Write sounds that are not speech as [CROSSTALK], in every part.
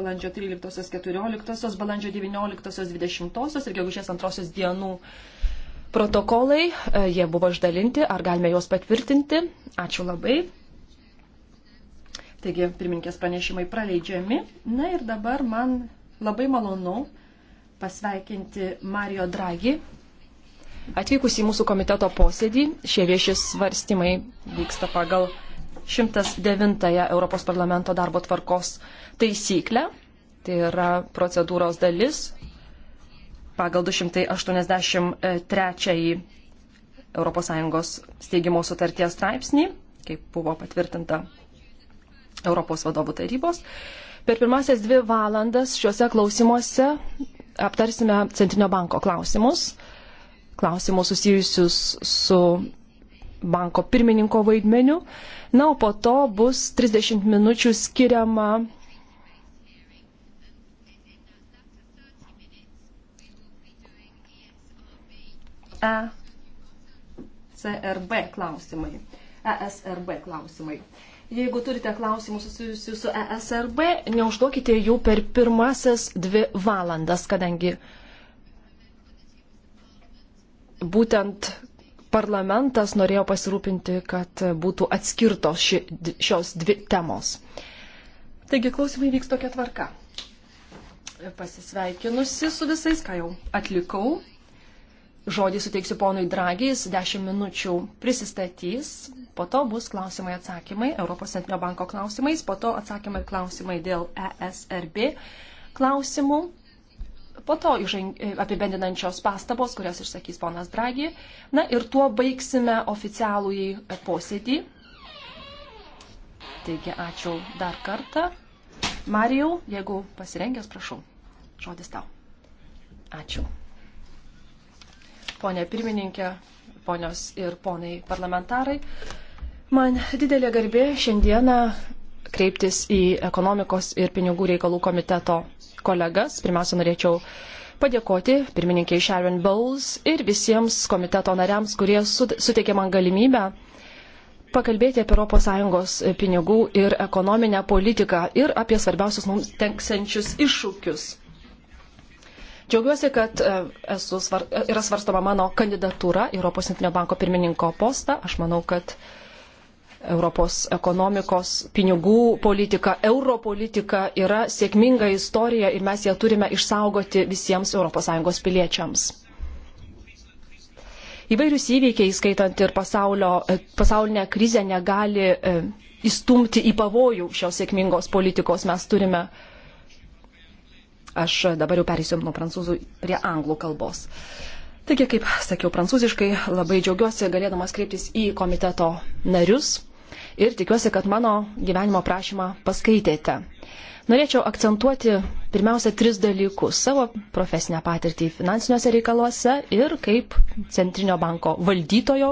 balandžio 13-14, balandžio 19-20 ir gegužės 2 dienų protokolai. E, jie buvo išdalinti, ar galime juos patvirtinti? Ačiū labai. Taigi, pirminkės pranešimai praleidžiami. Na ir dabar man labai malonu pasveikinti Mario Draghi. Atvykus į mūsų komiteto posėdį, šie vieši svarstymai vyksta pagal 109 Europos parlamento darbo tvarkos taisyklę. Tai yra procedūros dalis pagal 283 ES steigimo sutarties straipsnį, kaip buvo patvirtinta Europos vadovų tarybos. Per pirmasias dvi valandas šiuose klausimuose aptarsime Centrinio banko klausimus, klausimus susijusius su banko pirmininko vaidmeniu, Na, o po to bus 30 minučių skiriama ECRB klausimai. ESRB klausimai. Jeigu turite klausimų susijusių su ESRB, neužduokite jų per pirmasis dvi valandas, kadangi būtent parlamentas norėjo pasirūpinti, kad būtų atskirtos ši, šios dvi temos. Taigi klausimai vyks tokia tvarka. Pasisveikinusi su visais, ką jau atlikau. Žodį suteiksiu ponui Dragiai, jis 10 minučių prisistatys, po to bus klausimai atsakymai, Europos Centrinio banko klausimais, po to atsakymai klausimai dėl ESRB klausimų po to apibendinančios pastabos, kurias išsakys ponas Dragi. Na ir tuo baigsime oficialų į posėdį. Taigi ačiū dar kartą. Marijau, jeigu pasirengęs, prašau. Žodis tau. Ačiū. Pone pirmininkė, ponios ir ponai parlamentarai, man didelė garbė šiandieną kreiptis į ekonomikos ir pinigų reikalų komiteto kolegas. Pirmiausia, norėčiau padėkoti pirmininkiai Sharon Bowles ir visiems komiteto nariams, kurie suteikė man galimybę pakalbėti apie ES pinigų ir ekonominę politiką ir apie svarbiausius mums tenksenčius iššūkius. Džiaugiuosi, kad e, esu, e, yra svarstoma mano kandidatūra Europos Centrinio banko pirmininko postą. Aš manau, kad uh, Europos ekonomikos, pinigų politika, europolitika yra sėkminga istorija ir mes ją turime išsaugoti visiems ES piliečiams. Įvairius įvykiai, skaitant ir pasaulio, pasaulinę krizę, negali e, įstumti į pavojų šios sėkmingos politikos. Mes turime. Aš dabar jau perėsiu nuo prancūzų prie anglų kalbos. Taigi, kaip sakiau prancūziškai, labai džiaugiuosi galėdamas kreiptis į komiteto narius ir tikiuosi, kad mano gyvenimo prašymą paskaitėte. Norėčiau akcentuoti pirmiausia tris dalykus - savo profesinę patirtį finansiniuose reikaluose ir kaip Centrinio banko valdytojo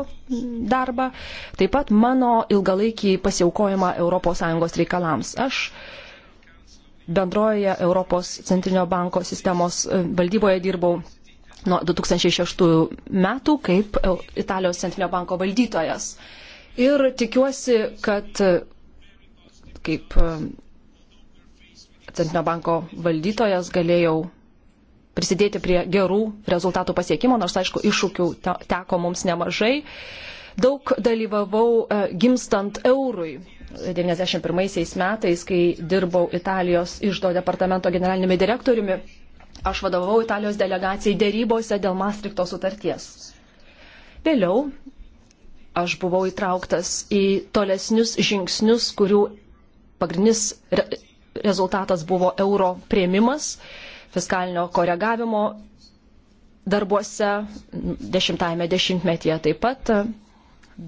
darbą, taip pat mano ilgalaikį pasiaukojimą ES reikalams. Aš bendroje Europos Centrinio banko sistemos e, valdyboje dirbau nuo 2006 metų kaip e, Italijos Centrinio banko valdytojas ir tikiuosi, kad kaip um, Centrinio banko valdytojas galėjau prisidėti prie gerų rezultatų pasiekimo, nors aišku, iššūkių teko mums nemažai. Daug dalyvavau e, gimstant eurui 91 metais, kai dirbau Italijos išdo departamento generalinėme direktoriumi. Aš vadovau Italijos delegacijai dėrybose dėl Mastrikto sutarties. Vėliau aš buvau įtrauktas į tolesnius žingsnius, kurių pagrindinis re rezultatas buvo euro prieimimas fiskalinio koregavimo darbuose dešimtajame dešimtmetyje taip pat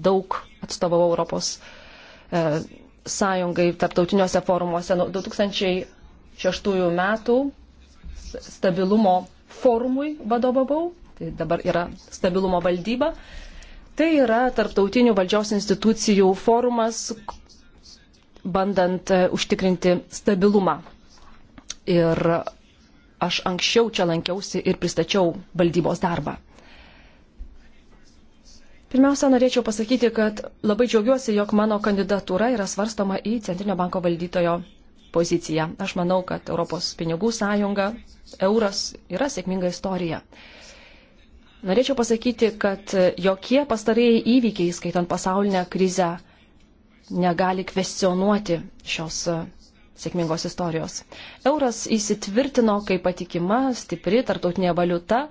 daug atstovavau Europos e, sąjungai tarptautiniuose forumuose nuo 2006 metų stabilumo forumui vadovavau, tai dabar yra stabilumo valdyba. E, Tai yra tarptautinių valdžios institucijų forumas, bandant e, užtikrinti stabilumą. Ir aš anksčiau čia lankiausi ir pristačiau valdybos darbą. Pirmiausia, norėčiau pasakyti, kad labai džiaugiuosi, jog mano kandidatūra yra svarstoma į Centrinio banko valdytojo poziciją. Aš manau, kad Europos pinigų sąjunga, euras yra sėkminga istorija. Norėčiau pasakyti, kad jokie pastarėjai įvykiai, skaitant pasaulinę krizę, negali kvestionuoti šios e, sėkmingos istorijos. Euras įsitvirtino kaip patikima, stipri tartautinė valiuta.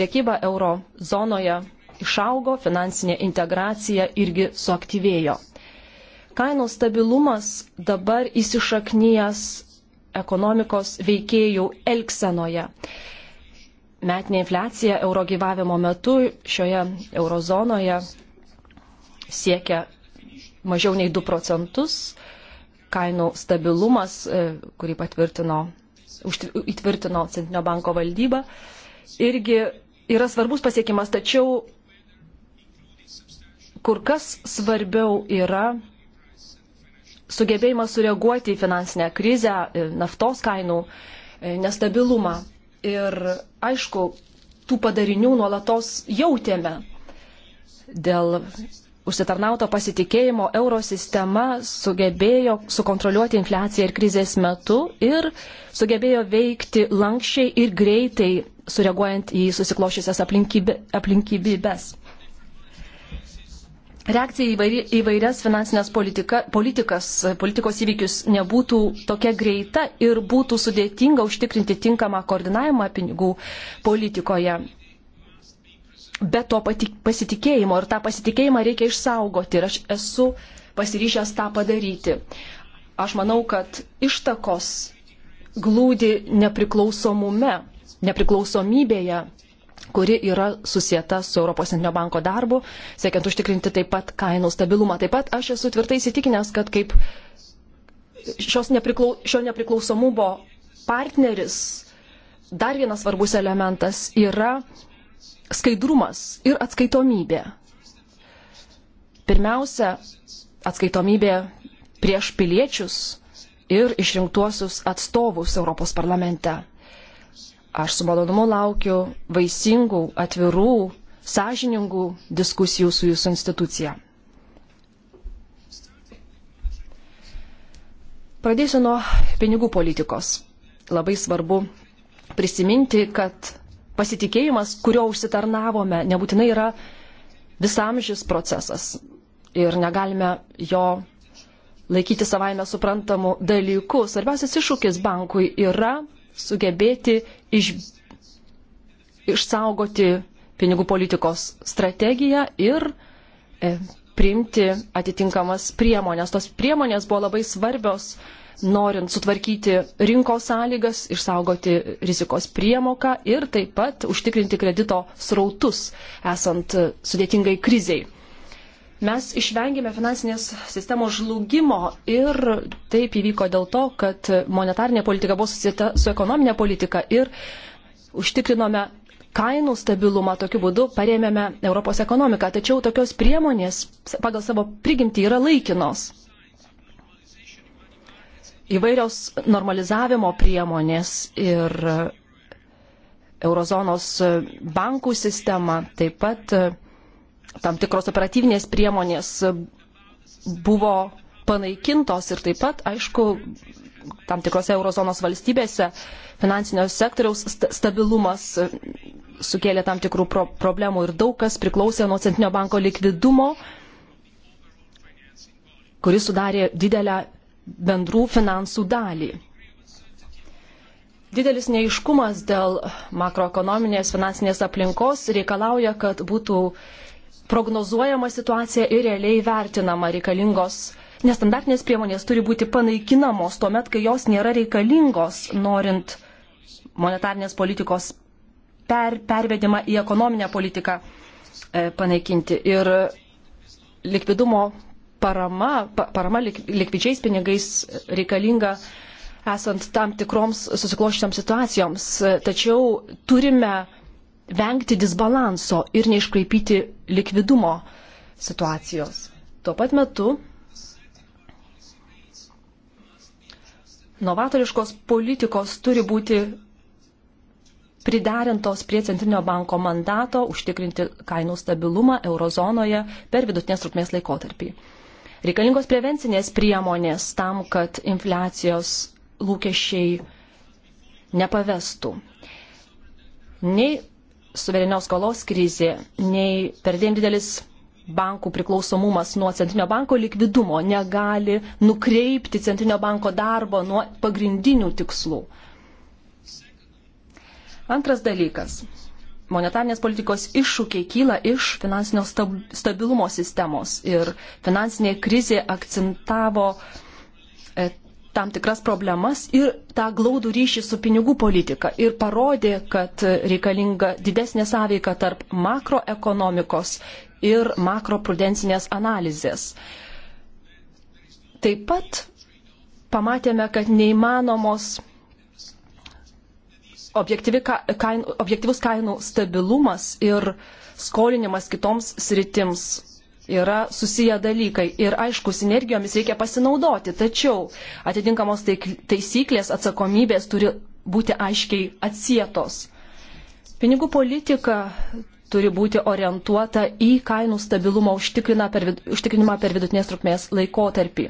Priekyba euro zonoje išaugo, finansinė integracija irgi suaktyvėjo. Kainų stabilumas dabar įsišaknyjas ekonomikos veikėjų elksenoje metinė infliacija euro gyvavimo metu šioje eurozonoje siekia mažiau nei 2 procentus. Kainų stabilumas, e, kurį patvirtino, įtvirtino Centrinio banko valdyba, irgi yra svarbus pasiekimas, tačiau kur kas svarbiau yra sugebėjimas sureaguoti į finansinę krizę, e, naftos kainų e, nestabilumą. Ir aišku, tų padarinių nuolatos jautėme dėl užsitarnauto pasitikėjimo euro sistema sugebėjo sukontroliuoti infliaciją ir krizės metu ir sugebėjo veikti lankščiai ir greitai sureaguojant į susiklošysias aplinkybės reakcija į vairias finansinės politika, politikas, politikos įvykius nebūtų tokia greita ir būtų sudėtinga užtikrinti tinkamą koordinavimą pinigų politikoje. Be to pasitikėjimo ir tą pasitikėjimą reikia išsaugoti ir aš esu pasiryžęs tą padaryti. Aš manau, kad ištakos glūdi nepriklausomume, nepriklausomybėje kuri yra susieta su Europos Centrinio banko darbu, siekiant užtikrinti taip pat kainų stabilumą. Taip pat aš esu tvirtai įsitikinęs, kad kaip nepriklau, šio nepriklausomumo partneris dar vienas svarbus elementas yra skaidrumas ir atskaitomybė. Pirmiausia, atskaitomybė prieš piliečius ir išrinktuosius atstovus Europos parlamente. Aš su malonumu laukiu vaisingų, atvirų, sąžiningų diskusijų su jūsų institucija. Pradėsiu nuo pinigų politikos. Labai svarbu prisiminti, kad pasitikėjimas, kurio užsitarnavome, nebūtinai yra visamžis procesas ir negalime jo laikyti savaime suprantamų dalykų. Svarbiausias iššūkis bankui yra sugebėti iš, išsaugoti pinigų politikos strategiją ir e, priimti atitinkamas priemonės. Tos priemonės buvo labai svarbios, norint sutvarkyti rinkos sąlygas, išsaugoti rizikos priemoką ir taip pat užtikrinti kredito srautus esant sudėtingai kriziai. Mes išvengėme finansinės sistemos žlugimo ir taip įvyko dėl to, kad monetarinė politika buvo susijęta su ekonominė politika ir užtikrinome kainų stabilumą, tokiu būdu parėmėme Europos ekonomiką. Tačiau tokios priemonės pagal savo prigimtį yra laikinos. Įvairios normalizavimo priemonės ir eurozonos bankų sistema taip pat tam tikros operatyvinės priemonės buvo panaikintos ir taip pat, aišku, tam tikrose eurozonos valstybėse finansinio sektoriaus stabilumas sukėlė tam tikrų pro problemų ir daug kas priklausė nuo Centrinio banko likvidumo, kuris sudarė didelę bendrų finansų dalį. Didelis neiškumas dėl makroekonominės finansinės aplinkos reikalauja, kad būtų prognozuojama situacija ir realiai vertinama reikalingos. Nestandartinės priemonės turi būti panaikinamos tuomet, kai jos nėra reikalingos, norint monetarnės politikos per, pervedimą į ekonominę politiką e, panaikinti. Ir likvidumo parama, pa, parama lik, likvidžiais pinigais reikalinga esant tam tikroms susikloščiams situacijoms. Tačiau turime vengti disbalanso ir neiškraipyti likvidumo situacijos. Tuo pat metu novatoriškos politikos turi būti priderintos prie Centrinio banko mandato užtikrinti kainų stabilumą eurozonoje per vidutinės trukmės laikotarpį. Reikalingos prevencinės priemonės tam, kad infliacijos lūkesčiai nepavestų. Nei suverenios skolos krizė, nei perdėm didelis bankų priklausomumas nuo centrinio banko likvidumo negali nukreipti centrinio banko darbo nuo pagrindinių tikslų. Antras dalykas. Monetarnės politikos iššūkiai kyla iš finansinio stabilumo sistemos ir finansinė krizė akcentavo e, tam tikras problemas ir tą glaudų ryšį su pinigų politika ir parodė, kad reikalinga didesnė sąveika tarp makroekonomikos ir makroprudencinės analizės. Taip pat pamatėme, kad neįmanomos kain, objektivus kainų stabilumas ir skolinimas kitoms sritims yra susiję dalykai. Ir aišku, sinergijomis reikia pasinaudoti, tačiau atitinkamos taisyklės atsakomybės turi būti aiškiai atsietos. Pinigų politika turi būti orientuota į kainų stabilumą per, užtikrinimą per vidutinės trukmės laikotarpį.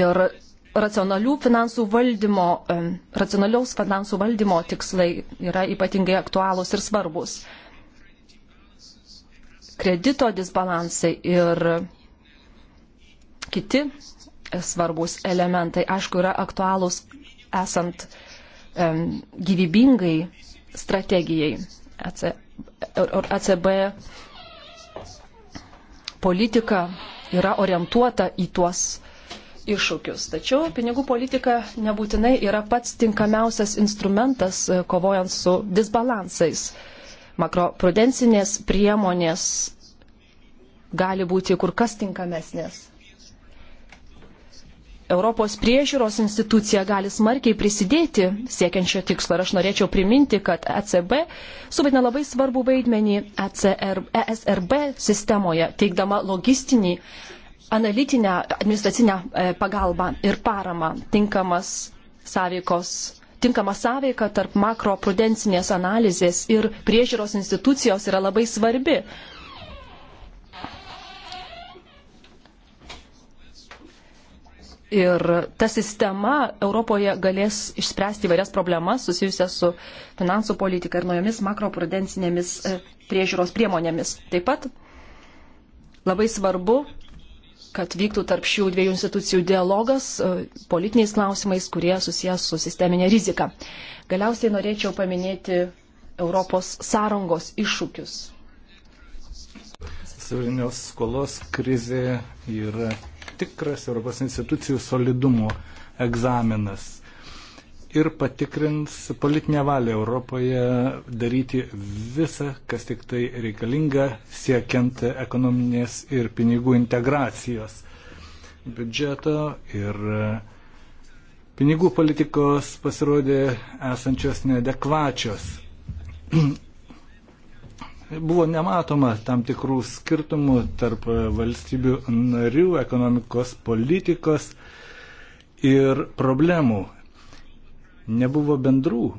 Ir racionalių finansų valdymo, racionaliaus finansų valdymo tikslai yra ypatingai aktualūs ir svarbus kredito disbalansai ir kiti svarbus elementai, aišku, yra aktualūs esant um, gyvybingai strategijai. ECB e politika yra orientuota į tuos iššūkius. Tačiau pinigų politika nebūtinai yra pats tinkamiausias instrumentas e, kovojant su disbalansais. Uh, makroprudencinės priemonės gali būti kur kas tinkamesnės. Europos priežiūros institucija gali smarkiai prisidėti siekiant šio tikslo. Ir aš norėčiau priminti, kad ECB suvaidina labai svarbų vaidmenį ECR, ESRB sistemoje, teikdama logistinį, analitinę, administracinę e, pagalbą ir paramą. Tinkamas sąveikos tinkama sąveika tarp makroprudencinės analizės ir priežiūros institucijos yra labai svarbi. Ir ta sistema Europoje galės išspręsti įvairias problemas susijusias su finansų politika ir naujomis makroprudencinėmis e, priežiūros priemonėmis. Taip pat labai svarbu kad vyktų tarp šių dviejų institucijų dialogas e, politiniais klausimais, kurie susijęs su sisteminė rizika. Galiausiai norėčiau paminėti Europos sąrangos iššūkius. Suverenios skolos krizė yra tikras Europos institucijų solidumo egzaminas ir patikrins politinę valią Europoje daryti visą, kas tik tai reikalinga, siekiant ekonominės ir pinigų integracijos biudžeto ir e, pinigų politikos pasirodė esančios neadekvačios. [CLEARS THROAT] Buvo nematoma tam tikrų skirtumų tarp valstybių narių, ekonomikos politikos ir problemų nebuvo bendrų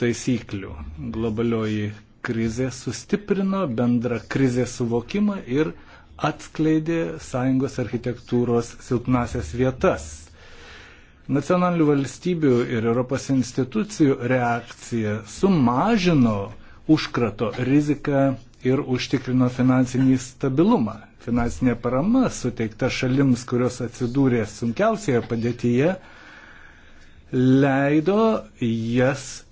taisyklių. Globalioji krizė sustiprino bendrą krizės suvokimą ir atskleidė sąjungos architektūros silpnasias vietas. Nacionalinių valstybių ir Europos institucijų reakcija sumažino užkrato riziką ir užtikrino finansinį stabilumą. Finansinė parama suteikta šalims, kurios atsidūrė sunkiausioje padėtyje, leido jas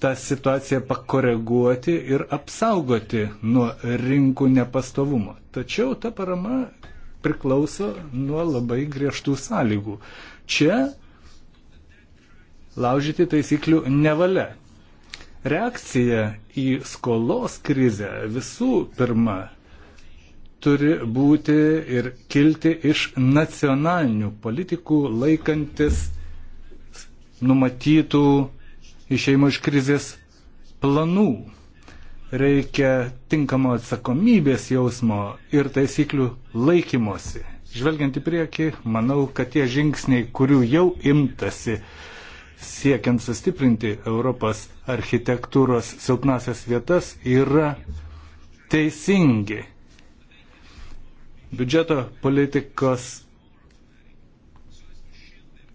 tą situaciją pakoreguoti ir apsaugoti nuo rinkų nepastovumo. Tačiau ta parama priklauso nuo labai griežtų sąlygų. Čia laužyti taisyklių nevalia. Reakcija į skolos krizę visų pirma turi būti ir kilti iš nacionalinių politikų laikantis numatytų išeimo iš krizės planų. Reikia tinkamo atsakomybės jausmo ir taisyklių laikymosi. Žvelgiant į priekį, manau, kad tie žingsniai, kurių jau imtasi, siekiant sustiprinti Europos architektūros silpnasias vietas, yra teisingi. Biudžeto politikos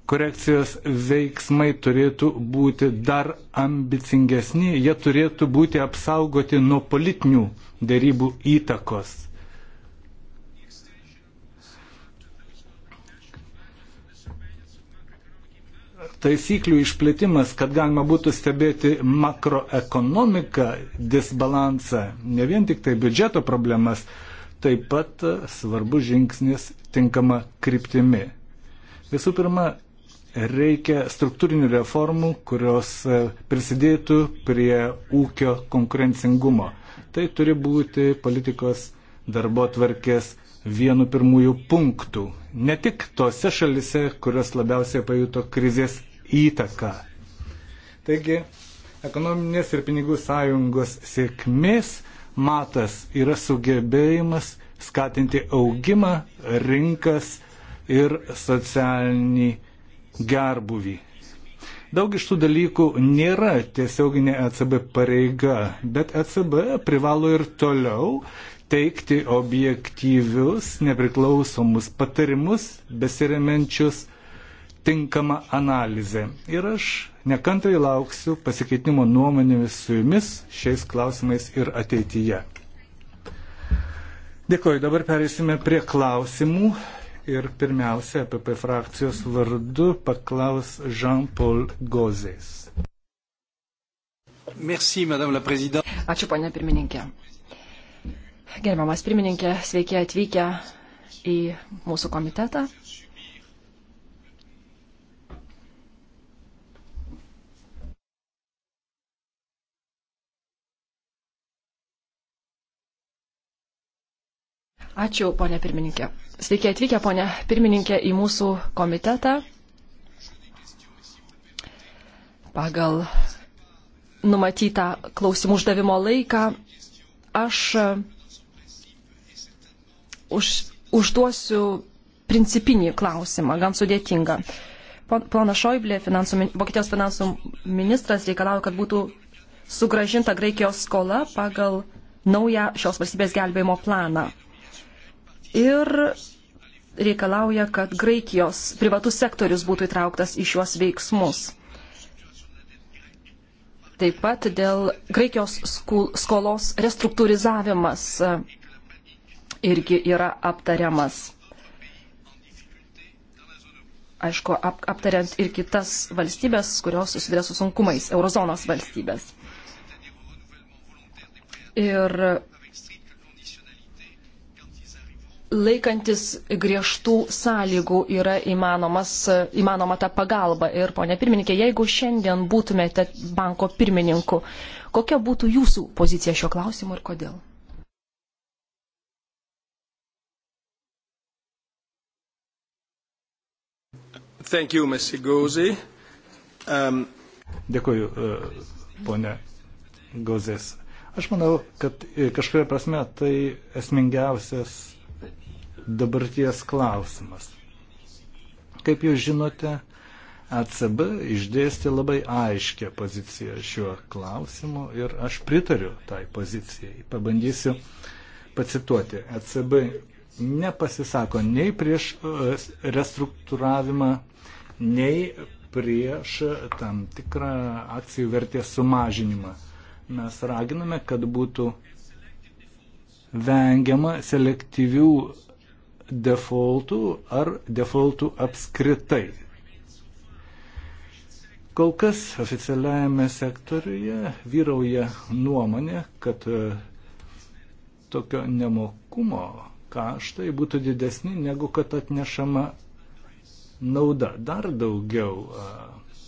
korekcijos veiksmai turėtų būti dar ambicingesni, jie turėtų būti apsaugoti nuo politinių dėrybų įtakos. Taisyklių išplėtimas, kad galima būtų stebėti makroekonomiką, disbalansą, ne vien tik tai biudžeto problemas, taip pat svarbus žingsnis tinkama kryptimi. Visų pirma, reikia struktūrinių reformų, kurios e, prisidėtų prie ūkio konkurencingumo. Tai turi būti politikos darbo tvarkės vienu pirmųjų punktų. Ne tik tose šalise, kurios labiausiai pajuto krizės įtaką. Taigi, ekonominės ir pinigų sąjungos sėkmės matas yra sugebėjimas skatinti augimą, rinkas ir socialinį gerbuvį. Daug iš tų dalykų nėra tiesioginė ECB pareiga, bet ECB privalo ir toliau teikti objektyvius, nepriklausomus patarimus, besiremenčius tinkamą analizę. Ir aš nekantrai lauksiu pasikeitimo nuomonėmis su jumis šiais klausimais ir ateityje. Dėkuoju, dabar perėsime prie klausimų ir pirmiausia, APP frakcijos vardu paklaus Jean-Paul Gozės. Merci, Ačiū, ponė pirmininkė. Gerbiamas pirmininkė, sveiki atvykę į mūsų komitetą. Ačiū, ponė pirmininkė. Sveiki atvykę, ponė pirmininkė, į mūsų komitetą. Pagal numatytą klausimų uždavimo laiką aš už, užduosiu principinį klausimą, gan sudėtingą. Plona Šoiblė, finansų, Vokietijos finansų ministras, reikalauja, kad būtų sugražinta Graikijos skola pagal naują šios valstybės gelbėjimo planą ir reikalauja, kad Graikijos privatus sektorius būtų įtrauktas į šiuos veiksmus. Taip pat dėl Graikijos skolos restruktūrizavimas e, irgi yra aptariamas. Aišku, ap aptariant ir kitas valstybės, kurios susiduria su sunkumais, eurozonos valstybės. Ir laikantis griežtų sąlygų yra įmanomas, įmanoma ta pagalba. Ir, ponė pirmininkė, jeigu šiandien būtumėte banko pirmininku, kokia būtų jūsų pozicija šio klausimu ir kodėl? Thank you, Messi Gauzy. Um... Dėkuoju, e, ponė Gauzės. Aš manau, kad e, kažkuria prasme tai esmingiausias dabarties klausimas. Kaip jūs žinote, ECB išdėsti labai aiškę poziciją šiuo klausimu ir aš pritariu tai pozicijai. Pabandysiu pacituoti. ECB nepasisako nei prieš e, restruktūravimą, nei prieš tam tikrą akcijų vertės sumažinimą. Mes raginame, kad būtų vengiama selektyvių defaultų ar defaultų apskritai. Kol kas oficialiajame sektoriuje vyrauja nuomonė, kad e, tokio nemokumo kaštai būtų didesni negu kad atnešama nauda. Dar daugiau e,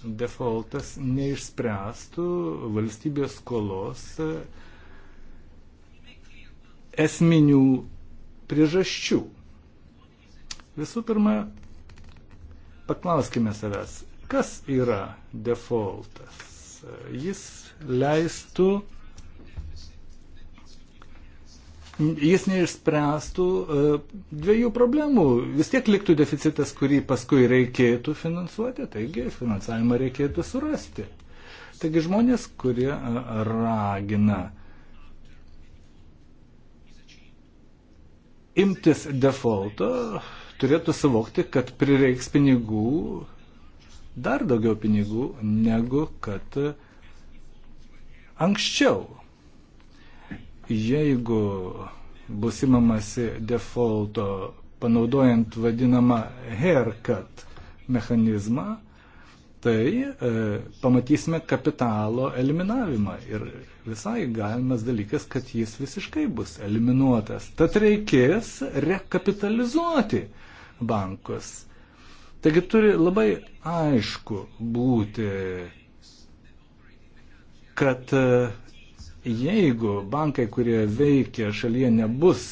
defaultas neišspręstų valstybės skolos e, esminių priežasčių. Visų pirma, paklauskime savęs, kas yra defaultas. Jis leistų, jis neišspręstų e, dviejų problemų. Vis tiek liktų deficitas, kurį paskui reikėtų finansuoti, taigi finansavimą reikėtų surasti. Taigi žmonės, kurie e, ragina imtis defaulto, turėtų suvokti, kad prireiks pinigų, dar daugiau pinigų, negu kad anksčiau. Jeigu bus imamasi defaulto panaudojant vadinamą haircut mechanizmą, tai e, pamatysime kapitalo eliminavimą ir visai galimas dalykas, kad jis visiškai bus eliminuotas. Tad reikės rekapitalizuoti e, bankus. Taigi turi labai aišku būti, kad e, jeigu bankai, kurie veikia šalyje, nebus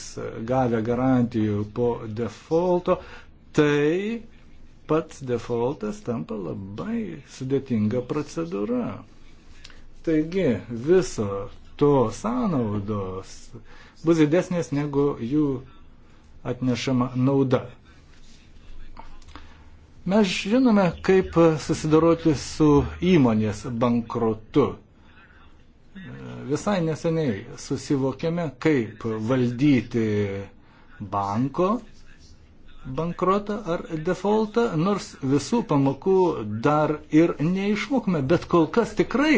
gavę garantijų po defaulto, tai pats defaultas tampa labai sudėtinga procedūra. Taigi viso to sąnaudos bus didesnės negu jų atnešama nauda. Mes žinome, kaip susidoroti su įmonės bankrotu. Visai neseniai susivokėme, kaip valdyti banko bankrotą ar defaultą, nors visų pamokų dar ir neišmokome, bet kol kas tikrai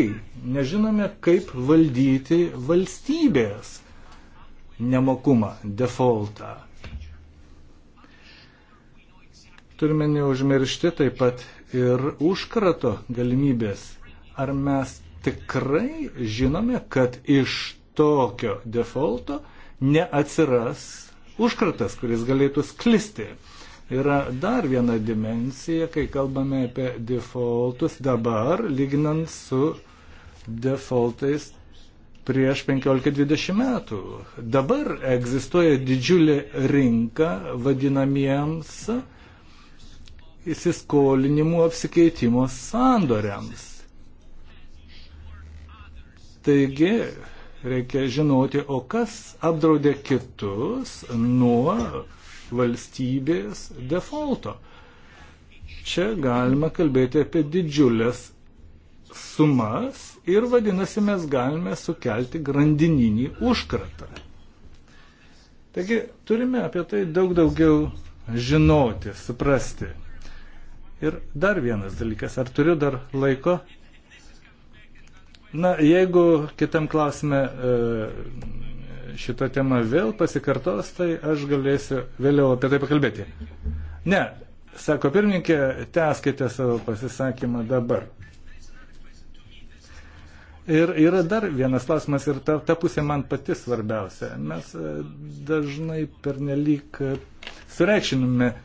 nežinome, kaip valdyti valstybės nemokumą, defaultą. Turime neužmiršti taip pat ir užkrato galimybės. Ar mes tikrai žinome, kad iš tokio defaulto neatsiras užkratas, kuris galėtų sklisti. Yra dar viena dimensija, kai kalbame apie defaultus dabar, lyginant su defaultais prieš 15-20 metų. Dabar egzistuoja didžiulė rinka vadinamiems uh, įsiskolinimų apsikeitimo sandoriams. Taigi, reikia žinoti, o kas apdraudė kitus nuo valstybės defaulto. Čia galima kalbėti apie didžiulės sumas ir vadinasi mes galime sukelti grandininį užkratą. Taigi turime apie tai daug daugiau žinoti, suprasti. Ir dar vienas dalykas, ar turiu dar laiko? Na, jeigu kitam klausime e, šitą temą vėl pasikartos, tai aš galėsiu vėliau apie tai pakalbėti. Ne, sako pirmininkė, tęskite savo pasisakymą dabar. Ir yra dar vienas klausimas ir ta, ta pusė man pati svarbiausia. Mes e, dažnai pernelyg sureikšinime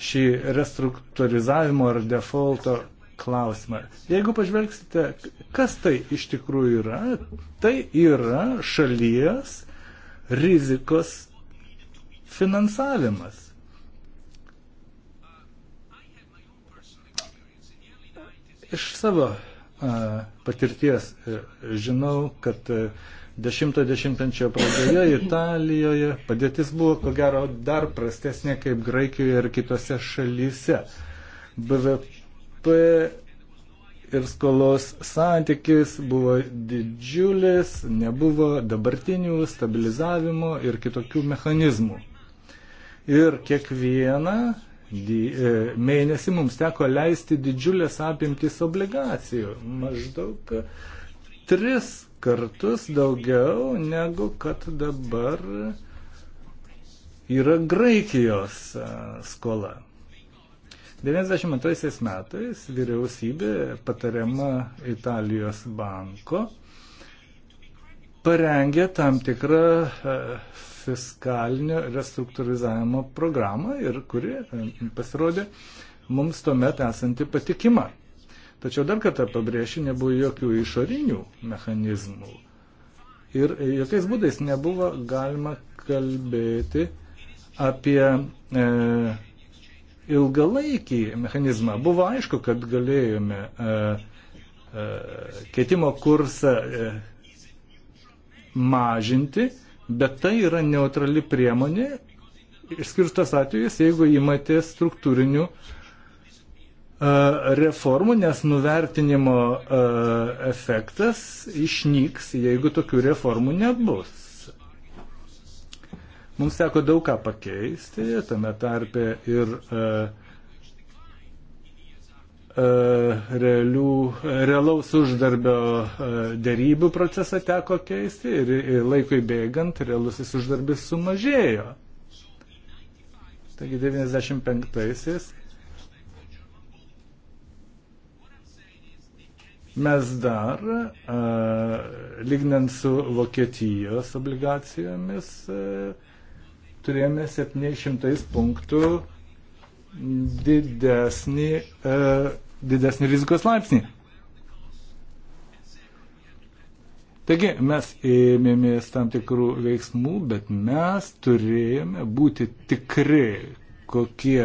šį restruktūrizavimo ar defaulto klausimą. Jeigu pažvelgsite, kas tai iš tikrųjų yra, tai yra šalies rizikos finansavimas. Iš savo patirties e, žinau, kad a, e, 10-20 pradžioje Italijoje padėtis buvo ko gero dar prastesnė kaip Graikijoje ir kitose šalyse. BVP ir skolos santykis buvo didžiulis, nebuvo dabartinių stabilizavimo ir kitokių mechanizmų. Ir kiekvieną e, mėnesį mums teko leisti didžiulės apimtis obligacijų, maždaug tris kartus daugiau negu kad dabar yra Graikijos skola. 92 metais vyriausybė patariama Italijos banko parengė tam tikrą fiskalinio restruktūrizavimo programą ir kuri pasirodė mums tuomet esanti patikima. Tačiau dar kartą pabrėšiu, nebuvo jokių išorinių mechanizmų. Ir jokiais būdais nebuvo galima kalbėti apie e, ilgalaikį mechanizmą. Buvo aišku, kad galėjome e, e, keitimo kursą e, mažinti, bet tai yra neutrali priemonė, išskirtas atvejis, jeigu įmatė struktūrinių e, E, reformų, nes nuvertinimo e, efektas išnyks, jeigu tokių reformų nebus. Mums teko daug ką pakeisti, tame tarpe ir e, realių, realaus uždarbio dėrybių procesą teko keisti ir laikui bėgant realusis uždarbis sumažėjo. Taigi 95-aisiais Mes dar, e, lygnant su Vokietijos obligacijomis, e, turėjome 700 punktų didesnį, e, didesnį rizikos laipsnį. Taigi mes ėmėmės tam tikrų veiksmų, bet mes turėjome būti tikri, kokie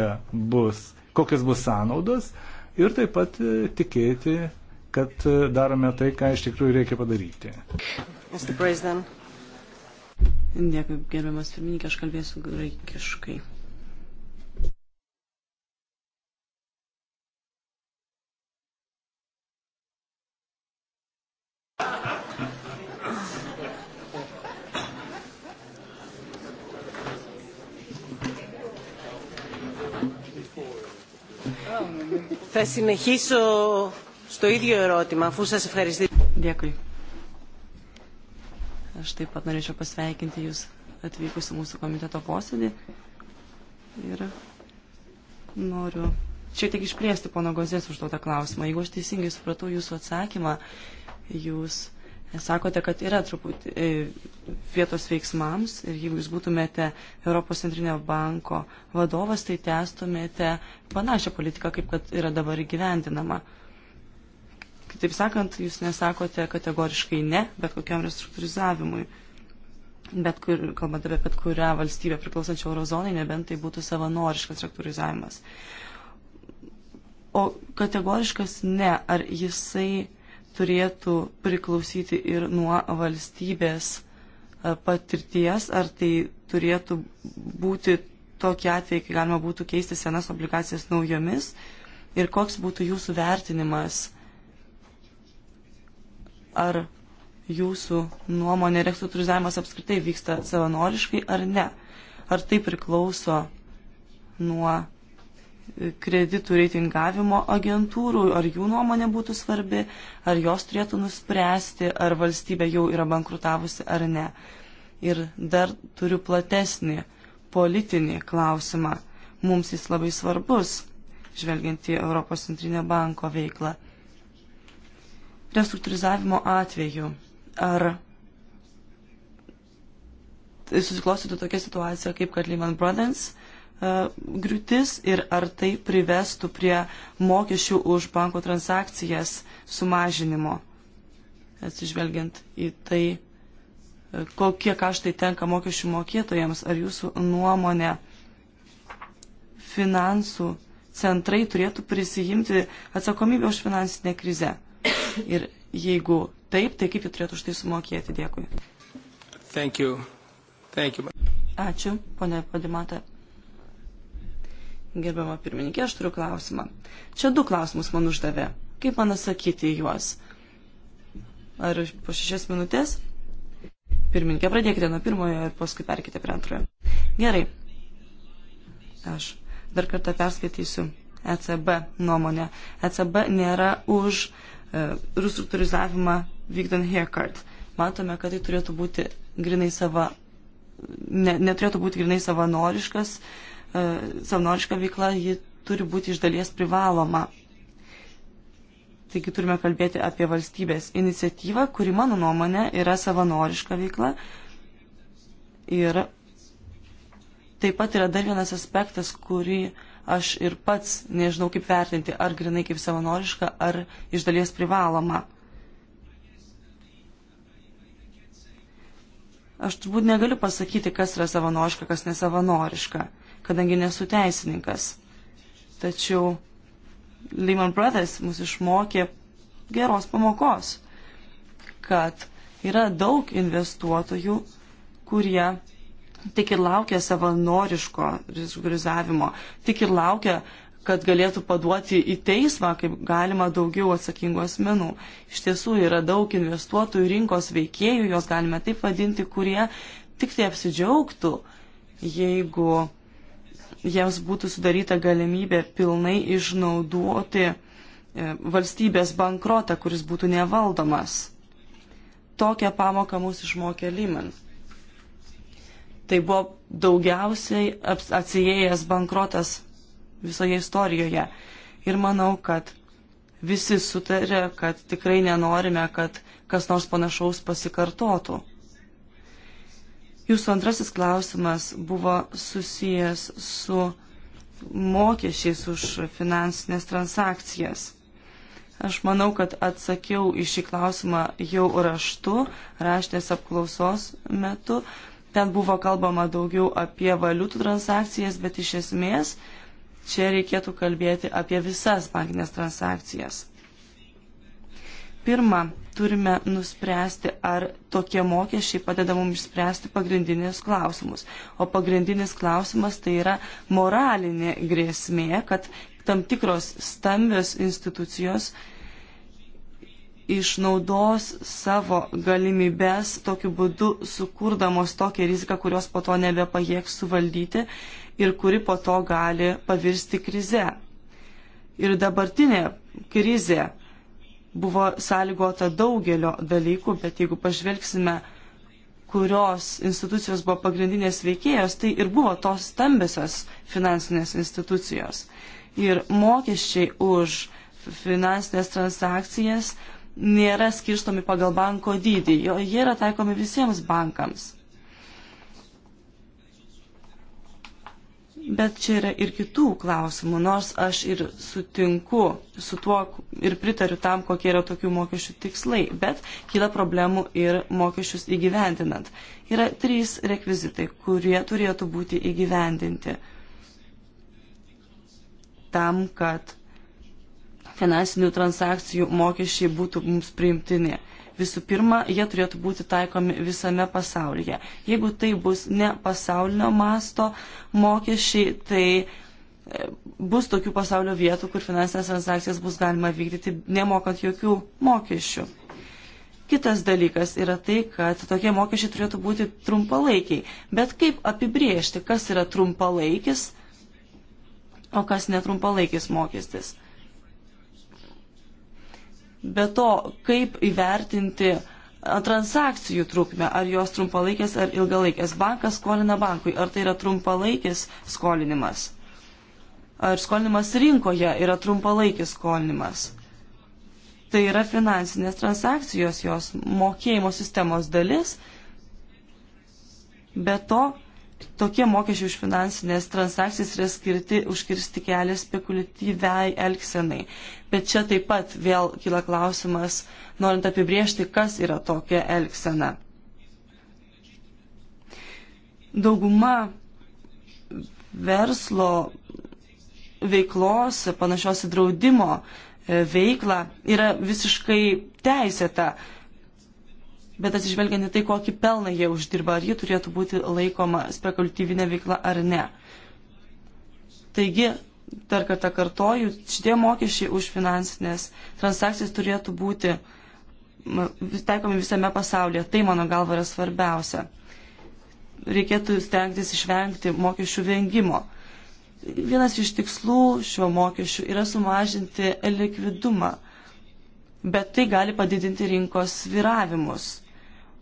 bus, kokios bus sąnaudos ir taip pat tikėti kad e, darome tai, ką iš tikrųjų reikia padaryti. Dėkui, gerbiamas pirmininkė, aš kalbėsiu graikiškai. Θα συνεχίσω στο ίδιο ερώτημα, αφού σας ευχαριστήσω. Dėkui. Aš taip pat norėčiau pasveikinti Jūs atvykus į mūsų komiteto posėdį ir noriu šiek tiek išplėsti pono Gozės užduotą klausimą. Jeigu aš teisingai supratau Jūsų atsakymą, Jūs sakote, kad yra truputį e, vietos veiksmams ir jeigu Jūs būtumėte Europos centrinio banko vadovas, tai testumėte panašią politiką, kaip kad yra dabar įgyvendinama. Uh, Kitaip sakant, jūs nesakote kategoriškai ne, bet kokiam restruktūrizavimui. Bet kur, kalbant apie bet kurią valstybę priklausančią eurozonai, nebent tai būtų savanoriškas restruktūrizavimas. O kategoriškas ne, ar jisai turėtų priklausyti ir nuo valstybės e, patirties, ar tai turėtų būti tokie atvejai, kai galima būtų keisti senas obligacijas naujomis ir koks būtų jūsų vertinimas ar jūsų nuomonė restruktūrizavimas apskritai vyksta savanoriškai ar ne? Ar tai priklauso nuo kreditų reitingavimo agentūrų, ar jų nuomonė būtų svarbi, ar jos turėtų nuspręsti, ar valstybė jau yra bankrutavusi ar ne. Ir dar turiu platesnį politinį klausimą. Mums jis labai svarbus, žvelgiant į Europos centrinio banko veiklą restruktūrizavimo atveju. Ar tai susiklostytų tokia situacija, kaip kad Lehman Brothers uh, griūtis ir ar tai privestų prie mokesčių už banko transakcijas sumažinimo, atsižvelgiant į tai, uh, kokie kaštai tenka mokesčių mokėtojams, ar jūsų nuomonė finansų centrai turėtų prisijimti atsakomybę už finansinę krizę. Ir jeigu taip, tai kaip jie turėtų už tai sumokėti? Dėkui. Thank you. Thank you. Ačiū, ponia Padimata. Gerbiama pirmininkė, aš turiu klausimą. Čia du klausimus man uždavė. Kaip man atsakyti juos? Ar po šešias minutės? Pirmininkė, pradėkite nuo pirmojo ir paskui perkite prie antrojo. Gerai. Aš dar kartą perskaitysiu ECB nuomonę. ECB nėra už uh, E, restruktūrizavimą vykdant haircut. Matome, kad tai turėtų būti grinai sava, ne, neturėtų būti grinai savanoriškas, e, savanoriška veikla, ji turi būti iš dalies privaloma. Taigi turime kalbėti apie valstybės iniciatyvą, kuri mano nuomonė yra savanoriška veikla. Ir taip pat yra dar vienas aspektas, kurį uh, aš ir pats nežinau, kaip vertinti, ar grinai kaip savanoriška, ar iš dalies privaloma. Aš turbūt negaliu pasakyti, kas yra savanoriška, kas nesavanoriška, kadangi nesu teisininkas. Tačiau Lehman Brothers mus išmokė geros pamokos, kad yra daug investuotojų, kurie tik ir laukia savanoriško restruktūrizavimo, tik ir laukia, kad galėtų paduoti į teismą kaip galima daugiau atsakingų asmenų. Iš tiesų yra daug investuotojų, rinkos veikėjų, jos galime taip vadinti, kurie tik tai apsidžiaugtų, jeigu jiems būtų sudaryta galimybė pilnai išnaudoti e, valstybės bankrotą, kuris būtų nevaldomas. Tokią pamoką mūsų išmokė Lyman. Tai buvo daugiausiai atsijėjęs bankrotas visoje istorijoje. Ir manau, kad visi sutarė, kad tikrai nenorime, kad kas nors panašaus pasikartotų. Jūsų antrasis klausimas buvo susijęs su mokesčiais už finansinės transakcijas. Aš manau, kad atsakiau į šį klausimą jau raštu, raštės apklausos metu. Ten buvo kalbama daugiau apie valiutų transakcijas, bet iš esmės čia reikėtų kalbėti apie visas bankinės transakcijas. Pirma, turime nuspręsti, ar tokie mokesčiai padeda mums išspręsti pagrindinius klausimus. O pagrindinis klausimas tai yra moralinė grėsmė, kad tam tikros stambios institucijos uh, išnaudos savo galimybes tokiu būdu sukurdamos tokią riziką, kurios po to nebepajėgs suvaldyti ir kuri po to gali pavirsti krize. Ir dabartinė krizė buvo sąlygota daugelio dalykų, bet jeigu pažvelgsime, kurios institucijos buvo pagrindinės veikėjos, tai ir buvo tos stambesios finansinės institucijos. Ir mokesčiai už finansinės transakcijas nėra skirstomi pagal banko dydį, jo jie yra taikomi visiems bankams. Bet čia yra ir kitų klausimų, nors aš ir sutinku su tuo ir pritariu tam, kokie yra tokių mokesčių tikslai, bet kyla problemų ir mokesčius įgyvendinant. Yra trys rekvizitai, kurie turėtų būti įgyvendinti tam, kad finansinių transakcijų mokesčiai būtų mums priimtini. Visų pirma, jie turėtų būti taikomi visame pasaulyje. Jeigu tai bus ne pasaulinio masto mokesčiai, tai e, bus tokių pasaulio vietų, kur finansinės transakcijas bus galima vykdyti nemokant jokių mokesčių. Kitas dalykas yra tai, kad tokie mokesčiai turėtų būti trumpalaikiai. Bet kaip apibriežti, kas yra trumpalaikis, o kas netrumpalaikis mokestis? Be to, kaip įvertinti transakcijų trukmę, ar jos trumpalaikės ar ilgalaikės. Bankas skolina bankui, ar tai yra trumpalaikis skolinimas. Ar skolinimas rinkoje yra trumpalaikis skolinimas. Tai yra finansinės transakcijos, jos mokėjimo sistemos dalis. Be to, tokie mokesčiai už finansinės transakcijas yra skirti užkirsti kelią spekuliatyviai elgsenai. Bet čia taip pat vėl kyla klausimas, norint apibriežti, kas yra tokia elgsena. Dauguma verslo veiklos, panašios į draudimo e, veiklą, yra visiškai teisėta bet atsižvelgiant į tai, kokį pelną jie uždirba, ar ji turėtų būti laikoma spekuliatyvinė veikla ar ne. Taigi, dar kartą kartoju, šitie mokesčiai už finansinės transakcijas turėtų būti taikomi visame pasaulyje. Tai, mano galva, yra svarbiausia. Reikėtų stengtis išvengti mokesčių vengimo. Vienas iš tikslų šio mokesčių yra sumažinti likvidumą, bet tai gali padidinti rinkos sviravimus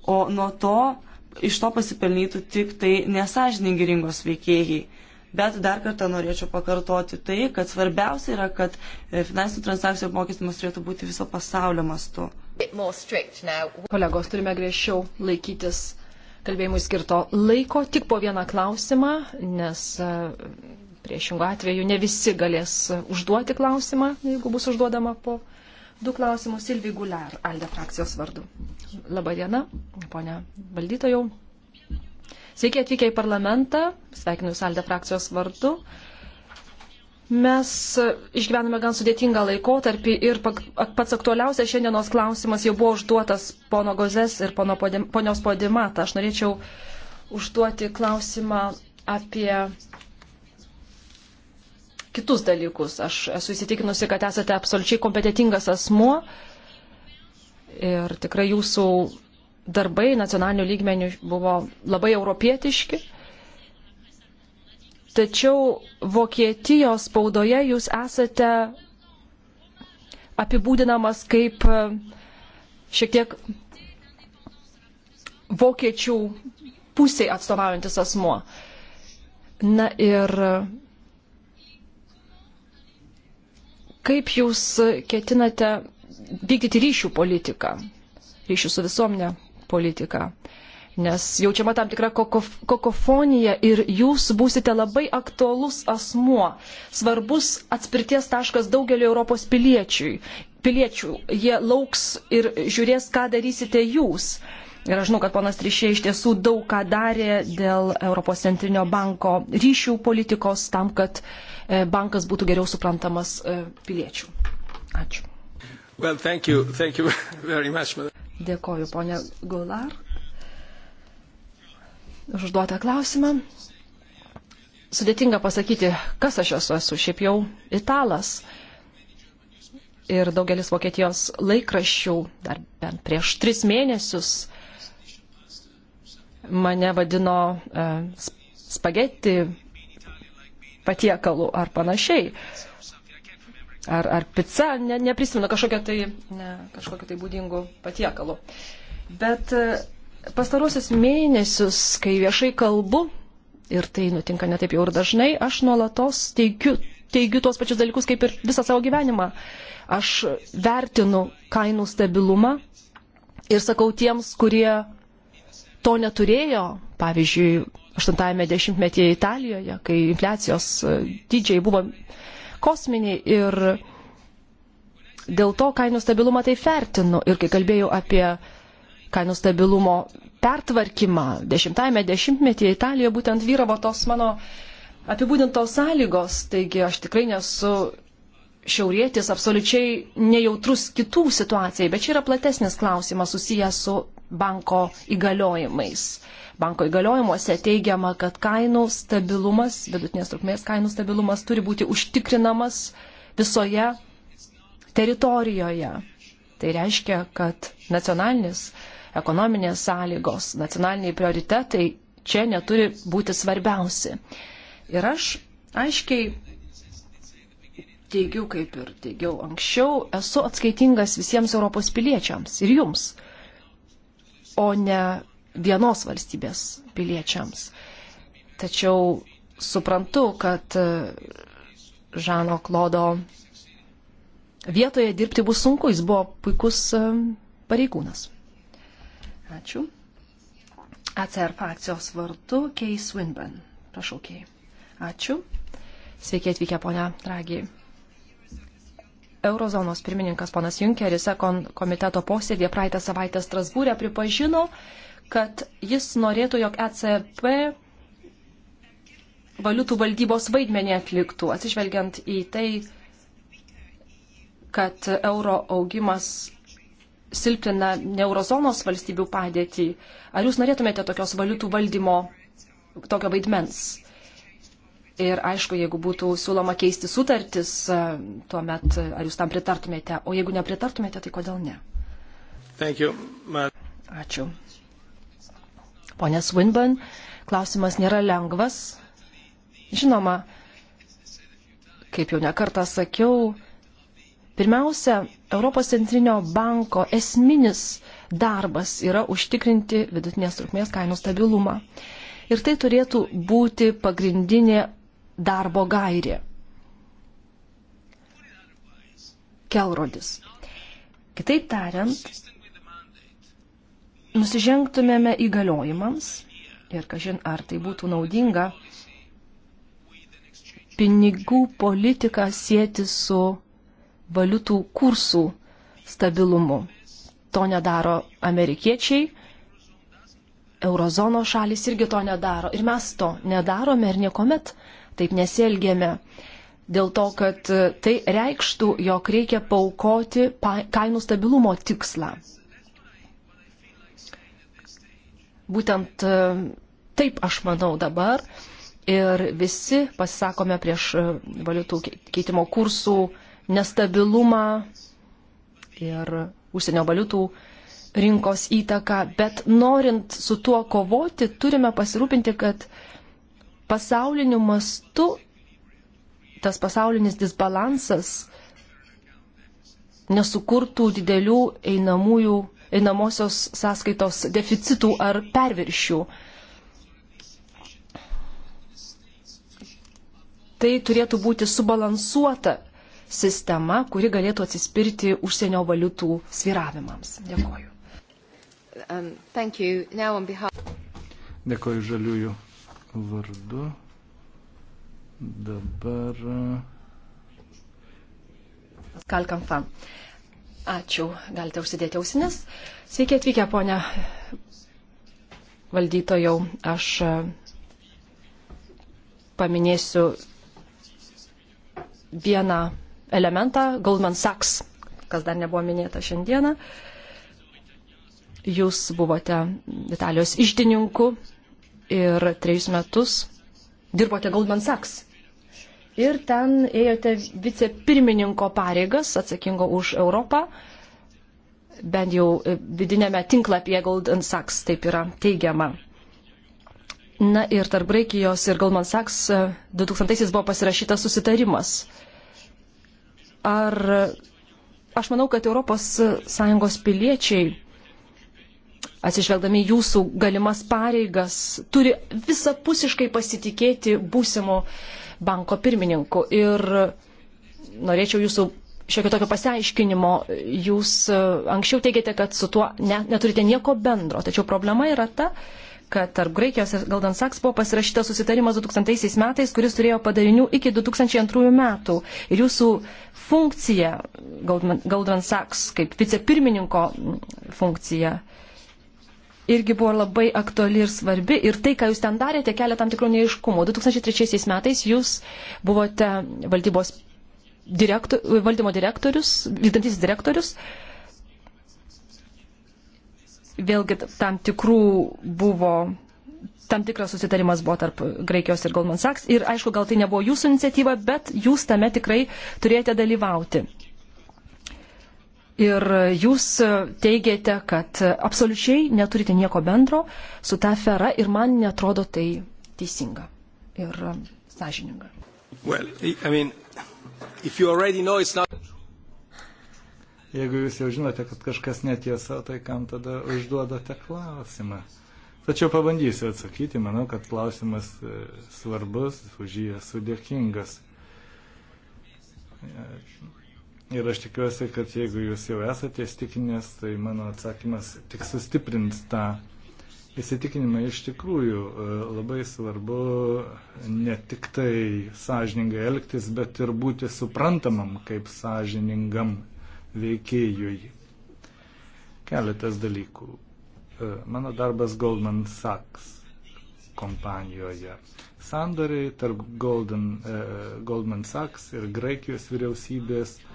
o nuo to iš to pasipelnytų tik tai nesažiningi rinkos veikėjai. Bet dar kartą norėčiau pakartoti tai, kad svarbiausia yra, kad e, finansinių transakcijų apmokestinimas turėtų būti viso pasaulio mastu. Kolegos, turime griežčiau laikytis kalbėjimui skirto laiko, tik po vieną klausimą, nes e, priešingų atveju ne visi galės užduoti klausimą, jeigu bus užduodama po du klausimus Silvi Guler, Alde frakcijos vardu. Labadiena, ponia valdytojau. Sveiki atvykę į parlamentą, sveikinu Jūs Alde frakcijos vardu. Mes išgyvename gan sudėtingą laikotarpį ir pats aktualiausias šiandienos klausimas jau buvo užduotas pono Gozes ir pono ponios Podimata. Aš norėčiau užduoti klausimą apie kitus dalykus. Aš esu įsitikinusi, kad esate absoliučiai kompetitingas asmuo ir tikrai jūsų darbai nacionalinių lygmenių buvo labai europietiški. Tačiau Vokietijos spaudoje jūs esate apibūdinamas kaip e, šiek tiek vokiečių pusiai atstovaujantis asmuo. Na ir Kaip jūs ketinate vykdyti ryšių politiką, ryšių su visuomenė politiką? Nes jaučiama tam tikra kokofonija ir jūs būsite labai aktuolus asmuo, svarbus atspirties taškas daugeliu Europos piliečiui. piliečių. Jie lauks ir žiūrės, ką darysite jūs. Ir aš žinau, kad ponas Trišė iš tiesų daug ką darė dėl Europos centrinio banko ryšių politikos tam, kad uh, E, bankas būtų geriau suprantamas e, piliečių. Ačiū. Well, thank you. Thank you [LAUGHS] much, Dėkoju, ponė Gular, už užduotą klausimą. Sudėtinga pasakyti, kas aš esu, esu šiaip jau italas. Ir daugelis Vokietijos laikraščių, dar bent prieš tris mėnesius, mane vadino uh, e, spageti patiekalų ar panašiai. Ar, ar pica, ne, neprisimenu kažkokio tai, ne, kažkokio tai būdingų patiekalų. Bet e, pastarosius mėnesius, kai viešai kalbu, ir tai nutinka netaip jau ir dažnai, aš nuolatos teigiu, teigiu tuos pačius dalykus kaip ir visą savo gyvenimą. Aš vertinu kainų stabilumą ir sakau tiems, kurie to neturėjo, pavyzdžiui, 80-ame dešimtmetyje Italijoje, kai infliacijos e, dydžiai buvo kosminiai ir dėl to kainų stabilumą tai vertinu. Ir kai kalbėjau apie kainų stabilumo pertvarkymą, 10-ame dešimtmetyje Italijoje būtent vyravo tos mano apibūdintos sąlygos, taigi aš tikrai nesu šiaurietis absoliučiai nejautrus kitų situacijai, bet čia yra platesnis klausimas susijęs su banko įgaliojimais banko įgaliojimuose teigiama, kad kainų stabilumas, vidutinės trukmės kainų stabilumas turi būti užtikrinamas visoje teritorijoje. Tai reiškia, kad nacionalinis ekonominės sąlygos, nacionaliniai prioritetai čia neturi būti svarbiausi. Ir aš aiškiai teigiau, kaip ir teigiau anksčiau, esu atskaitingas visiems Europos piliečiams ir jums, o ne vienos valstybės piliečiams. Tačiau suprantu, kad e, Žano Klodo vietoje dirbti bus sunku, jis buvo puikus e, pareigūnas. Ačiū. ACR frakcijos vardu Kei Swinburne. Prašau, Kei. Ačiū. Sveiki atvykę, ponia Dragi. Eurozonos pirmininkas ponas Junkeris ekon komiteto posėdėje praeitą savaitę Strasbūrė pripažino, kad jis norėtų, jog ECB valiutų valdybos vaidmenį atliktų, atsižvelgiant į tai, kad euro augimas silpina neurozonos valstybių padėtį. Ar jūs norėtumėte tokios valiutų valdymo, tokio vaidmens? Ir aišku, jeigu būtų siūloma keisti sutartis, e, tuomet e, ar jūs tam pritartumėte, o jeigu nepritartumėte, tai kodėl ne? Ačiū. Pone Swinburne, klausimas nėra lengvas. Žinoma, kaip jau nekartą sakiau, pirmiausia, Europos centrinio banko esminis darbas yra užtikrinti vidutinės trukmės kainų stabilumą. Ir tai turėtų būti pagrindinė darbo gairė. Kelrodis. Kitaip tariant, nusižengtumėme įgaliojimams ir, kažin, ar tai būtų naudinga pinigų politiką sėti su valiutų kursų stabilumu. To nedaro amerikiečiai, eurozono šalis irgi to nedaro. Ir mes to nedarome ir niekuomet taip nesielgėme. Dėl to, kad tai reikštų, jog reikia paukoti kainų stabilumo tikslą. Būtent e, taip aš manau dabar ir visi pasisakome prieš e, valiutų keitimo kursų nestabilumą ir užsienio valiutų rinkos įtaką, bet norint su tuo kovoti, turime pasirūpinti, kad pasauliniu mastu tas pasaulinis disbalansas nesukurtų didelių einamųjų einamosios sąskaitos deficitų ar perviršių. Tai turėtų būti subalansuota sistema, kuri galėtų atsispirti užsienio valiutų sviravimams. Dėkoju. Um, behalf... Dėkoju žaliųjų vardu. Dabar. Uh, Pascal Canfan. Ačiū. Galite užsidėti ausinės. Sveiki atvykę, ponia valdytojau. Aš e, paminėsiu vieną elementą - Goldman Sachs, kas dar nebuvo minėta šiandieną. Jūs buvote Italijos išdininku ir trejus metus dirbote Goldman Sachs ir ten ėjote vicepirmininko pareigas, atsakingo už Europą. Bent jau e, vidinėme tinklapyje Golden Sachs taip yra teigiama. Na ir tarp Graikijos ir Goldman Sachs 2000-aisiais e, buvo pasirašytas susitarimas. Ar aš manau, kad ES piliečiai atsižvelgdami jūsų galimas pareigas, turi visapusiškai pasitikėti būsimo banko pirmininku. Ir norėčiau jūsų šiokio tokio pasiaiškinimo. Jūs e, anksčiau teigėte, kad su tuo ne, neturite nieko bendro, tačiau problema yra ta, kad tarp Graikijos ir Golden Sachs buvo pasirašytas susitarimas 2000 metais, kuris turėjo padarinių iki 2002 metų. Ir jūsų funkcija, Goldman, Goldman Sachs, kaip vicepirmininko funkcija, uh, irgi buvo labai aktuali ir svarbi. Ir tai, ką jūs ten darėte, kelia tam tikrų neiškumų. 2003 metais jūs buvote valdybos direktu, valdymo direktorius, vykdantis direktorius. Vėlgi tam tikrų buvo. Tam tikras susitarimas buvo tarp Graikijos ir Goldman Sachs. Ir aišku, gal tai nebuvo jūsų iniciatyva, bet jūs tame tikrai turėjote dalyvauti. Ir jūs teigiate, kad absoliučiai neturite nieko bendro su ta afera ir man netrodo tai teisinga ir sąžininga. Well, I mean, not... Jeigu jūs jau žinote, kad kažkas netiesa, tai kam tada užduodate klausimą? Tačiau pabandysiu atsakyti, manau, kad klausimas e, svarbus, už jį esu dėkingas e, Ir aš tikiuosi, kad jeigu jūs jau esate įstikinęs, tai mano atsakymas tik sustiprins tą įsitikinimą. Iš tikrųjų e, labai svarbu ne tik tai sąžiningai elgtis, bet ir būti suprantamam kaip sąžiningam veikėjui. Keletas dalykų. E, mano darbas Goldman Sachs kompanijoje. Sandoriai tarp Golden, eh, Goldman Sachs ir Graikijos vyriausybės eh,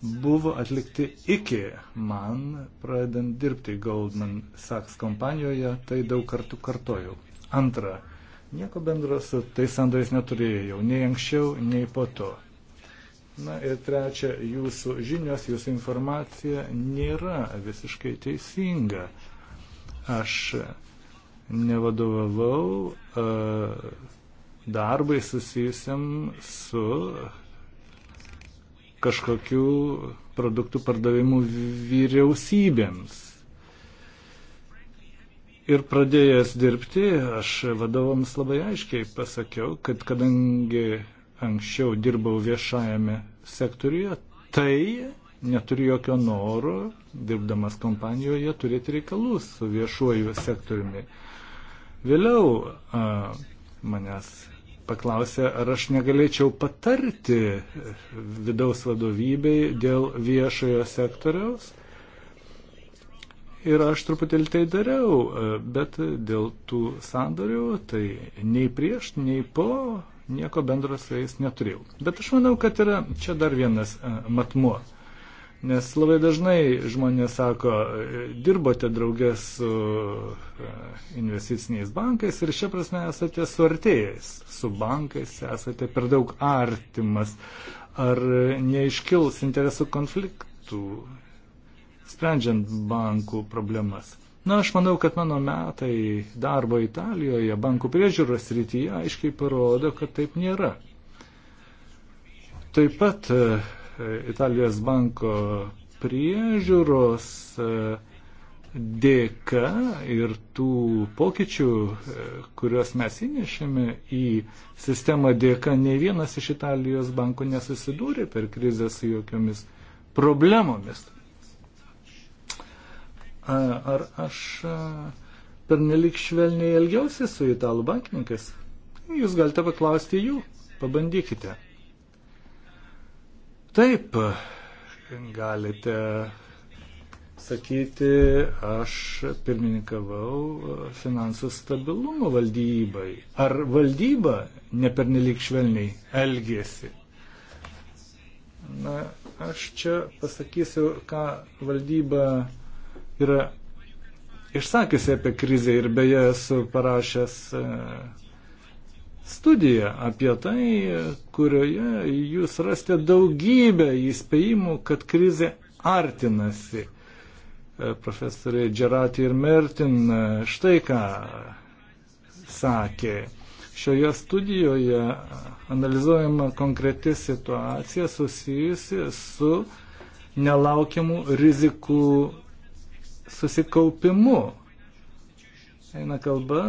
buvo atlikti iki man pradedant dirbti Goldman Sachs kompanijoje, tai daug kartų kartojau. Antra, nieko bendro su tais sandoriais neturėjau, nei anksčiau, nei po to. Na ir trečia, jūsų žinios, jūsų informacija nėra visiškai teisinga. Aš nevadovavau a, e, darbai susijusiam su kažkokių produktų pardavimų vyriausybėms. Ir pradėjęs dirbti, aš vadovams labai aiškiai pasakiau, kad kadangi anksčiau dirbau viešajame sektoriuje, tai neturiu jokio noro, dirbdamas kompanijoje, turėti reikalus su viešuoju sektoriumi. Vėliau a, manęs paklausė, ar aš negalėčiau patarti vidaus vadovybei dėl viešojo sektoriaus. Ir aš truputėlį tai dariau, bet dėl tų sandorių tai nei prieš, nei po nieko bendro su jais neturėjau. Bet aš manau, kad yra čia dar vienas e, matmuo. Nes labai dažnai žmonės sako, e, dirbote draugės su e, investiciniais bankais ir šia prasme esate suartėjęs su bankais, esate per daug artimas. Ar e, neiškils interesų konfliktų, sprendžiant bankų problemas? Na, aš manau, kad mano metai darbo Italijoje, bankų priežiūros rytyje aiškiai parodo, kad taip nėra. Taip pat Italijos banko priežiūros e, dėka ir tų pokyčių, e, kuriuos mes įnešėme į sistemą dėka, ne vienas iš Italijos bankų nesusidūrė per krizę su jokiomis problemomis. Ar aš pernelik švelniai elgiausi su italų bankininkais? Jūs galite paklausti jų, pabandykite. Taip, galite sakyti, aš pirmininkavau finansų stabilumo valdybai. Ar valdyba nepernelik švelniai elgėsi? Na, aš čia pasakysiu, ką valdyba yra išsakiusi apie krizę ir beje esu parašęs. Uh, studiją apie tai, kurioje jūs rastė daugybę įspėjimų, kad krizė artinasi. Profesoriai Gerati ir Mertin štai ką sakė. Šioje studijoje analizuojama konkreti situacija susijusi su nelaukiamų rizikų susikaupimu eina kalba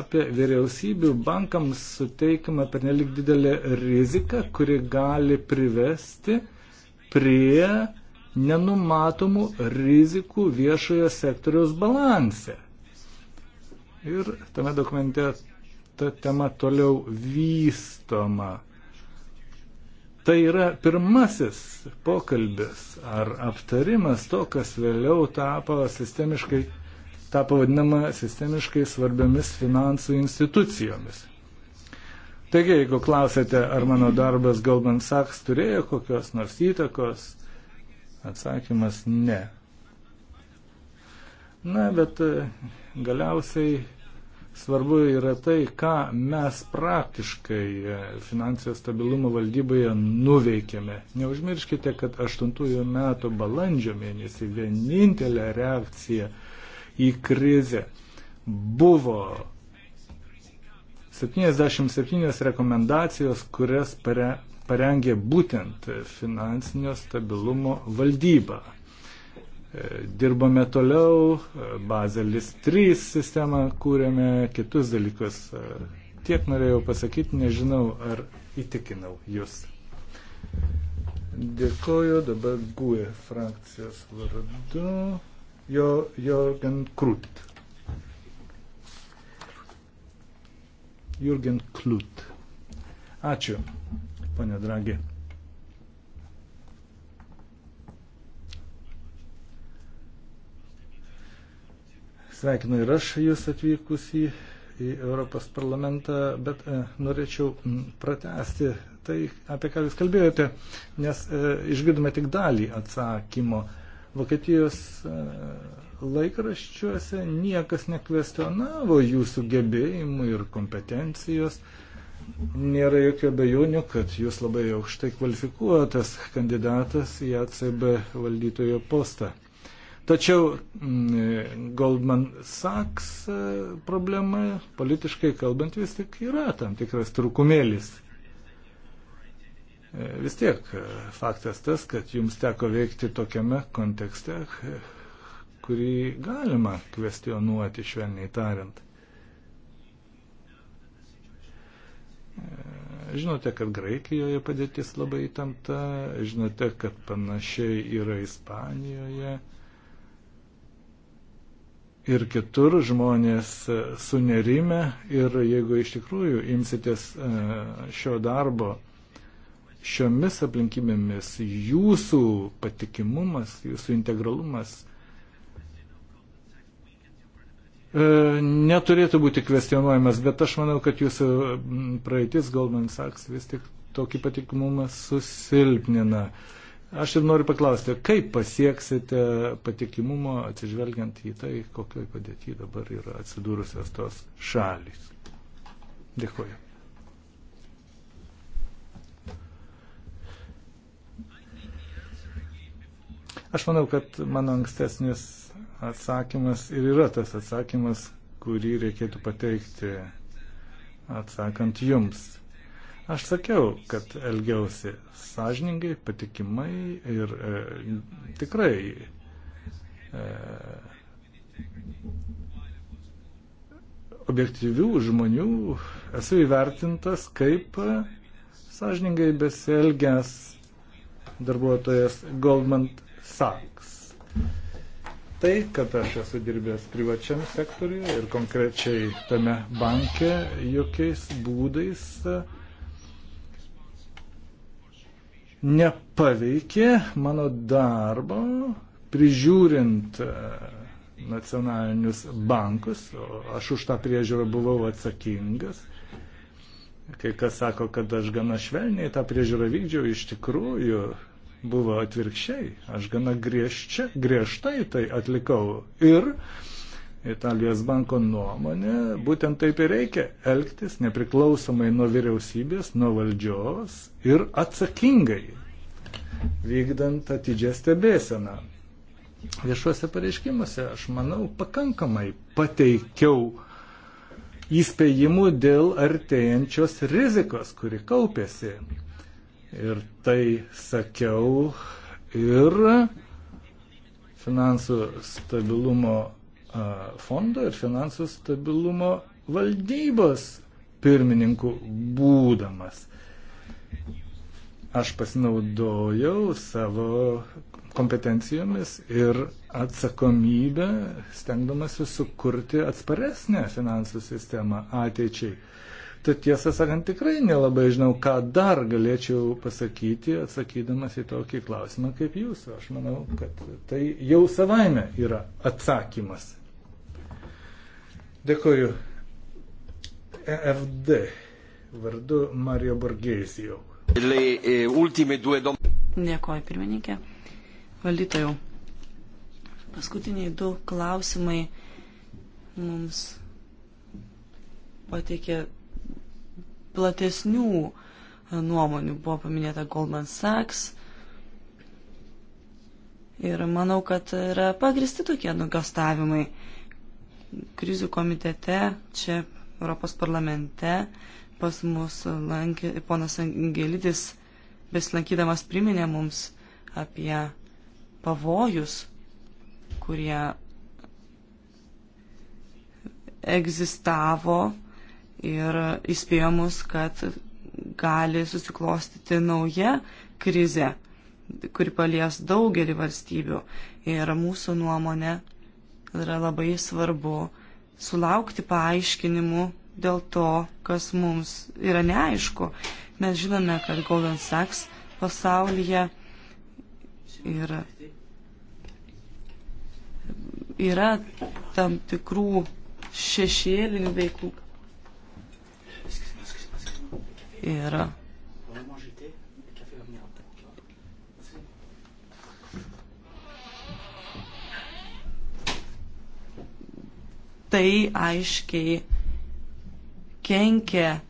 apie vyriausybių bankams suteikimą pernelik didelį riziką, kuri gali privesti prie nenumatomų rizikų viešojo sektoriaus balanse. Ir tame dokumente ta tema toliau vystoma. Tai yra pirmasis pokalbis ar aptarimas to, kas vėliau tapo sistemiškai tapo vadinama sistemiškai svarbiomis finansų institucijomis. Taigi, jeigu klausėte, ar mano darbas Goldman Sachs turėjo kokios nors įtakos, atsakymas ne. Na, bet e, galiausiai svarbu yra tai, ką mes praktiškai e, finansinio stabilumo valdyboje nuveikėme. Neužmirškite, kad 8 metų balandžio mėnesį vienintelė reakcija į krizę. Buvo 77 rekomendacijos, kurias pare, parengė būtent finansinio stabilumo valdyba. E, Dirbome toliau, e, Bazelis 3 sistemą kūrėme, kitus dalykus. E, tiek norėjau pasakyti, nežinau, ar įtikinau jūs. Dėkoju dabar GUE frakcijos vardu jo, Jorgen Krut. Jurgen Klut. Ačiū, ponė Dragi. Sveikinu ir aš jūs atvykus į, į Europos parlamentą, bet e, norėčiau pratesti tai, apie ką jūs kalbėjote, nes e, išgirdome tik dalį atsakymo. E, Vokietijos e, laikraščiuose niekas nekvestionavo jų sugebėjimų ir kompetencijos. Nėra jokio bejonių, kad jūs labai aukštai kvalifikuotas kandidatas į ACB valdytojo postą. Tačiau mm, e, Goldman Sachs e, problema, politiškai kalbant, vis tik yra tam tikras trūkumėlis. Vis tiek faktas tas, kad jums teko veikti tokiame kontekste, kurį galima kvestionuoti, švelniai tariant. Žinote, kad Graikijoje padėtis labai įtempta, žinote, kad panašiai yra Ispanijoje. Ir kitur žmonės sunerime ir jeigu iš tikrųjų imsitės e, šio darbo, šiomis aplinkybėmis jūsų patikimumas, jūsų integralumas e, neturėtų būti kvestionuojamas, bet aš manau, kad jūsų praeitis Goldman Sachs vis tik tokį patikimumą susilpnina. Aš ir noriu paklausti, kaip pasieksite patikimumo atsižvelgiant į tai, kokioj padėtyje dabar yra atsidūrusios tos šalys. Dėkuoju. Aš manau, kad mano ankstesnis atsakymas ir yra tas atsakymas, kurį reikėtų pateikti atsakant jums. Aš sakiau, kad elgiausi sąžiningai, patikimai ir e, tikrai e, objektyvių žmonių esu įvertintas kaip sąžiningai besielgęs darbuotojas Goldman Saks. Tai, kad aš esu dirbęs privačiam sektoriuje ir konkrečiai tame banke, jokiais būdais nepaveikė mano darbo prižiūrint e, nacionalinius bankus. Aš už tą priežiūrą buvau atsakingas. Kai kas sako, kad aš gana švelniai tą priežiūrą vykdžiau, iš tikrųjų buvo atvirkščiai. Aš gana griežčia, griežtai tai atlikau. Ir Italijos banko nuomonė, būtent taip ir reikia elgtis nepriklausomai nuo vyriausybės, nuo valdžios ir atsakingai, vykdant atidžią stebėseną. Viešuose pareiškimuose aš manau pakankamai pateikiau įspėjimų dėl artėjančios rizikos, kuri kaupėsi ir tai sakiau ir finansų stabilumo fondo ir finansų stabilumo valdybos pirmininku būdamas. Aš pasinaudojau savo kompetencijomis ir atsakomybę, stengdamasi sukurti atsparesnę finansų sistemą ateičiai. Tad tiesą sakant, tikrai nelabai žinau, ką dar galėčiau pasakyti, atsakydamas į tokį klausimą kaip jūsų. Aš manau, kad tai jau savaime yra atsakymas. Dėkoju. EFD vardu Mario Borgėsijau. E, Dėkoju, pirmininkė. Valdytojau. Paskutiniai du klausimai mums pateikė platesnių e, nuomonių. Buvo paminėta Goldman Sachs. Ir manau, kad yra pagristi tokie nugastavimai. Krizių komitete, čia Europos parlamente, pas mus lankė, ponas Angelidis, besilankydamas priminė mums apie pavojus, kurie egzistavo ir įspėjo mus, kad gali susiklostyti nauja krize, kuri palies daugelį valstybių. Ir mūsų nuomonė yra labai svarbu sulaukti paaiškinimų dėl to, kas mums yra neaišku. Mes žinome, kad Golden Sachs pasaulyje yra, yra tam tikrų šešėlinių veiklų, Ir tai aiškiai kenkia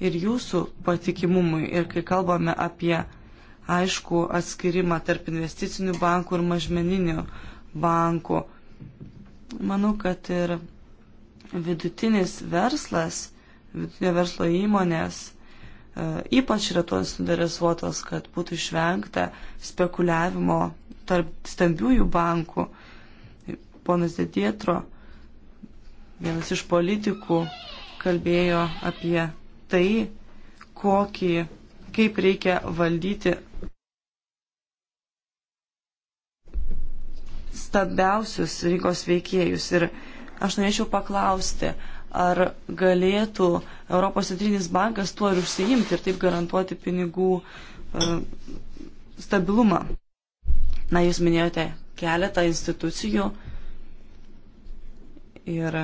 ir jūsų patikimumui. Ir kai kalbame apie aišku atskirimą tarp investicinių bankų ir mažmeninių bankų, manau, kad ir vidutinis verslas, vidutinio verslo įmonės E, ypač yra tuo suinteresuotos, kad būtų išvengta spekuliavimo tarp stambiųjų bankų. Ponas Dedietro, vienas iš politikų, kalbėjo apie tai, kokį, kaip reikia valdyti stambiausius rinkos veikėjus. Ir aš norėčiau paklausti, ar galėtų uh, Europos centrinis bankas tuo ir užsiimti ir taip garantuoti pinigų e, stabilumą. Na, jūs minėjote keletą institucijų ir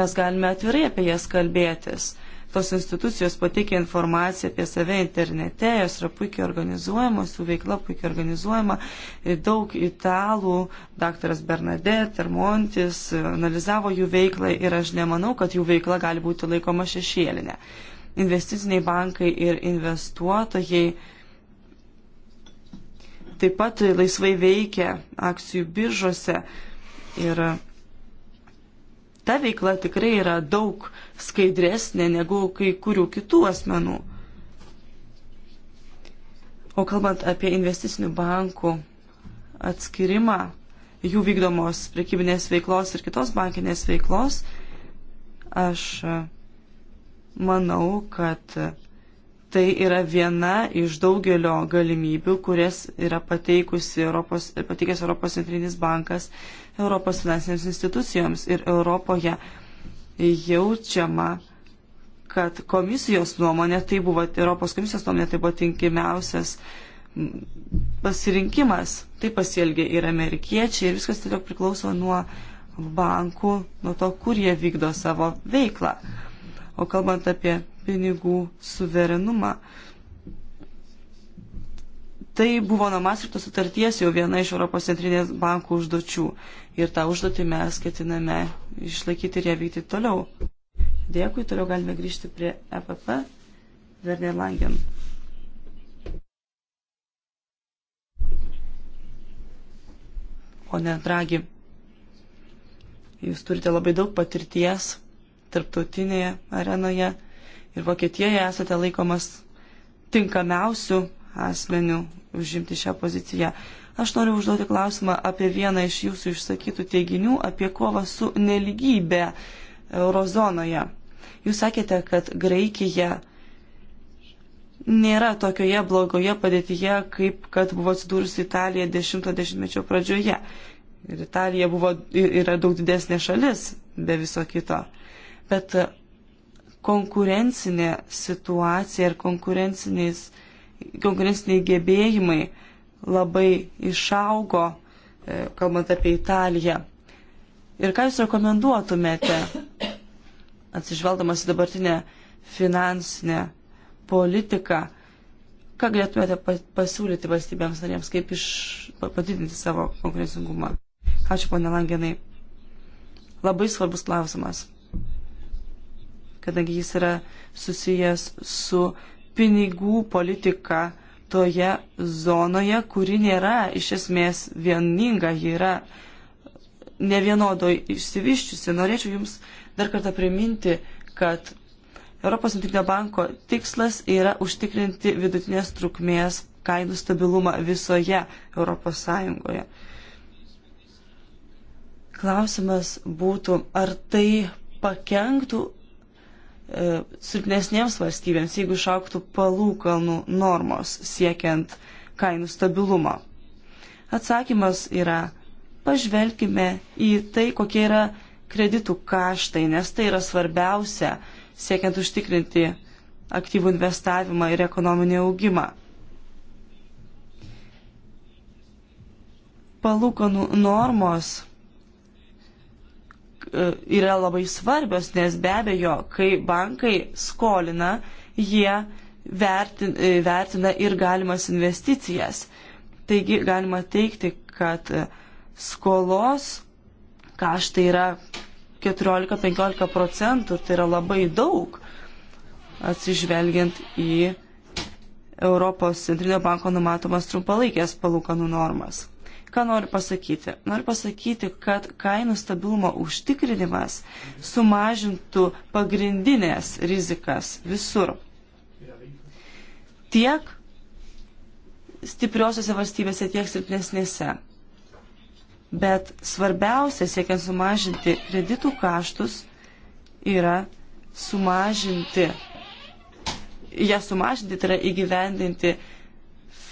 mes galime atvirai apie jas kalbėtis tos institucijos pateikia informaciją apie save internete, jos yra puikiai organizuojamos, jų veikla puikiai organizuojama. Daug italų, daktaras Bernadette, Termontis, analizavo jų veiklą ir aš nemanau, kad jų veikla gali būti laikoma šešėlinė. Investiciniai bankai ir investuotojai taip pat laisvai veikia akcijų biržose ir ta veikla tikrai yra daug uh, skaidresnė negu kai kurių kitų asmenų. O kalbant apie investicinių bankų atskirimą, jų vykdomos prekybinės veiklos ir kitos bankinės veiklos, aš e, manau, kad tai yra viena iš daugelio galimybių, kurias yra pateikusi Europos, pateikęs Europos centrinis bankas Europos finansinėms institucijoms ir Europoje. Ja jaučiama, kad komisijos nuomonė, tai buvo Europos komisijos nuomonė, tai buvo tinkimiausias pasirinkimas. Taip pasielgė ir amerikiečiai ir viskas tiesiog priklauso nuo bankų, nuo to, kur jie vykdo savo veiklą. O kalbant apie pinigų suverenumą, Tai buvo nuo Mastrito sutarties jau viena iš Europos centrinės bankų užduočių. Ir tą užduotį mes ketiname išlaikyti ir ją vykti toliau. Dėkui, toliau galime grįžti prie EPP. Werner Langen. Pone Dragi, jūs turite labai daug patirties tarptautinėje arenoje ir Vokietijoje esate laikomas tinkamiausių asmenių užimti šią poziciją. Aš noriu užduoti klausimą apie vieną iš jūsų išsakytų teiginių apie kovą su neligybė eurozonoje. Jūs sakėte, kad Graikija nėra tokioje blogoje padėtyje, kaip kad buvo atsidūrusi Italija 10-mečio pradžioje. Ir Italija buvo, yra daug didesnė šalis be viso kito. Bet konkurencinė situacija ir konkurenciniais uh, konkurenciniai gebėjimai labai išaugo, e, kalbant apie Italiją. Ir ką Jūs rekomenduotumėte, atsižvelgdamas į dabartinę finansinę politiką, ką galėtumėte pasiūlyti valstybėms narėms, kaip iš, padidinti savo konkurencingumą? Ačiū, ponė Langenai. Labai svarbus klausimas, kadangi jis yra susijęs su pinigų politiką toje zonoje, kuri nėra iš esmės vieninga, ji yra nevienodo išsivyščiusi. Norėčiau Jums dar kartą priminti, kad Europos centrinio banko tikslas yra užtikrinti vidutinės trukmės kainų stabilumą visoje Europos Sąjungoje. Klausimas būtų, ar tai pakenktų E, silpnesniems valstybėms, jeigu išauktų palūkanų normos siekiant kainų stabilumo? Atsakymas yra, pažvelkime į tai, kokie yra kreditų kaštai, nes tai yra svarbiausia siekiant užtikrinti aktyvų investavimą ir ekonominį augimą. Palūkanų normos E, yra labai svarbios, nes be abejo, kai bankai skolina, jie vertin, e, vertina ir galimas investicijas. Taigi galima teikti, kad skolos kaštai yra 14-15 procentų, tai yra labai daug, atsižvelgiant į Europos centrinio banko numatomas trumpalaikės palūkanų normas. Ką noriu pasakyti? Noriu pasakyti, kad kainų stabilumo užtikrinimas sumažintų pagrindinės rizikas visur. Tiek stipriosiose valstybėse, tiek silpnesnėse. Bet svarbiausia, siekiant sumažinti kreditų kaštus, yra sumažinti, ją sumažinti, tai yra įgyvendinti uh,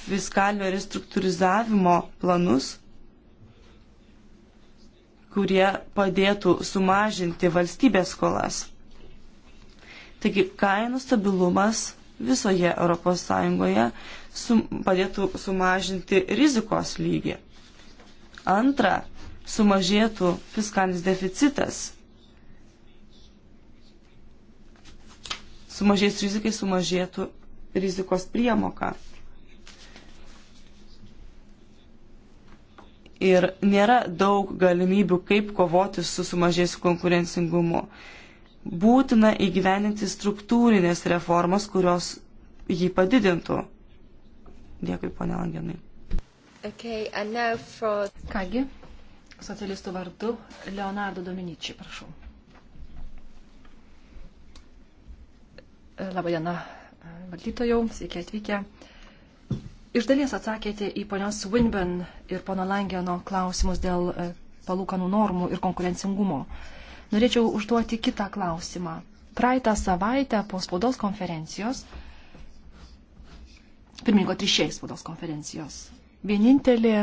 fiskalinio restruktūrizavimo planus, kurie padėtų sumažinti valstybės skolas. Taigi kainų stabilumas visoje ES sum, padėtų sumažinti rizikos lygį. Antra, sumažėtų fiskalinis deficitas. Sumažės rizikai, sumažėtų rizikos priemoka. ir nėra daug galimybių, kaip kovoti su sumažėjusiu konkurencingumu. Būtina įgyveninti struktūrinės reformas, kurios jį padidintų. Dėkui, ponia Langenai. Okay, for... Kągi, socialistų vardu Leonardo Dominici, prašau. Labadiena, valdytojau, sveiki atvykę. Uh, Iš dalies atsakėte į ponios Winben ir pono Langeno klausimus dėl e, palūkanų normų ir konkurencingumo. Norėčiau užduoti kitą klausimą. Praeitą savaitę po spaudos konferencijos, pirmininko trišiai spaudos konferencijos, vienintelė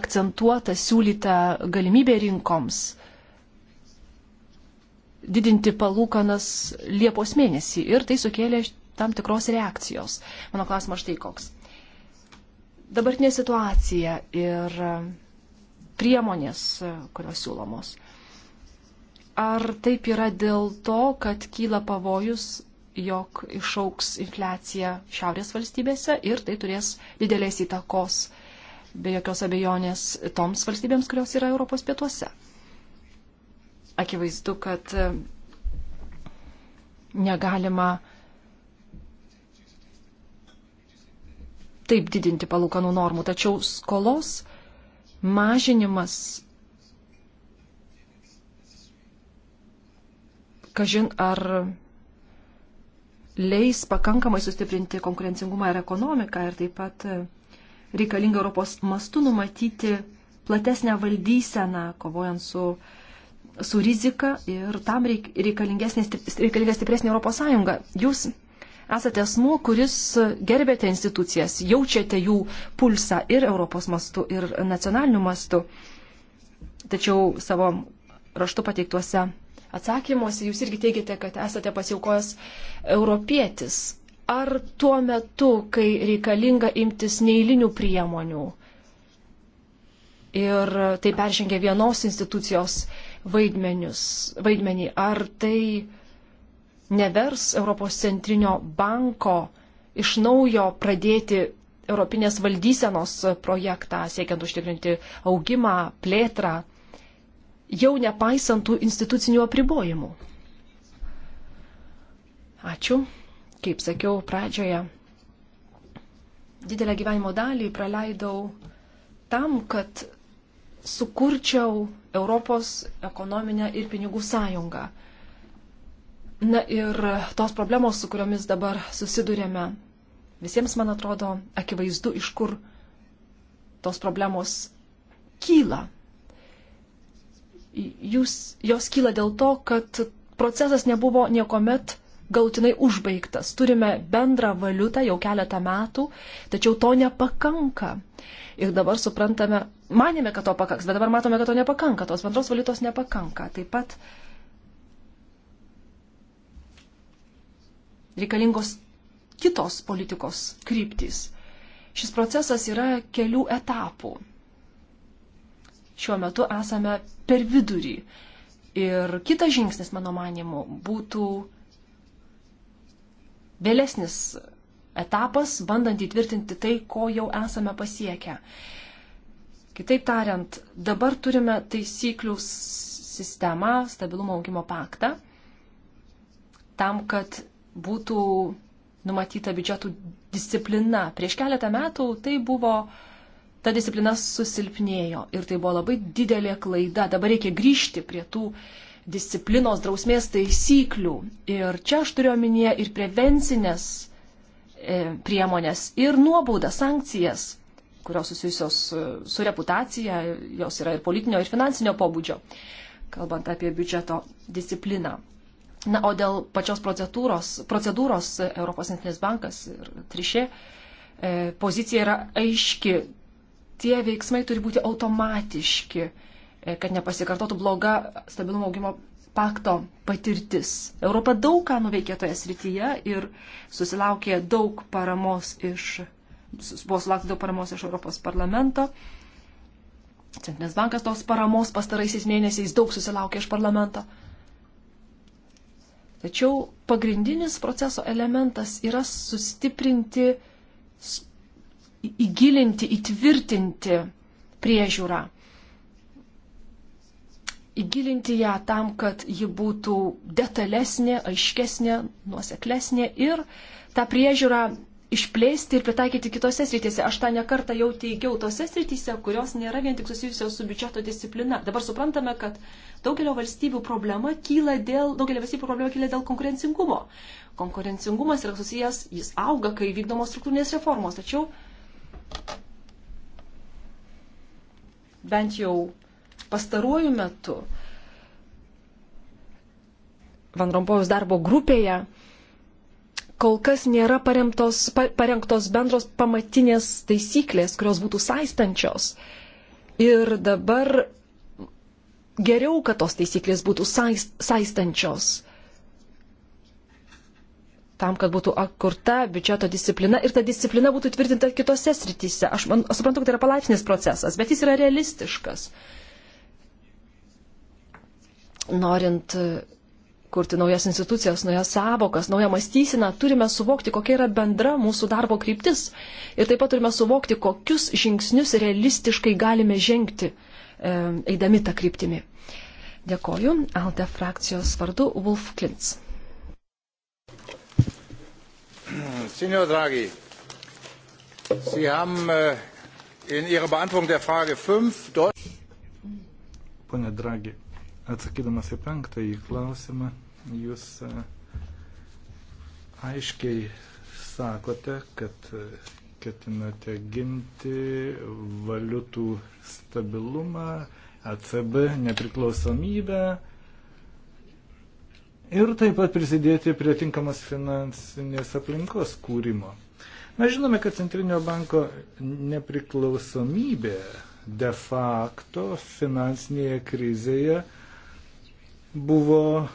akcentuota siūlyta galimybė rinkoms didinti palūkanas Liepos mėnesį ir tai sukėlė tam tikros reakcijos. Mano klausimas štai koks dabartinė situacija ir priemonės, kurios siūlomos. Ar taip yra dėl to, kad kyla pavojus, jog išauks infliacija šiaurės valstybėse ir tai turės didelės įtakos, be jokios abejonės, toms valstybėms, kurios yra Europos pietuose? Akivaizdu, kad negalima uh, taip didinti palūkanų normų, tačiau skolos mažinimas, kažin ar leis pakankamai sustiprinti konkurencingumą ir ekonomiką ir taip pat reikalinga Europos mastu numatyti platesnę valdyseną, kovojant su, su rizika ir tam reik, reikalinga stipresnė Europos Sąjunga. Jūs esate asmuo, kuris gerbėte institucijas, jaučiate jų pulsą ir Europos mastu, ir nacionaliniu mastu. Tačiau savo raštu pateiktuose atsakymuose jūs irgi teigiate, kad esate pasiaukojęs europietis. Ar tuo metu, kai reikalinga imtis neįlinių priemonių ir tai peržengia vienos institucijos vaidmenius, vaidmenį, ar tai nevers Europos centrinio banko iš naujo pradėti Europinės valdysenos projektą, siekiant užtikrinti augimą, plėtrą, jau nepaisant tų institucinių apribojimų. Ačiū. Kaip sakiau pradžioje, didelę gyvenimo dalį praleidau tam, kad sukurčiau Europos ekonominę ir pinigų sąjungą. Na ir tos problemos, su kuriomis dabar susidurėme, visiems, man atrodo, akivaizdu, iš kur tos problemos kyla. Jūs, jos kyla dėl to, kad procesas nebuvo niekuomet gautinai užbaigtas. Turime bendrą valiutą jau keletą metų, tačiau to nepakanka. Ir dabar suprantame, manėme, kad to pakaks, bet dabar matome, kad to nepakanka, tos bendros valiutos nepakanka. Taip pat uh, reikalingos kitos politikos kryptys. Šis procesas yra kelių etapų. Šiuo metu esame per vidurį. Ir kitas žingsnis, mano manimu, būtų vėlesnis etapas, bandant įtvirtinti tai, ko jau esame pasiekę. Kitaip tariant, dabar turime taisyklių sistemą, stabilumo augimo paktą, tam, kad būtų numatyta biudžetų disciplina. Prieš keletą metų tai buvo, ta disciplina susilpnėjo ir tai buvo labai didelė klaida. Dabar reikia grįžti prie tų disciplinos drausmės taisyklių. Ir čia aš turiu omenyje ir prevencinės e, priemonės, ir nuobaudą, sankcijas, kurios susijusios e, su reputacija, jos yra ir politinio, ir finansinio pobūdžio, kalbant apie biudžeto discipliną. Na, o dėl pačios procedūros, procedūros e, Europos Centrinis bankas ir trišė, e, pozicija yra aiški. Tie veiksmai turi būti automatiški, e, kad nepasikartotų bloga stabilumo augimo pakto patirtis. Europa daug ką nuveikė toje srityje ir susilaukė daug paramos iš, buvo sulaukta daug paramos iš Europos parlamento. Centrinis bankas tos paramos pastaraisiais mėnesiais daug susilaukė iš parlamento. Tačiau pagrindinis proceso elementas yra sustiprinti, įgilinti, įtvirtinti priežiūrą. Įgilinti ją tam, kad ji būtų detalesnė, aiškesnė, nuoseklesnė ir tą priežiūrą išplėsti ir pritaikyti kitose srityse. Aš tą nekartą jau teigiau tose srityse, kurios nėra vien tik susijusios su biudžeto disciplina. Dabar suprantame, kad daugelio valstybių problema kyla dėl, daugelio valstybių problema kyla dėl konkurencingumo. Konkurencingumas yra susijęs, jis auga, kai vykdomos struktūrinės reformos, tačiau bent jau pastaruoju metu Van Rompojus darbo grupėje kol kas nėra paremtos, parengtos bendros pamatinės taisyklės, kurios būtų saistančios. Ir dabar geriau, kad tos taisyklės būtų saist, saistančios tam, kad būtų atkurta biudžeto disciplina ir ta disciplina būtų tvirtinta kitose srityse. Aš man, aš suprantu, kad tai yra palaipsnis procesas, bet jis yra realistiškas. Norint kurti naujas institucijas, naujas savokas, naują mąstyseną, turime suvokti, kokia yra bendra mūsų darbo kryptis. Ir taip pat turime suvokti, kokius žingsnius realistiškai galime žengti, e, eidami tą kryptimį. Dėkoju. Alde frakcijos vardu Wolf Klintz. Signor Draghi, Sie haben äh, in Ihrer Beantwortung der Frage 5 Pone Draghi, atsakydamas į penktąjį klausimą, Jūs e, aiškiai sakote, kad e, ketinate ginti valiutų stabilumą, ECB nepriklausomybę ir taip pat prisidėti prie tinkamos finansinės aplinkos kūrimo. Mes žinome, kad Centrinio banko nepriklausomybė de facto finansinėje krizėje uh, buvo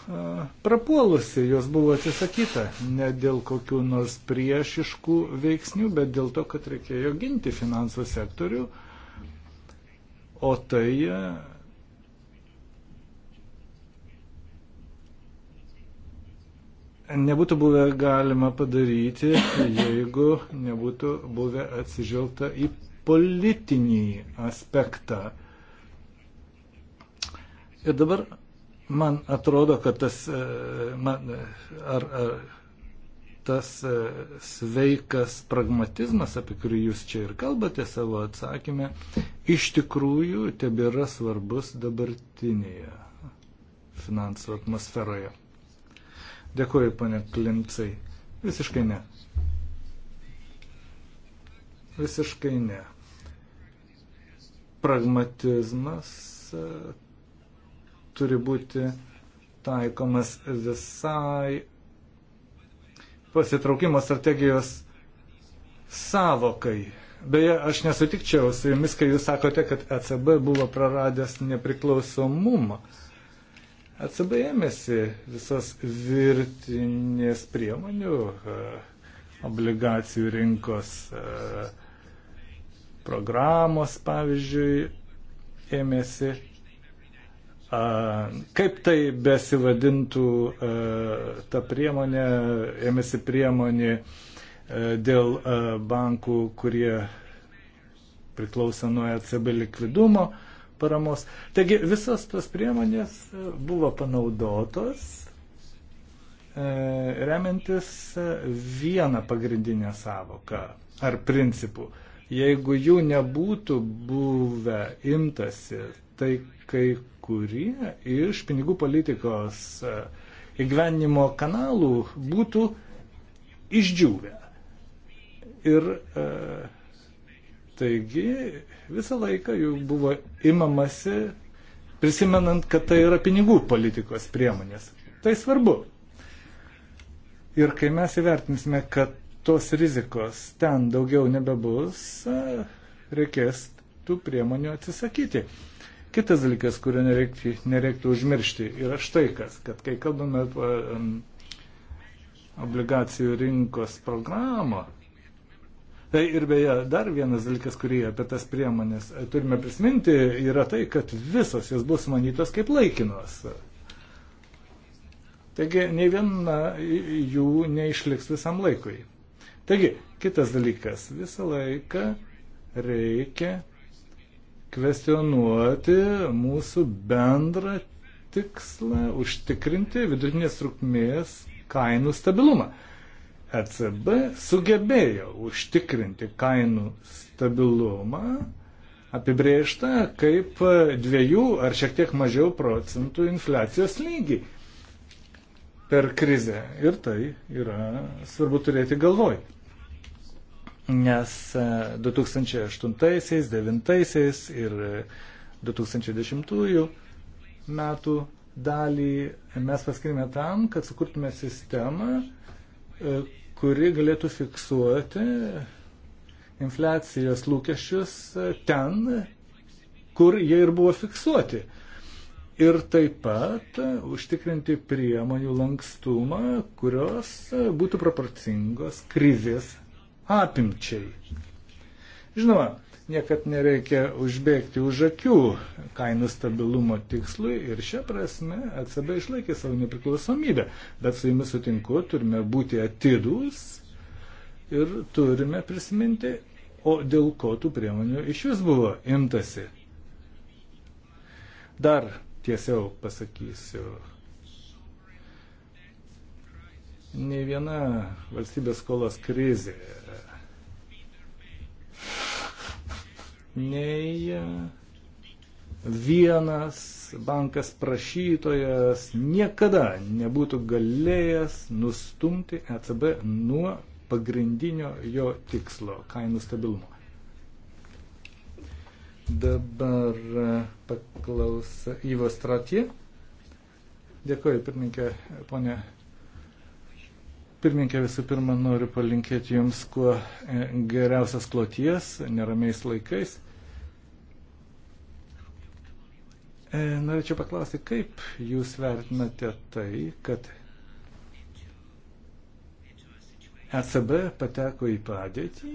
prapuolusi, jos buvo atsisakyta ne dėl kokių nors priešiškų veiksnių, bet dėl to, kad reikėjo ginti finansų sektorių, o tai nebūtų buvę galima padaryti, jeigu nebūtų buvę atsižvelgta į politinį aspektą. Ir dabar Man atrodo, kad tas, e, man, e, ar, ar, tas e, sveikas pragmatizmas, apie kurį jūs čia ir kalbate savo atsakymę, iš tikrųjų tebėra svarbus dabartinėje finansų atmosferoje. Dėkuoju, pane Klimcai. Visiškai ne. Visiškai ne. Pragmatizmas turi būti taikomas visai pasitraukimo strategijos savokai. Beje, aš nesutikčiau su jumis, kai jūs sakote, kad ECB buvo praradęs nepriklausomumą. ECB ėmėsi visos virtinės priemonių, e, obligacijų rinkos e, programos, pavyzdžiui, ėmėsi Kaip tai besivadintų ta priemonė, ėmėsi priemonė dėl bankų, kurie priklauso nuo ECB likvidumo paramos. Taigi visas tos priemonės buvo panaudotos remiantis vieną pagrindinę savoką ar principų. Jeigu jų nebūtų buvę imtasi, tai kai kurie iš pinigų politikos e, įgyvenimo kanalų būtų išdžiūvę. Ir e, taigi visą laiką jų buvo imamasi, prisimenant, kad tai yra pinigų politikos priemonės. Tai svarbu. Ir kai mes įvertinsime, kad tos rizikos ten daugiau nebebus, e, reikės tų priemonių atsisakyti. Kitas dalykas, kurio nereiktų, nereiktų užmiršti, yra štai kas, kad kai kalbame apie obligacijų rinkos programą, tai ir beje, dar vienas dalykas, kurį apie tas priemonės e, turime prisiminti, yra tai, kad visos jos bus manytos kaip laikinos. Taigi, nei viena jų neišliks visam laikui. Taigi, kitas dalykas, visą laiką reikia kvestionuoti mūsų bendrą tikslą užtikrinti vidutinės trukmės kainų stabilumą. ECB sugebėjo užtikrinti kainų stabilumą apibrėžta kaip dviejų ar šiek tiek mažiau procentų infliacijos lygį per krizę. Ir tai yra svarbu turėti galvoj nes 2008-2009 e, ir 2010 e, metų dalį mes paskirime tam, kad sukurtume sistemą, e, kuri galėtų fiksuoti infliacijos lūkesčius ten, kur jie ir buvo fiksuoti. Ir taip pat užtikrinti priemonių lankstumą, kurios būtų proporcingos krizės apimčiai. Žinoma, niekad nereikia užbėgti už akių kainų stabilumo tikslui ir šią prasme ECB išlaikė savo nepriklausomybę. Bet su jumis sutinku, turime būti atidūs ir turime prisiminti, o dėl ko tų priemonių iš vis buvo imtasi. Dar tiesiau pasakysiu, nei viena valstybės skolos krizė, nei vienas bankas prašytojas niekada nebūtų galėjęs nustumti ECB nuo pagrindinio jo tikslo - kainų stabilumo. Dabar e, paklausa Ivo Stratė. Dėkuoju, pirmininkė, ponė Pirmininkė, visų pirma, noriu palinkėti Jums kuo e, geriausias kloties, neramiais laikais. E, norėčiau paklausti, kaip Jūs vertinate tai, kad ECB pateko į padėtį,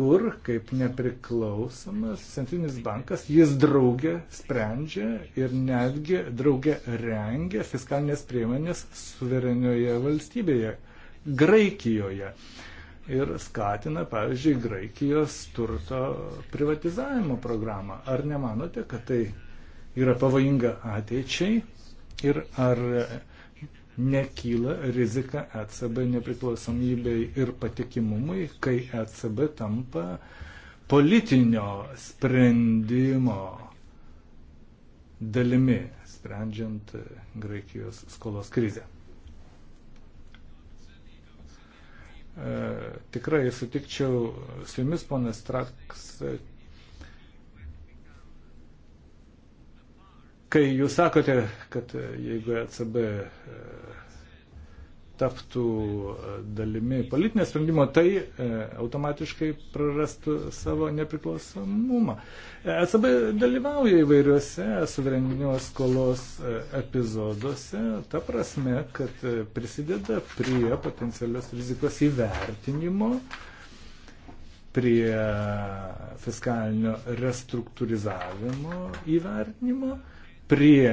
kur, kaip nepriklausomas centrinis bankas, jis draugė sprendžia ir netgi draugė rengia fiskalinės priemonės suverenioje valstybėje, Graikijoje. Ir skatina, pavyzdžiui, Graikijos turto privatizavimo programą. Ar nemanote, kad tai yra pavojinga ateičiai ir ar nekyla rizika ECB nepriklausomybei ir patikimumui, kai ECB tampa politinio sprendimo dalimi, sprendžiant Graikijos skolos krizę. E, tikrai sutikčiau su jumis, ponas Traks, Kai jūs sakote, kad e, jeigu ECB e, taptų e, dalimi politinio sprendimo, tai automatiškai prarastų savo nepriklausomumą. ECB dalyvauja įvairiuose suverenios skolos epizoduose, ta prasme, kad prisideda prie potencialios rizikos įvertinimo, prie fiskalinio restruktūrizavimo įvertinimo prie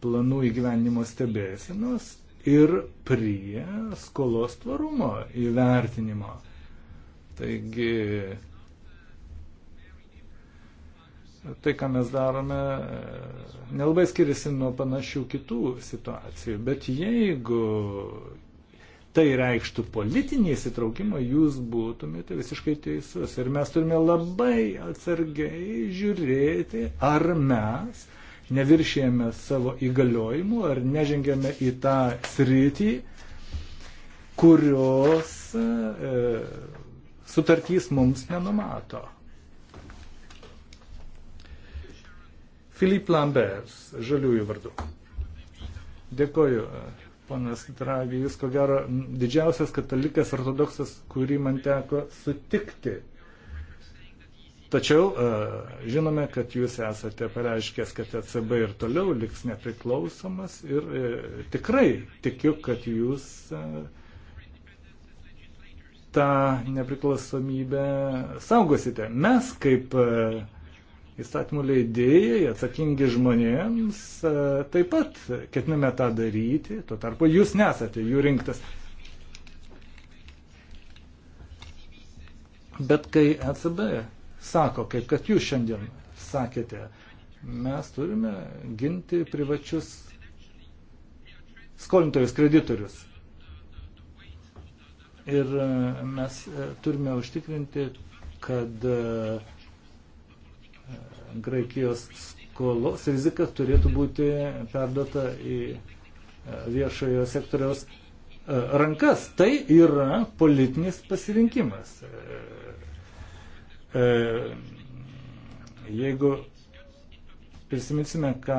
planų įgyvenimo stebėsenos ir prie skolos tvarumo įvertinimo. Taigi, tai, ką mes darome, nelabai skiriasi nuo panašių kitų situacijų, bet jeigu tai reikštų politinį įsitraukimą, jūs būtumėte visiškai teisus. Ir mes turime labai atsargiai žiūrėti, ar mes neviršėjame savo įgaliojimų ar nežengėme į tą sritį, kurios e, sutartys mums nenumato. Filip Lambers, žaliųjų vardu. Dėkoju, e, ponas Dragi, jūs ko gero didžiausias katalikas ortodoksas, kurį man teko sutikti Tačiau e, žinome, kad jūs esate pareiškęs, kad ECB ir toliau liks nepriklausomas ir e, tikrai tikiu, kad jūs e, tą nepriklausomybę saugosite. Mes kaip įstatymų leidėjai, atsakingi žmonėms, taip pat ketiname tą daryti, tuo tarpu jūs nesate jų rinktas. Bet kai ECB sako, kaip kad jūs šiandien sakėte. Mes turime ginti privačius skolintojus, kreditorius. Ir e, mes e, turime užtikrinti, kad e, Graikijos skolos rizika turėtų būti perduota į viešojo sektoriaus rankas. Tai yra politinis pasirinkimas. E, jeigu prisiminsime, ką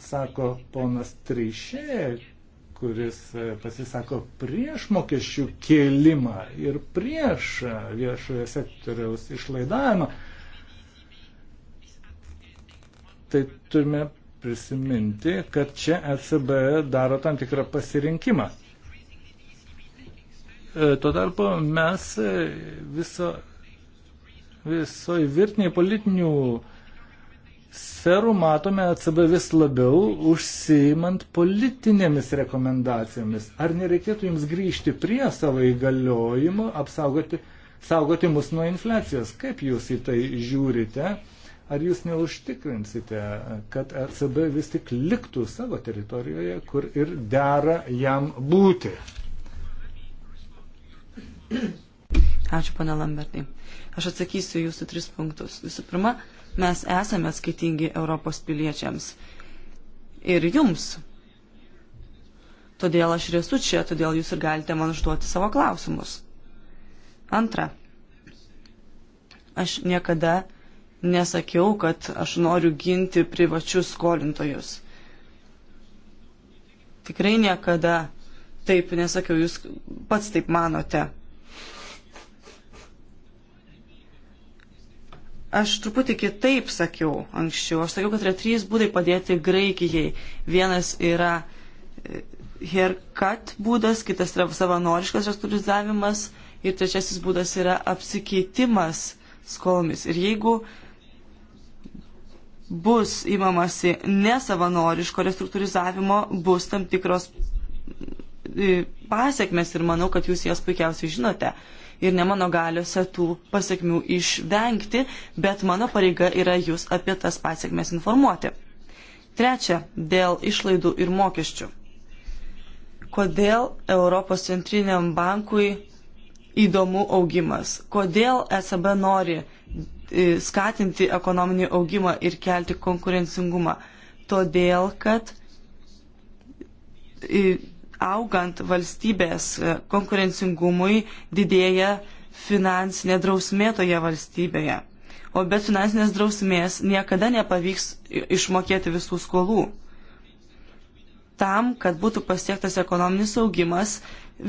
sako ponas Trišė, kuris e, pasisako prieš mokesčių kėlimą ir prieš viešojo sektoriaus išlaidavimą, tai turime prisiminti, kad čia ECB daro tam tikrą pasirinkimą. E, tuo tarpu mes viso visoji virtinė politinių sferų matome ECB vis labiau užsiimant politinėmis rekomendacijomis. Ar nereikėtų jums grįžti prie savo įgaliojimo, apsaugoti saugoti mus nuo infliacijos? Kaip jūs į tai žiūrite? Ar jūs neužtikrinsite, kad ECB vis tik liktų savo teritorijoje, kur ir dera jam būti? Ačiū, pana Lambertai. Aš atsakysiu jūsų tris punktus. Visų pirma, mes esame skaitingi Europos piliečiams. Ir jums. Todėl aš ir esu čia, todėl jūs ir galite man užduoti savo klausimus. Antra, aš niekada nesakiau, kad aš noriu ginti privačius skolintojus. Tikrai niekada taip nesakiau, jūs pats taip manote. Aš truputį kitaip sakiau anksčiau. Aš sakiau, kad yra trys būdai padėti Graikijai. Vienas yra haircut būdas, kitas yra savanoriškas restruktūrizavimas ir trečiasis būdas yra apsikeitimas skolomis. Ir jeigu bus įmamasi nesavanoriško restruktūrizavimo, bus tam tikros pasiekmes ir manau, kad jūs jas puikiausiai žinote ir ne mano galiuose tų pasiekmių išvengti, bet mano pareiga yra jūs apie tas pasiekmes informuoti. Trečia, dėl išlaidų ir mokesčių. Kodėl Europos centriniam bankui įdomu augimas? Kodėl ECB nori e, skatinti ekonominį augimą ir kelti konkurencingumą? Todėl, kad e, augant valstybės e, konkurencingumui didėja finansinė drausmė toje valstybėje. O be finansinės drausmės niekada nepavyks išmokėti visų skolų. Tam, kad būtų pasiektas ekonominis augimas,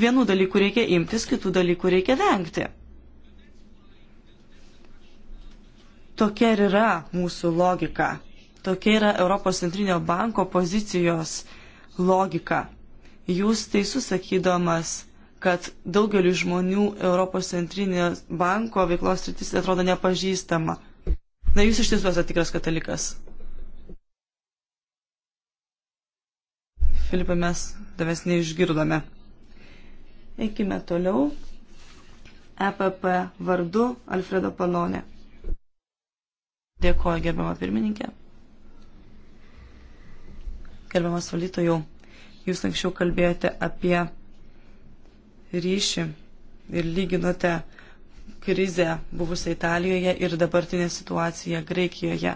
vienų dalykų reikia imtis, kitų dalykų reikia vengti. Tokia ir yra mūsų logika. Tokia yra Europos centrinio banko pozicijos logika. Jūs teisus sakydamas, kad daugeliu žmonių Europos centrinio banko veiklos rytis atrodo nepažįstama. Na, jūs iš tiesų esate tikras katalikas. Filipai, mes tavęs neišgirdome. Eikime toliau. EPP vardu Alfredo Palonė. Dėkoju, gerbiama pirmininkė. Gerbiamas valytojau, Jūs anksčiau kalbėjote apie ryšį ir lyginote krizę buvusią Italijoje ir dabartinę situaciją Graikijoje.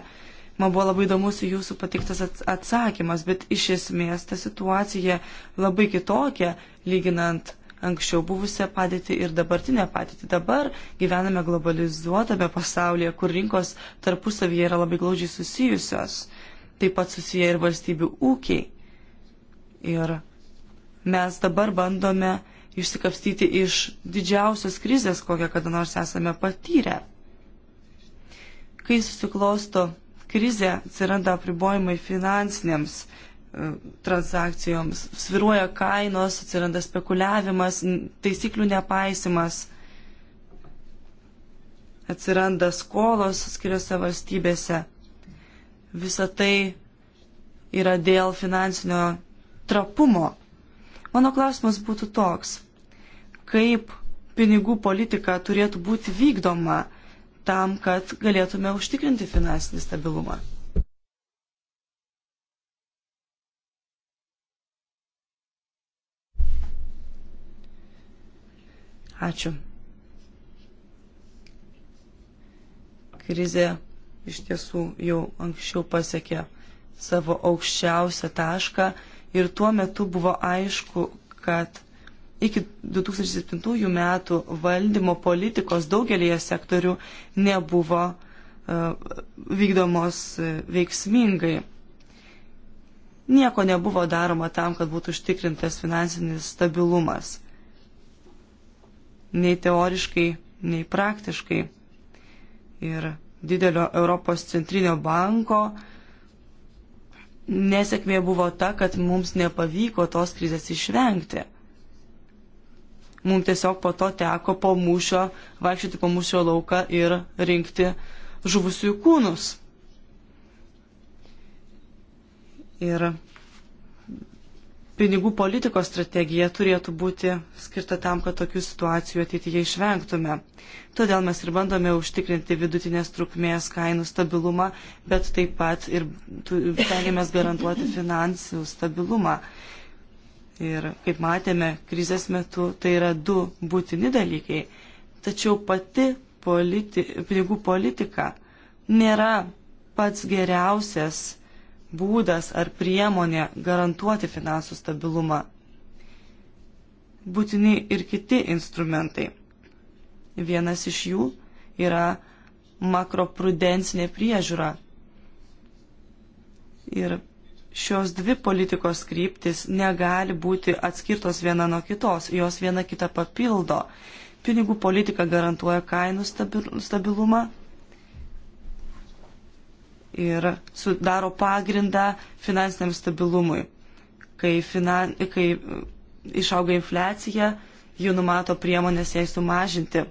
Man buvo labai įdomus jūsų patiktas atsakymas, bet iš esmės ta situacija labai kitokia, lyginant anksčiau buvusią padėtį ir dabartinę padėtį. Dabar gyvename globalizuotame pasaulyje, kur rinkos tarpusavyje yra labai glaudžiai susijusios. Taip pat susiję ir valstybių ūkiai. Ir mes dabar bandome išsikapstyti iš didžiausios krizės, kokią kada nors esame patyrę. Kai susiklosto krizė, atsiranda apribojimai finansinėms e, transakcijoms, sviruoja kainos, atsiranda spekuliavimas, taisyklių nepaisimas, atsiranda skolos skiriose valstybėse. Visa tai yra dėl finansinio trapumo. Mano klausimas būtų toks, kaip pinigų politika turėtų būti vykdoma tam, kad galėtume užtikrinti finansinį stabilumą. Ačiū. Krizė iš tiesų jau anksčiau pasiekė savo aukščiausią tašką ir tuo metu buvo aišku, kad iki 2007 metų valdymo politikos daugelėje sektorių nebuvo uh, vykdomos e, veiksmingai. Nieko nebuvo daroma tam, kad būtų užtikrintas finansinis stabilumas. Nei teoriškai, nei praktiškai. Ir didelio Europos centrinio banko uh, Nesėkmė buvo ta, kad mums nepavyko tos krizės išvengti. Mums tiesiog po to teko po mūšio, vaikščioti po mūšio lauką ir rinkti žuvusiųjų kūnus. Ir pinigų politikos strategija turėtų būti skirta tam, kad tokių situacijų ateityje išvengtume. Todėl mes ir bandome užtikrinti vidutinės trukmės kainų stabilumą, bet taip pat ir stengiamės garantuoti finansų stabilumą. Ir kaip matėme, krizės metu tai yra du būtini dalykai. Tačiau pati politi pinigų politika nėra pats geriausias būdas ar priemonė garantuoti finansų stabilumą. Būtini ir kiti instrumentai. Vienas iš jų yra makroprudencinė priežiūra. Ir šios dvi politikos kryptis negali būti atskirtos viena nuo kitos, jos viena kitą papildo. Pinigų politika garantuoja kainų stabilumą, ir sudaro pagrindą finansiniam stabilumui. Kai, finan, kai išauga infliacija, ji numato priemonės jai sumažinti.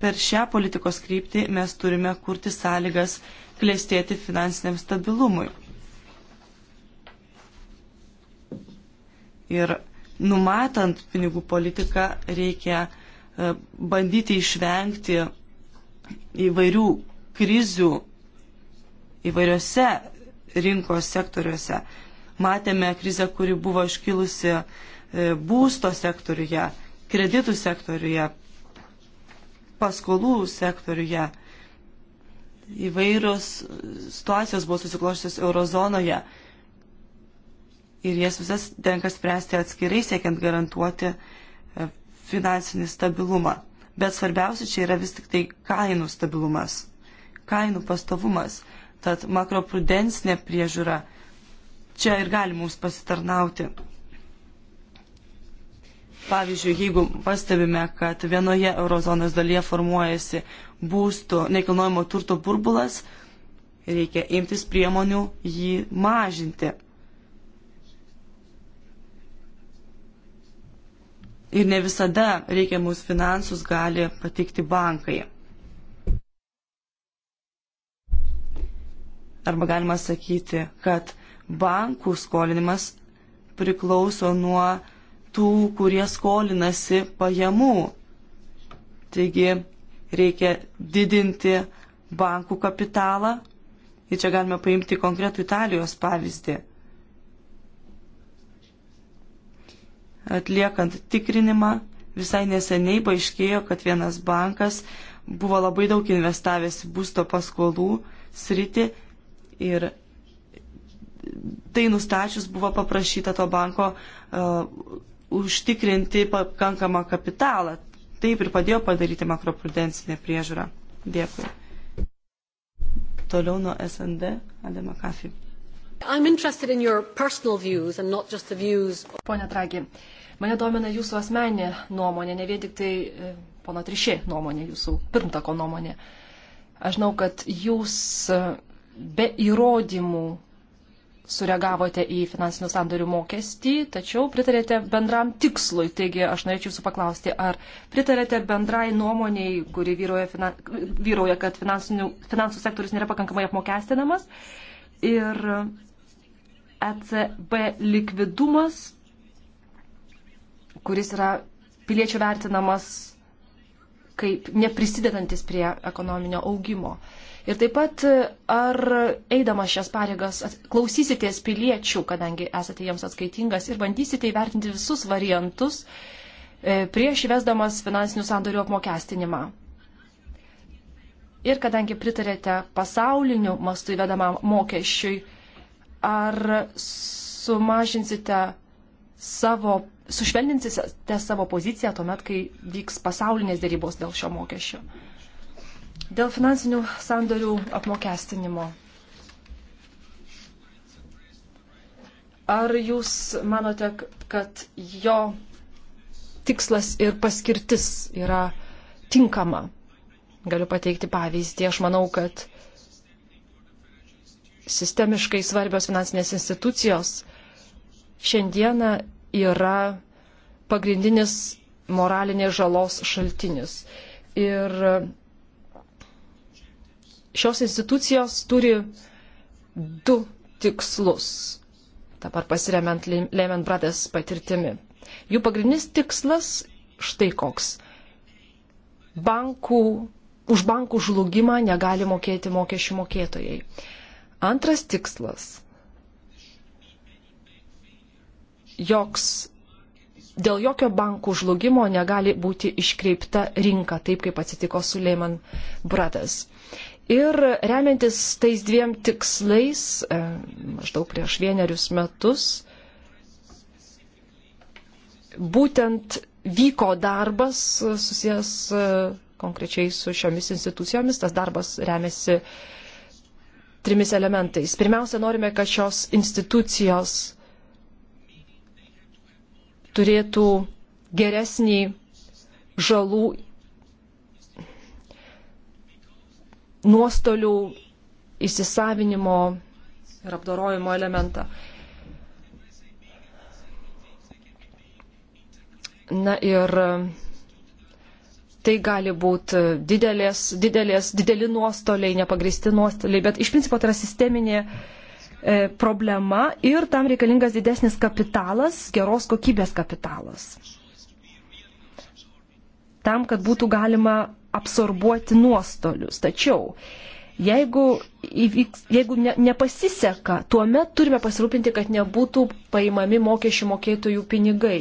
Per šią politikos kryptį mes turime kurti sąlygas klėstėti finansiniam stabilumui. Ir numatant pinigų politiką reikia e, bandyti išvengti įvairių krizių įvairiose rinkos sektoriuose. Matėme krizę, kuri buvo iškilusi e, būsto sektoriuje, kreditų sektoriuje, paskolų sektoriuje. Įvairios situacijos buvo susiklošusios eurozonoje ir jas visas tenka spręsti atskirai, siekiant garantuoti e, finansinį stabilumą. Bet svarbiausia čia yra vis tik tai kainų stabilumas kainų pastovumas. Tad makroprudensinė priežiūra čia ir gali mums pasitarnauti. Pavyzdžiui, jeigu pastebime, kad vienoje eurozonos dalyje formuojasi būstų nekilnojimo turto burbulas, reikia imtis priemonių jį mažinti. Ir ne visada reikiamus finansus gali patikti bankai. arba galima sakyti, kad bankų skolinimas priklauso nuo tų, kurie skolinasi pajamų. Taigi reikia didinti bankų kapitalą ir čia galime paimti konkretų Italijos pavyzdį. Atliekant tikrinimą, visai neseniai paaiškėjo, kad vienas bankas buvo labai daug investavęs į būsto paskolų sritį Ir tai nustačius buvo paprašyta to banko uh, užtikrinti pakankamą kapitalą. Taip ir padėjo padaryti makroprudencinę priežiūrą. Dėkui. Toliau nuo SND, Adema Kafi. In views... Pone Tragi, mane domina jūsų asmeninė nuomonė, ne vien tik tai e, pono Trišė nuomonė, jūsų pirmtako nuomonė. Aš žinau, kad jūs be įrodymų sureagavote į finansinių sandorių mokestį, tačiau pritarėte bendram tikslui. Taigi aš norėčiau jūsų paklausti, ar pritarėte bendrai nuomoniai, kuri vyroja, finan, vyroja kad finansų sektorius nėra pakankamai apmokestinamas ir ECB likvidumas, kuris yra piliečių vertinamas kaip neprisidedantis prie ekonominio augimo. Uh, Ir taip pat, ar eidamas šias pareigas klausysitės piliečių, kadangi esate jiems atskaitingas ir bandysite įvertinti visus variantus e, prieš įvesdamas finansinių sandorių apmokestinimą. Ir kadangi pritarėte pasauliniu mastu įvedamam mokesčiui, ar sumažinsite savo, sušvelninsite savo poziciją tuomet, kai vyks pasaulinės dėrybos dėl šio mokesčio? Dėl finansinių sandorių apmokestinimo. Ar jūs manote, kad jo tikslas ir paskirtis yra tinkama? Galiu pateikti pavyzdį. Aš manau, kad sistemiškai svarbios finansinės institucijos šiandieną yra pagrindinis moralinės žalos šaltinis. Ir šios institucijos turi du tikslus, dabar pasiremiant Lehman Brothers patirtimi. Jų pagrindinis tikslas štai koks. Bankų, už bankų žlugimą negali mokėti mokesčių mokėtojai. Antras tikslas. Joks, dėl jokio bankų žlugimo negali būti iškreipta rinka, taip kaip atsitiko su Lehman Brothers. Ir remiantis tais dviem tikslais, e, maždaug prieš vienerius metus, būtent vyko darbas susijęs e, konkrečiai su šiomis institucijomis. Tas darbas remiasi trimis elementais. Pirmiausia, norime, kad šios institucijos turėtų geresnį žalų nuostolių įsisavinimo ir apdorojimo elementą. Na ir e, tai gali būti didelės, didelės, dideli nuostoliai, nepagristi nuostoliai, bet iš principo tai yra sisteminė e, problema ir tam reikalingas didesnis kapitalas, geros kokybės kapitalas. Tam, kad būtų galima absorbuoti nuostolius. Tačiau jeigu, įvyks, jeigu ne, nepasiseka, tuomet turime pasirūpinti, kad nebūtų paimami mokesčių mokėtojų pinigai.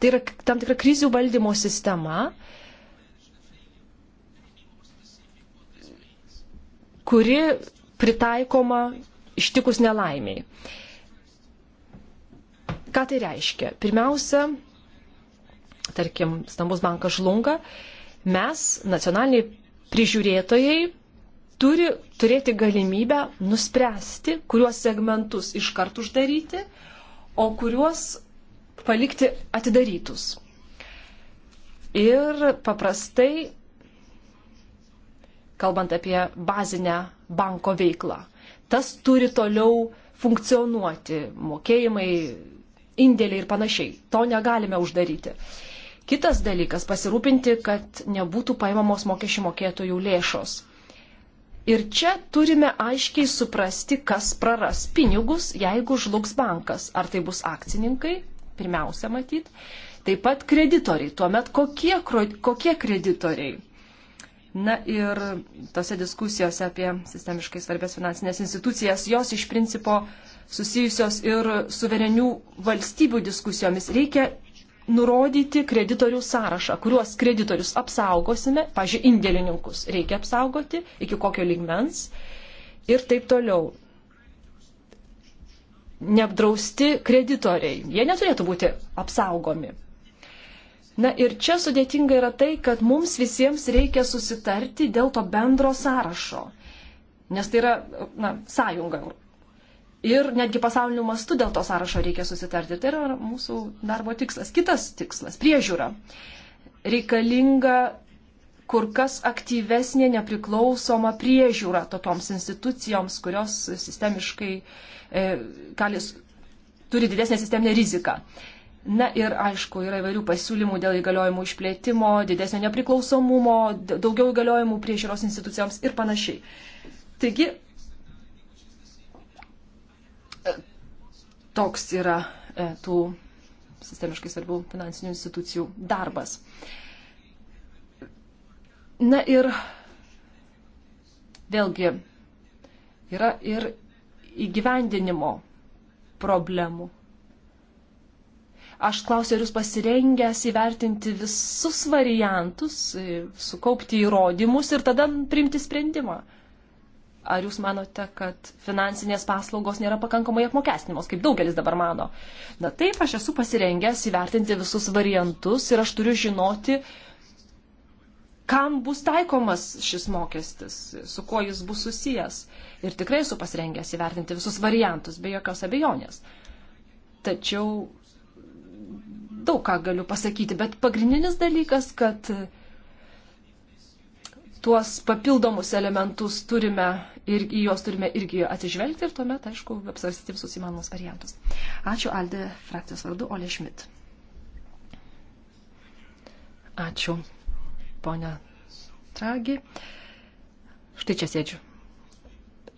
Tai yra tam tikra krizių valdymo sistema, kuri pritaikoma ištikus nelaimiai. Ką tai reiškia? Pirmiausia, tarkim, stambus bankas žlunga, mes, nacionaliniai prižiūrėtojai, turi turėti galimybę nuspręsti, kuriuos segmentus iškart uždaryti, o kuriuos palikti atidarytus. Ir paprastai, kalbant apie bazinę banko veiklą, tas turi toliau funkcionuoti, mokėjimai, indėliai ir panašiai. To negalime uždaryti. Uh, Kitas dalykas - pasirūpinti, kad nebūtų paimamos mokesčių mokėtojų lėšos. Ir čia turime aiškiai suprasti, kas praras pinigus, jeigu žlugs bankas. Ar tai bus akcininkai, pirmiausia matyt, taip pat kreditoriai. Tuomet kokie, kokie kreditoriai? Na ir tose diskusijose apie sistemiškai svarbės finansinės institucijas, jos iš principo susijusios ir suverenių valstybių diskusijomis. Reikia nurodyti kreditorių sąrašą, kuriuos kreditorius apsaugosime, pažiūrėjau, indėlininkus reikia apsaugoti, iki kokio ligmens ir taip toliau. Neapdrausti kreditoriai, jie neturėtų būti apsaugomi. Na ir čia sudėtinga yra tai, kad mums visiems reikia susitarti dėl to bendro sąrašo, nes tai yra na, sąjunga Ir netgi pasauliniu mastu dėl to sąrašo reikia susitarti. Tai yra mūsų darbo tikslas. Kitas tikslas - priežiūra. Reikalinga kur kas aktyvesnė nepriklausoma priežiūra tokioms institucijoms, kurios sistemiškai e, kalis, turi didesnę sisteminę riziką. Na ir aišku, yra įvairių pasiūlymų dėl įgaliojimų išplėtimo, didesnio nepriklausomumo, daugiau įgaliojimų priežiūros institucijoms ir panašiai. Taigi, toks yra e, tų sistemiškai svarbių finansinių institucijų darbas. Na ir vėlgi yra ir įgyvendinimo problemų. Aš klausiu, ar jūs pasirengęs įvertinti visus variantus, e, sukaupti įrodymus ir tada priimti sprendimą. Ar jūs manote, kad finansinės paslaugos nėra pakankamai apmokestinimos, kaip daugelis dabar mano? Na taip, aš esu pasirengęs įvertinti visus variantus ir aš turiu žinoti, kam bus taikomas šis mokestis, su kuo jis bus susijęs. Ir tikrai esu pasirengęs įvertinti visus variantus, be jokios abejonės. Tačiau daug ką galiu pasakyti, bet pagrindinis dalykas, kad tuos papildomus elementus turime ir į juos turime irgi atsižvelgti ir tuomet, aišku, apsvarstyti visus įmanomus variantus. Ačiū Alde frakcijos vardu Olė Šmit. Ačiū, ponia Tragi. Štai čia sėdžiu.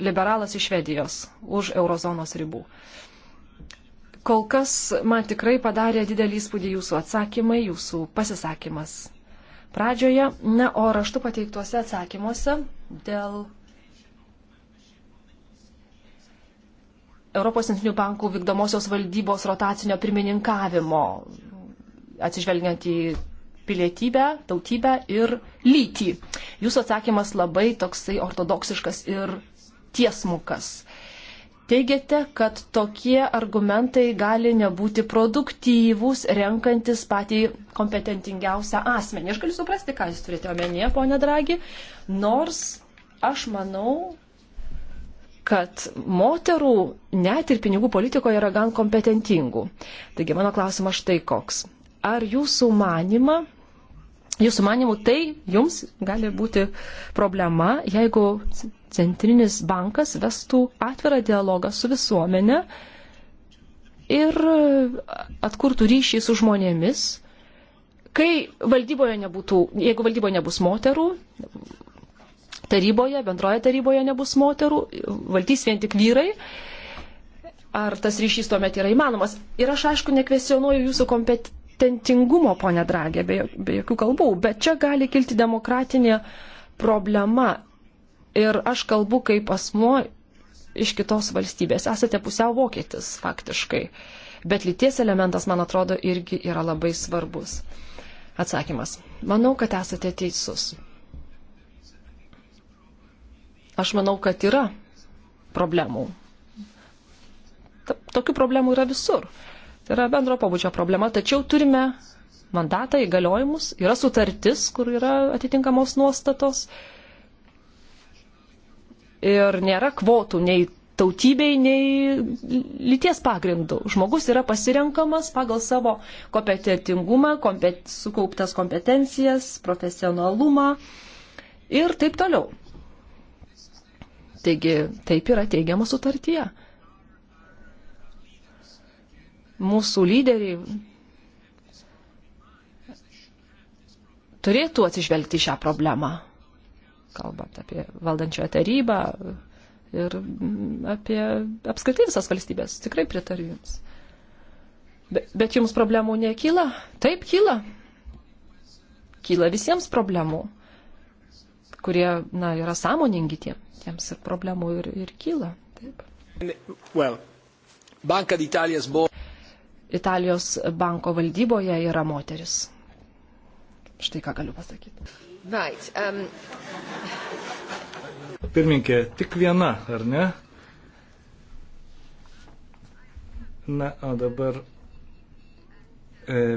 Liberalas iš Švedijos už eurozonos ribų. Kol kas man tikrai padarė didelį įspūdį jūsų atsakymai, jūsų pasisakymas pradžioje. Na, o raštu pateiktuose atsakymuose dėl Europos centrinių bankų vykdomosios valdybos rotacinio pirmininkavimo, atsižvelgiant į pilietybę, tautybę ir lytį. Jūsų atsakymas labai toksai ortodoksiškas ir tiesmukas. Teigiate, kad tokie argumentai gali nebūti produktyvūs, renkantis patį kompetentingiausią asmenį. Aš galiu suprasti, ką jūs turite omenyje, ponė Dragi, nors aš manau, kad moterų net ir pinigų politikoje yra gan kompetentingų. Taigi mano klausimas štai koks. Ar jūsų manima, jūsų manimų tai jums gali būti problema, jeigu centrinis bankas vestų atvirą dialogą su visuomenė ir atkurtų ryšį su žmonėmis, kai valdyboje nebūtų, jeigu valdyboje nebus moterų, taryboje, bendroje taryboje nebus moterų, valdys vien tik vyrai, ar tas ryšys tuomet yra įmanomas. Ir aš aišku nekvesionuoju jūsų kompetentingumo, ponia Dragė, be, be jokių kalbų, bet čia gali kilti demokratinė problema ir aš kalbu kaip asmo iš kitos valstybės. Esate pusiau vokietis faktiškai. Bet lyties elementas, man atrodo, irgi yra labai svarbus. Atsakymas. Manau, kad esate teisus. Aš manau, kad yra problemų. Tokių problemų yra visur. Tai yra bendro pabudžio problema, tačiau turime mandatą įgaliojimus, yra sutartis, kur yra atitinkamos nuostatos ir nėra kvotų nei tautybei, nei lyties pagrindų. Žmogus yra pasirenkamas pagal savo kompetitingumą, kompet, sukauptas kompetencijas, profesionalumą ir taip toliau. Taigi taip yra teigiama sutartyje. Mūsų lyderiai turėtų atsižvelgti šią problemą kalbant apie valdančią tarybą ir mm, apie apskritai visas valstybės. Tikrai pritariu Jums. Be, bet Jums problemų nekyla? Taip, kyla. Kyla visiems problemų, kurie, na, yra sąmoningi tie, tiems ir problemų ir, ir kyla. Taip. Well, Banka d'Italijos buvo. Italijos banko valdyboje yra moteris. Štai ką galiu pasakyti. Right, um... Pirminkė, tik viena, ar ne? Na, o dabar e,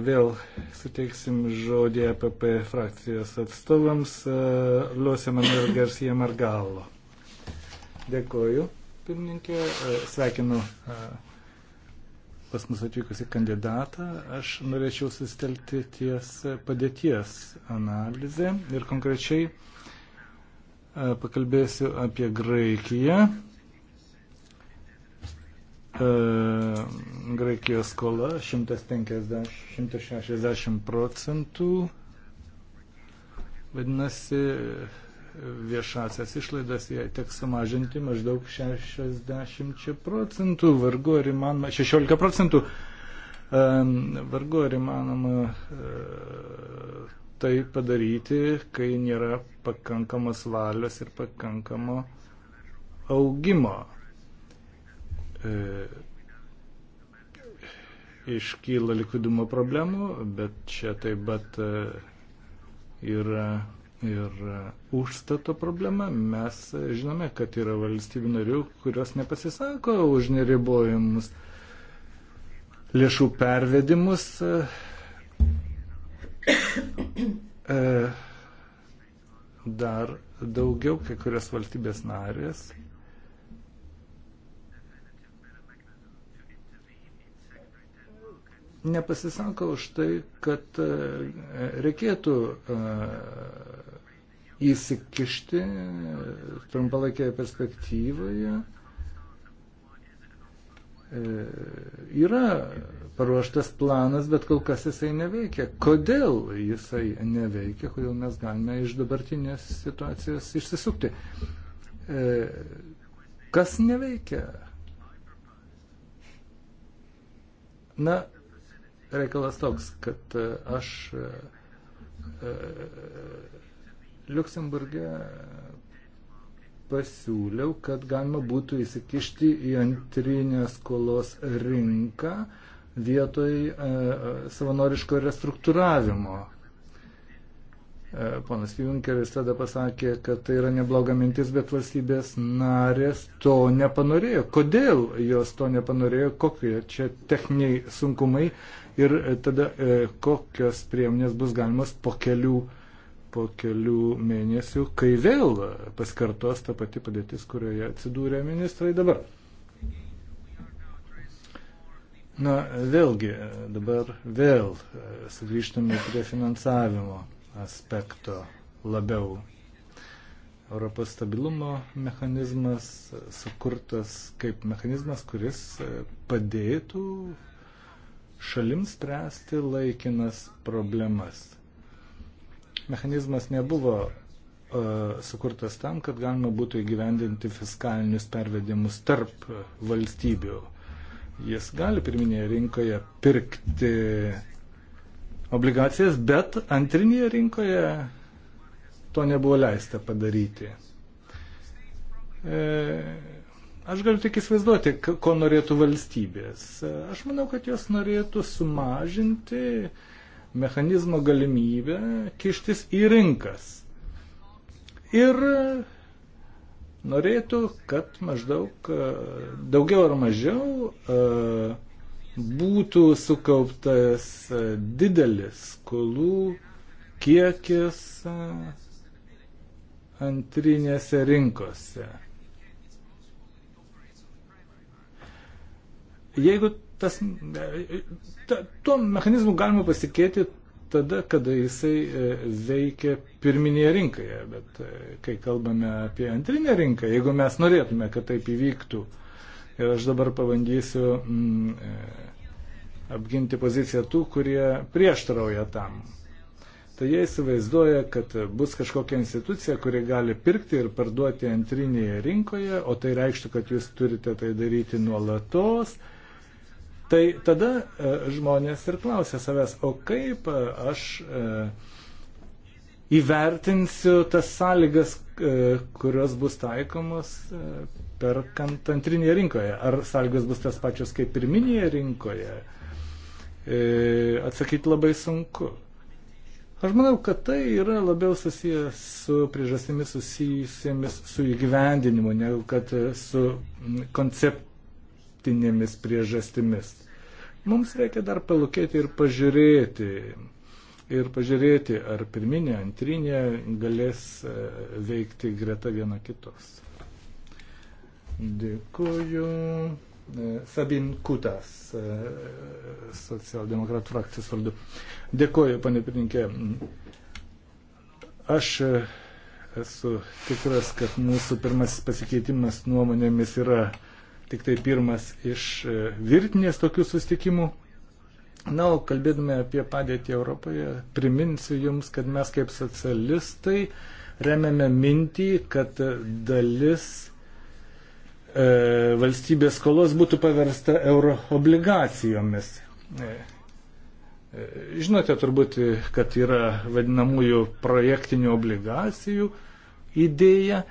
vėl suteiksim žodį APP e frakcijos atstovams e, Liuose Manuel Garcia Margalo. Dėkoju, pirmininkė, e, sveikinu. E, pas mus atvykusi kandidatą, aš norėčiau sustelti ties padėties analizė ir konkrečiai e, pakalbėsiu apie Graikiją. E, Graikijos skola 150, 160 procentų. Vadinasi, viešasias išlaidas jai teks sumažinti maždaug 60 procentų, vargu ar įmanoma, 16 procentų, vargu ar įmanoma e, tai padaryti, kai nėra pakankamos valios ir pakankamo augimo. E, iškyla likvidumo problemų, bet čia taip pat e, yra ir e, užstato problema. Mes e, žinome, kad yra valstybių narių, kurios nepasisako už neribojimus lėšų pervedimus. E, [COUGHS] dar daugiau kai kurias valstybės narės nepasisako už tai, kad reikėtų įsikišti trumpalaikėje perspektyvoje. E, yra paruoštas planas, bet kol kas jisai neveikia. Kodėl jisai neveikia, kodėl mes galime iš dabartinės situacijos išsisukti? E, kas neveikia? Na, reikalas toks, kad e, aš Liuksemburgė pasiūliau, kad galima būtų įsikišti į antrinę skolos rinką vietoj e, e, savanoriško restruktūravimo. E, ponas Junkeris tada pasakė, kad tai yra nebloga mintis, bet valstybės narės to nepanorėjo. Kodėl jos to nepanorėjo, kokie čia techniniai sunkumai ir tada e, kokios priemonės bus galimas po kelių metų po kelių mėnesių, kai vėl paskartos ta pati padėtis, kurioje atsidūrė ministrai dabar. Na, vėlgi, dabar vėl e, sugrįžtame prie finansavimo aspekto labiau. Europos stabilumo mechanizmas e, sukurtas kaip mechanizmas, kuris e, padėtų šalims spręsti laikinas problemas. Mechanizmas nebuvo e, sukurtas tam, kad galima būtų įgyvendinti fiskalinius pervedimus tarp valstybių. Jis gali pirminėje rinkoje pirkti obligacijas, bet antrinėje rinkoje to nebuvo leista padaryti. E, aš galiu tik įsivaizduoti, ko norėtų valstybės. Aš manau, kad jos norėtų sumažinti uh, mechanizmo galimybę kištis į rinkas. Ir norėtų, kad maždaug daugiau ar mažiau e, būtų sukauptas e, didelis skolų kiekis e, antrinėse rinkose. Jeigu Tas, ta, tuo mechanizmu galima pasikėti tada, kada jisai e, veikia pirminėje rinkoje, bet e, kai kalbame apie antrinę rinką, jeigu mes norėtume, kad taip įvyktų, ir aš dabar pabandysiu mm, e, apginti poziciją tų, kurie prieštarauja tam. Tai jie įsivaizduoja, kad bus kažkokia institucija, kuri gali pirkti ir parduoti antrinėje rinkoje, o tai reikštų, kad jūs turite tai daryti nuolatos. E, Tai tada e, žmonės ir klausia savęs, o kaip e, aš e, įvertinsiu tas sąlygas, kurios bus taikomos perkant antrinėje rinkoje. Ar sąlygos bus tas pačios kaip pirminėje rinkoje? Atsakyti labai sunku. Aš manau, kad tai yra labiau susijęs su priežastimis susijusėmis su įgyvendinimu, negu kad su koncept politinėmis priežastimis. Mums reikia dar palūkėti ir pažiūrėti, ir pažiūrėti, ar pirminė, antrinė galės e, veikti greta viena kitos. Dėkuoju. E, Sabin Kutas, e, socialdemokratų frakcijos vardu. Dėkuoju, panė pirinkė. Aš esu tikras, kad mūsų pirmasis pasikeitimas nuomonėmis yra tik tai pirmas iš e, virtinės tokių sustikimų. Na, o kalbėdami apie padėtį Europoje, priminsiu Jums, kad mes kaip socialistai remiame mintį, kad dalis e, valstybės skolos būtų paversta euro obligacijomis. E, e Žinote turbūt, kad yra vadinamųjų projektinių obligacijų idėja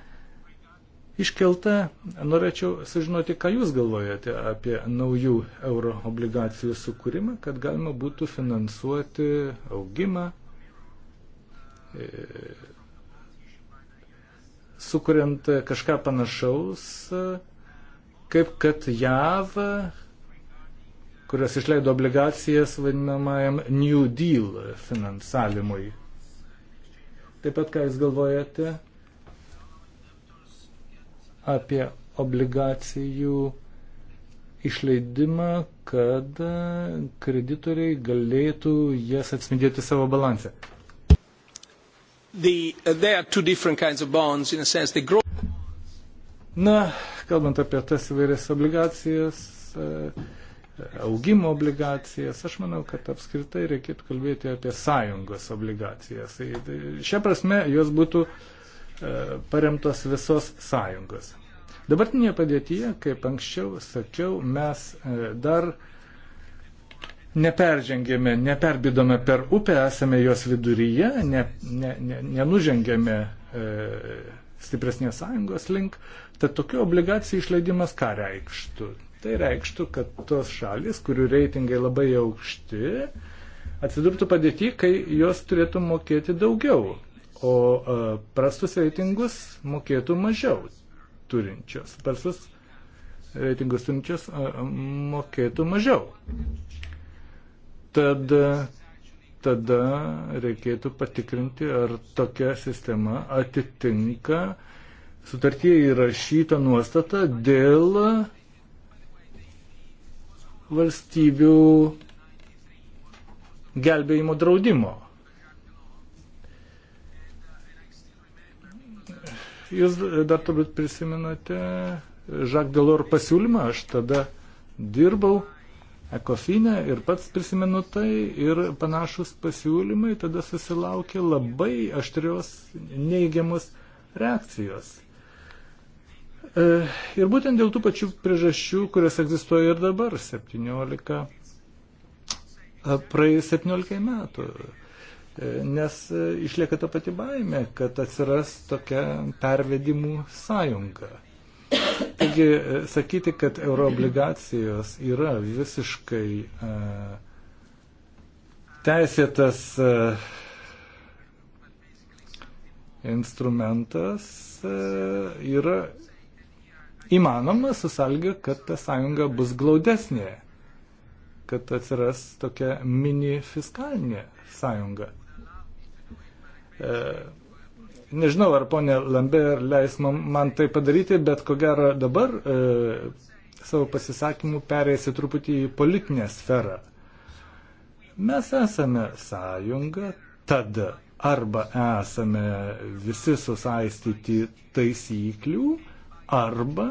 iškelta. Norėčiau sužinoti, ką Jūs galvojate apie naujų euro obligacijų sukūrimą, kad galima būtų finansuoti augimą, e, sukuriant kažką panašaus, e, kaip kad JAV, kurios išleido obligacijas vadinamajam New Deal finansavimui. Taip pat, ką Jūs galvojate apie obligacijų išleidimą, kad kreditoriai galėtų jas atspindėti savo balansę. The, uh, bonds, sense, grow... Na, kalbant apie tas įvairias obligacijas, e, augimo obligacijas, aš manau, kad apskritai reikėtų kalbėti apie sąjungos obligacijas. Tai, tai Šią prasme, jos būtų uh, E, paremtos visos sąjungos. Dabartinėje padėtyje, kaip anksčiau sakiau, mes e, dar neperžengėme, neperbidome per upę, esame jos viduryje, ne, ne, ne, nenužengėme e, stipresnės sąjungos link. Tad tokių obligacijų išleidimas ką reikštų? Tai reikštų, kad tos šalis, kurių reitingai labai aukšti, atsidurtų padėti, kai jos turėtų mokėti daugiau o e, prastus reitingus mokėtų mažiau turinčios. Prastus reitingus turinčios e, mokėtų mažiau. Tad tada reikėtų patikrinti, ar tokia sistema atitinka sutartie įrašytą nuostatą dėl valstybių gelbėjimo draudimo. Jūs dar turbūt prisimenate Žak Delor pasiūlymą, aš tada dirbau ekofinę ir pats prisimenu tai ir panašus pasiūlymai tada susilaukė labai aštrios neigiamos reakcijos. E, ir būtent dėl tų pačių priežasčių, kurias egzistuoja ir dabar, 17, e, praėjus 17 metų. E, nes e, išlieka ta pati baime, kad atsiras tokia pervedimų sąjunga. Taigi e, sakyti, kad euroobligacijos yra visiškai teisėtas instrumentas, yra įmanoma su salga, kad ta sąjunga bus glaudesnė, kad atsiras tokia mini fiskalinė sąjunga. E, nežinau, ar ponė Lambert leis man, man tai padaryti, bet ko gero dabar e, savo pasisakymų perėsi truputį į politinę sferą. Mes esame sąjunga, tad arba esame visi susaistyti taisyklių, arba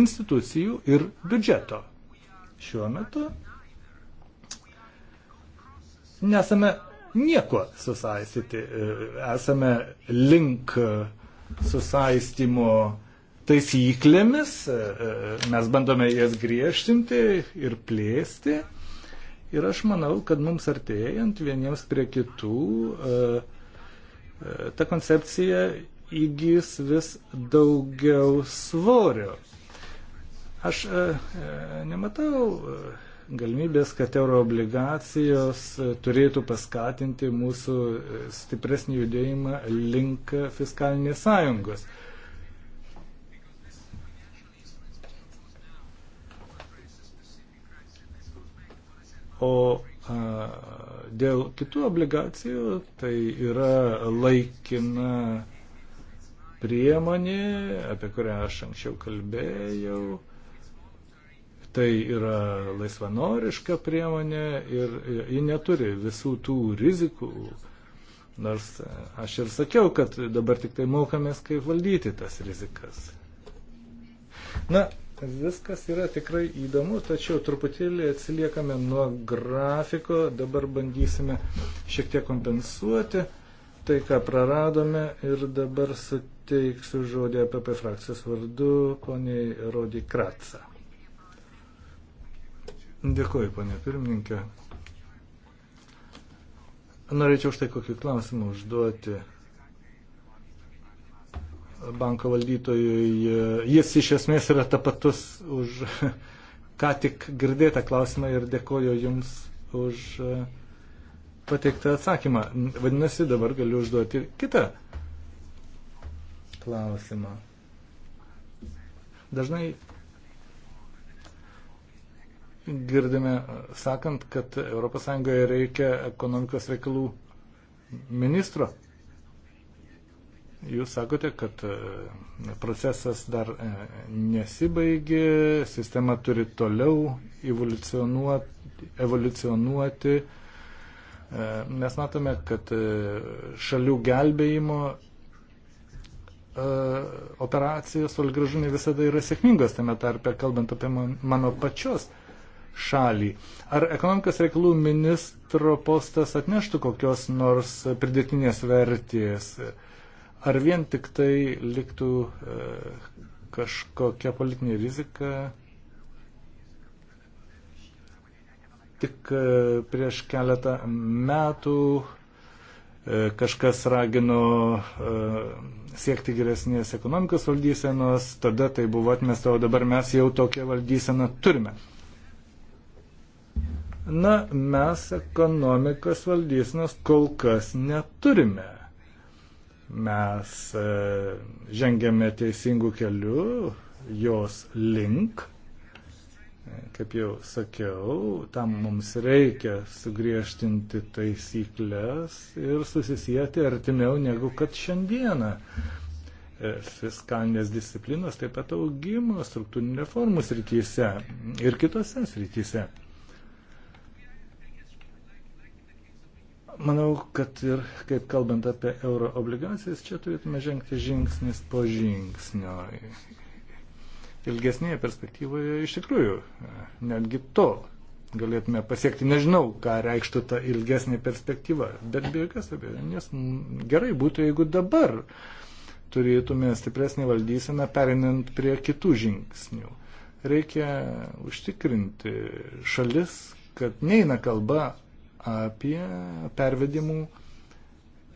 institucijų ir biudžeto. Šiuo metu nesame nieko susaistyti. E, esame link e, susaistimo taisyklėmis, e, mes bandome jas griežtinti ir plėsti. Ir aš manau, kad mums artėjant vieniems prie kitų, ta koncepcija įgys vis daugiau svorio. Aš nematau galimybės, kad euro obligacijos e, turėtų paskatinti mūsų e, stipresnį judėjimą link fiskalinės sąjungos. O a, dėl kitų obligacijų tai yra laikina priemonė, apie kurią aš anksčiau kalbėjau. A, Tai yra laisvanoriška priemonė ir ji neturi visų tų rizikų. Nors e, aš ir sakiau, kad dabar tik tai mokamės, kaip valdyti tas rizikas. Na, viskas yra tikrai įdomu, tačiau truputėlį atsiliekame nuo grafiko, dabar bandysime šiek tiek kompensuoti tai, ką praradome ir dabar suteiksiu žodį APP e frakcijos vardu poniai Rodi Kratsa. Dėkuoju, panė pirmininkė. Norėčiau štai kokį klausimą užduoti banko valdytojui. Jis iš esmės yra tapatus už [LAUGHS] ką tik girdėtą klausimą ir dėkoju Jums už pateiktą atsakymą. Vadinasi, dabar galiu užduoti ir kitą klausimą. Dažnai girdime sakant, kad ES reikia ekonomikos reikalų ministro. Jūs sakote, kad e, procesas dar e, nesibaigė, sistema turi toliau evoliucionuoti. evoliucionuoti. Mes matome, kad e, šalių gelbėjimo operacijos toli gražu ne visada yra sėkmingos, tame tarpe kalbant apie mano pačios šalį. Ar ekonomikos reikalų ministro postas atneštų kokios nors pridėtinės vertės? Ar vien tik tai liktų e, kažkokia politinė rizika? Tik e, prieš keletą metų e, kažkas ragino e, siekti geresnės ekonomikos valdysenos, tada tai buvo atmesta, o dabar mes jau tokią valdyseną turime. Na, mes ekonomikos valdysnos kol kas neturime. Mes e, žengėme teisingų kelių jos link. E, kaip jau sakiau, tam mums reikia sugriežtinti taisyklės ir susisieti artimiau negu kad šiandieną e, fiskalinės disciplinos, taip pat augimo, struktūrinių reformų srityse ir kitose srityse. Manau, kad ir kaip kalbant apie euro obligacijas, čia turėtume žengti žingsnis po žingsnio. Ilgesnėje perspektyvoje iš tikrųjų e, netgi to galėtume pasiekti. Nežinau, ką reikštų ta ilgesnė perspektyva, bet be jokios abejonės gerai būtų, jeigu dabar turėtume stipresnį valdyseną perinant prie kitų žingsnių. Reikia užtikrinti šalis, kad neina kalba apie pervedimų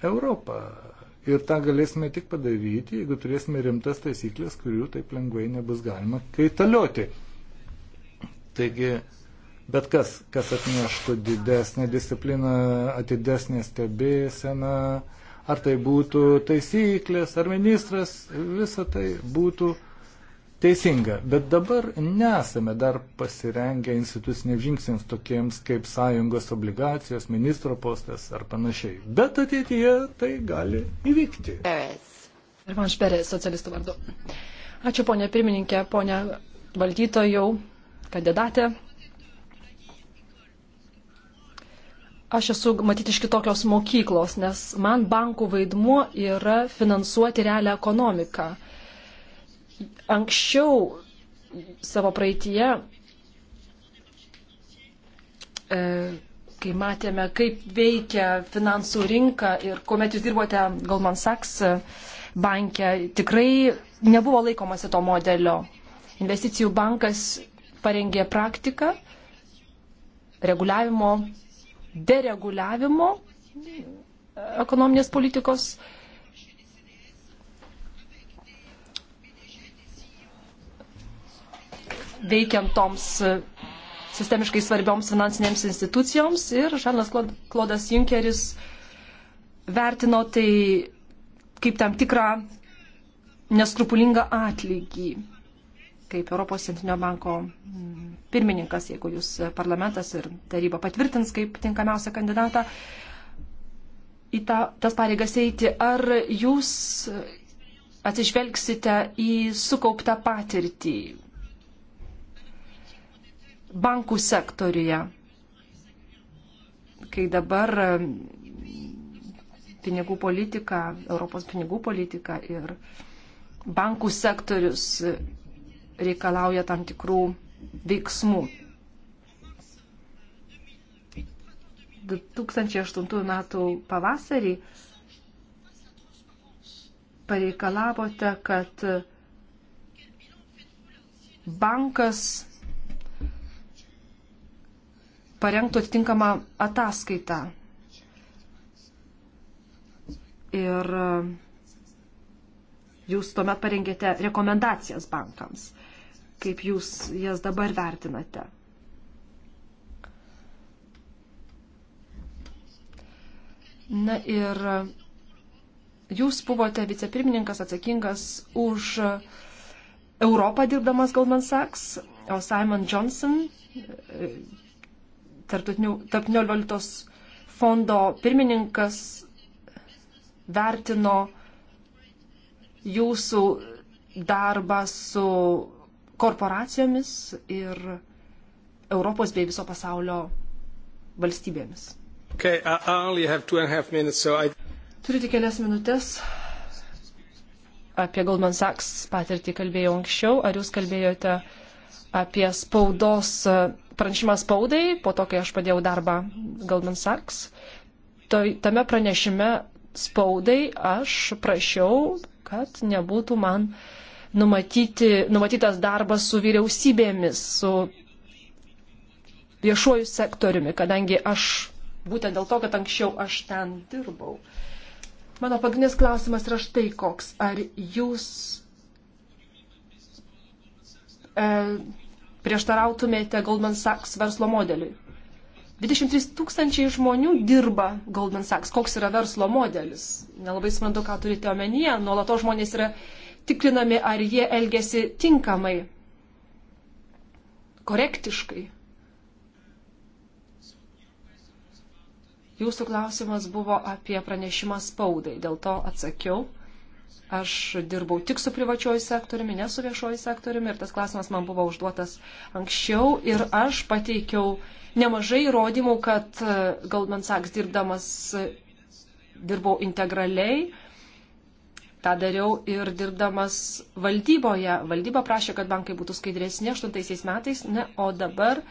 Europą. Ir tą galėsime tik padaryti, jeigu turėsime rimtas taisyklės, kurių taip lengvai nebus galima kaitalioti. Taigi, bet kas, kas atneštų didesnę discipliną, atidesnę stebėseną, ar tai būtų taisyklės, ar ministras, visa tai būtų teisinga, bet dabar nesame dar pasirengę instituciniams žingsniams tokiems kaip sąjungos obligacijos, ministro postas ar panašiai. Bet ateityje tai gali įvykti. Ir man šperė socialistų vardu. Ačiū ponė pirmininkė, ponė valdytojau, kandidatė. Aš esu matyti iš kitokios mokyklos, nes man bankų vaidmuo yra finansuoti realią ekonomiką anksčiau savo praeitie, e, kai matėme, kaip veikia finansų rinka ir kuomet jūs dirbote Goldman Sachs e, banke, tikrai nebuvo laikomasi to modelio. Investicijų bankas parengė praktiką reguliavimo, dereguliavimo ekonominės politikos veikiant toms e, sistemiškai svarbioms finansinėms institucijoms ir Žanas Klodas Junkeris vertino tai kaip tam tikrą neskrupulingą atlygį, kaip Europos Centrinio banko mm, pirmininkas, jeigu jūs parlamentas ir taryba patvirtins kaip tinkamiausią kandidatą į ta, tas pareigas eiti, ar jūs atsižvelgsite į sukauptą patirtį, bankų sektoriuje, kai dabar um, pinigų politika, Europos pinigų politika ir bankų sektorius reikalauja tam tikrų veiksmų. 2008 metų pavasarį pareikalavote, kad bankas parengtų atitinkamą ataskaitą. Ir e, jūs tuomet parengėte rekomendacijas bankams, kaip jūs jas dabar vertinate. Na ir e, jūs buvote vicepirmininkas atsakingas už e, Europą dirbdamas Goldman Sachs, o Simon Johnson, Tarptautinio valiutos fondo pirmininkas vertino jūsų darbą su korporacijomis ir Europos bei viso pasaulio valstybėmis. Okay, minutes, so I... Turite kelias minutės. Apie Goldman Sachs patirtį kalbėjau anksčiau. Ar jūs kalbėjote apie spaudos pranešimą spaudai, po to, kai aš padėjau darbą Goldman Sachs, to, tame pranešime spaudai aš prašiau, kad nebūtų man numatyti, numatytas darbas su vyriausybėmis, su viešuoju sektoriumi, kadangi aš būtent dėl to, kad anksčiau aš ten dirbau. Mano pagrindinis klausimas yra štai koks. Ar jūs e, prieštarautumėte Goldman Sachs verslo modeliui. 23 tūkstančiai žmonių dirba Goldman Sachs. Koks yra verslo modelis? Nelabai suprantu, ką turite omenyje. Nuolato žmonės yra tikrinami, ar jie elgesi tinkamai, korektiškai. Jūsų klausimas buvo apie pranešimą spaudai, dėl to atsakiau. Aš dirbau tik su privačiuoju sektoriumi, ne su viešuoju sektoriumi ir tas klausimas man buvo užduotas anksčiau ir aš pateikiau nemažai įrodymų, kad e, Goldman Sachs dirbdamas e, dirbau integraliai. Ta dariau ir dirbdamas valdyboje. Valdyba prašė, kad bankai būtų skaidresni 8 metais, ne, o dabar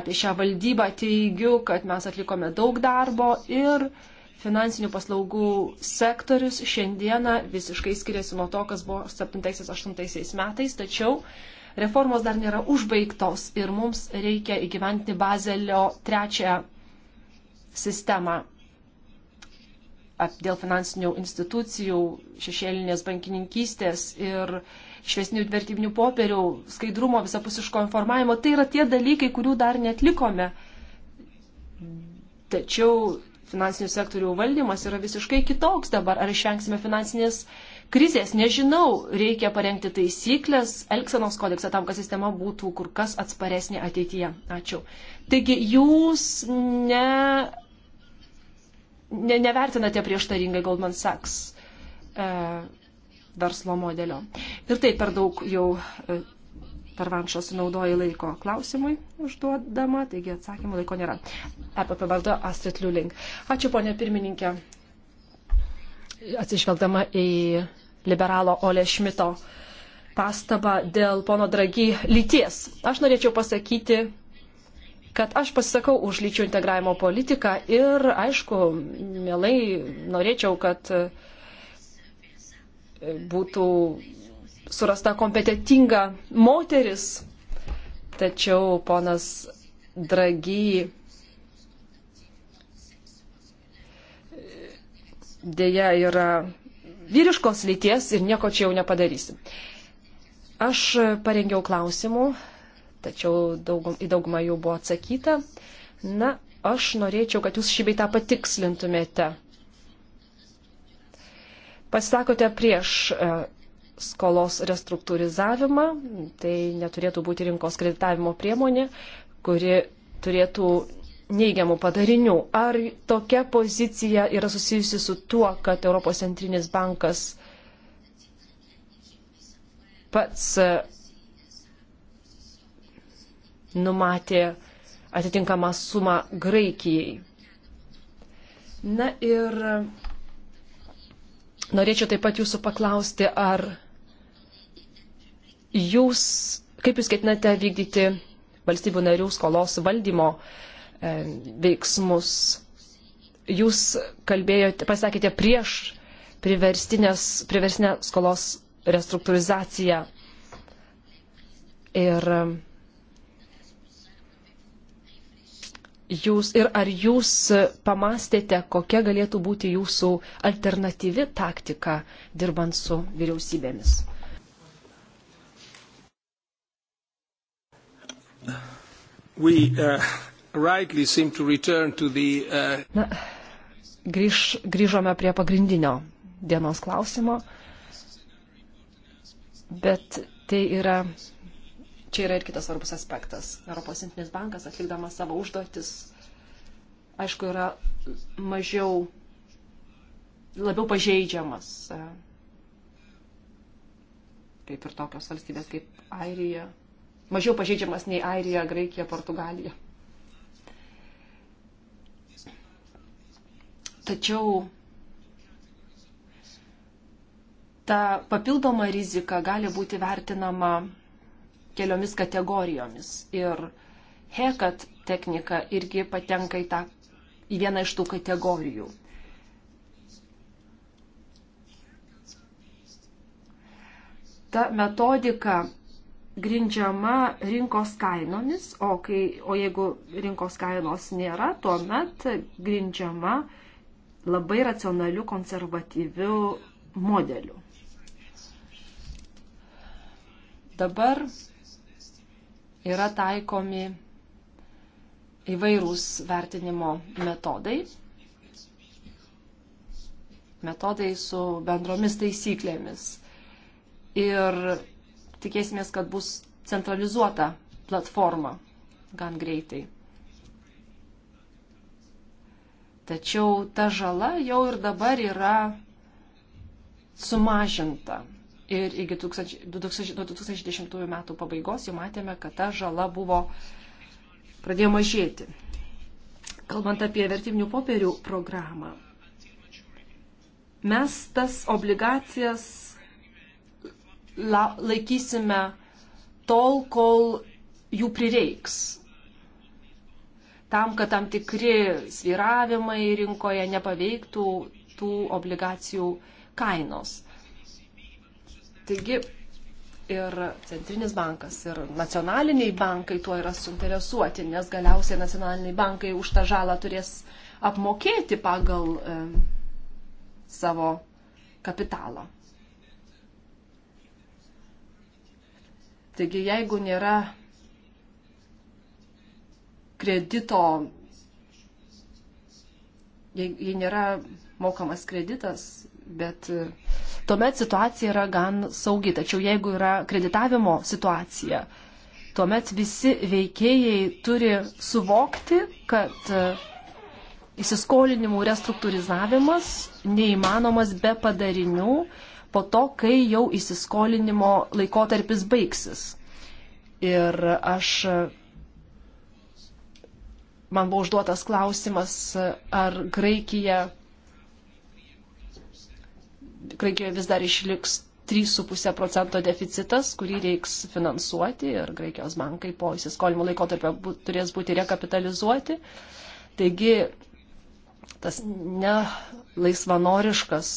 apie šią valdybą teigiu, kad mes atlikome daug darbo ir uh, finansinių paslaugų sektorius šiandieną visiškai skiriasi nuo to, kas buvo 7-8 metais, tačiau reformos dar nėra užbaigtos ir mums reikia įgyventi Bazelio trečią sistemą dėl finansinių institucijų, šešėlinės bankininkystės ir šviesnių vertybinių popierių, skaidrumo, visapusiško informavimo. Tai yra tie dalykai, kurių dar netlikome. Tačiau finansinių sektorių valdymas yra visiškai kitoks dabar. Ar išvengsime finansinės krizės, nežinau. Reikia parengti taisyklės, Elksenos kodeksą tam, kad sistema būtų kur kas atsparesnė ateityje. Ačiū. Taigi jūs ne, ne, nevertinate prieštaringai Goldman Sachs e, verslo modelio. Ir tai per daug jau. E, per vanšą sunaudoji laiko klausimui užduodama, taigi atsakymų laiko nėra. EPP vardu Astrid Liulink. Ačiū, ponė pirmininkė. Atsižvelgdama į liberalo Ole Šmito pastabą dėl pono Dragi lyties. Aš norėčiau pasakyti, kad aš pasisakau už lyčių integravimo politiką ir, aišku, mielai norėčiau, kad būtų surasta kompetitinga moteris. Tačiau ponas Dragy dėja yra vyriškos lyties ir nieko čia jau nepadarysi. Aš parengiau klausimų, tačiau daugum, į daugumą jų buvo atsakyta. Na, aš norėčiau, kad jūs šį beitą patikslintumėte. Pasisakote prieš e, skolos restruktūrizavimą. Tai neturėtų būti rinkos kreditavimo priemonė, kuri turėtų neigiamų padarinių. Ar tokia pozicija yra susijusi su tuo, kad Europos centrinis bankas pats e, numatė atitinkamą sumą Graikijai? Na ir e, norėčiau taip pat jūsų paklausti, ar jūs, kaip jūs ketinate vykdyti valstybių narių skolos valdymo e, veiksmus? Jūs kalbėjote, pasakėte prieš priverstinę skolos restruktūrizaciją. Ir jūs ir ar jūs pamastėte, kokia galėtų būti jūsų alternatyvi taktika dirbant su vyriausybėmis? we uh, rightly seem to return to the. Uh... Na, grįž, grįžome prie pagrindinio dienos klausimo, bet tai yra, čia yra ir kitas svarbus aspektas. Europos Centrinis bankas atlikdamas savo užduotis, aišku, yra mažiau, labiau pažeidžiamas, uh, kaip ir tokios valstybės kaip Airija, mažiau pažeidžiamas nei Airija, Graikija, Portugalija. Tačiau ta papildoma rizika gali būti vertinama keliomis kategorijomis. Ir hekat technika irgi patenka į, tą, į vieną iš tų kategorijų. Ta metodika grindžiama rinkos kainomis, o, kai, o jeigu rinkos kainos nėra, tuomet grindžiama labai racionaliu konservatyviu modeliu. Dabar yra taikomi įvairūs vertinimo metodai, metodai su bendromis taisyklėmis. Ir tikėsimės, kad bus centralizuota platforma gan greitai. Tačiau ta žala jau ir dabar yra sumažinta. Ir iki 2010 metų pabaigos jau matėme, kad ta žala buvo pradėjo mažėti. Kalbant apie vertybinių popierių programą, mes tas obligacijas la, laikysime tol, kol jų prireiks. Tam, kad tam tikri sviravimai rinkoje nepaveiktų tų obligacijų kainos. Taigi ir Centrinis bankas, ir nacionaliniai bankai tuo yra suinteresuoti, nes galiausiai nacionaliniai bankai už tą žalą turės apmokėti pagal e, savo kapitalą. Taigi jeigu nėra kredito, jei nėra mokamas kreditas, bet tuomet situacija yra gan saugi. Tačiau jeigu yra kreditavimo situacija, tuomet visi veikėjai turi suvokti, kad įsiskolinimų restruktūrizavimas neįmanomas be padarinių po to, kai jau įsiskolinimo laikotarpis baigsis. Ir aš, man buvo užduotas klausimas, ar Graikija, Graikijoje vis dar išliks 3,5 procento deficitas, kurį reiks finansuoti ir Graikijos bankai po įsiskolimo laikotarpio turės būti rekapitalizuoti. Taigi tas nelaisvanoriškas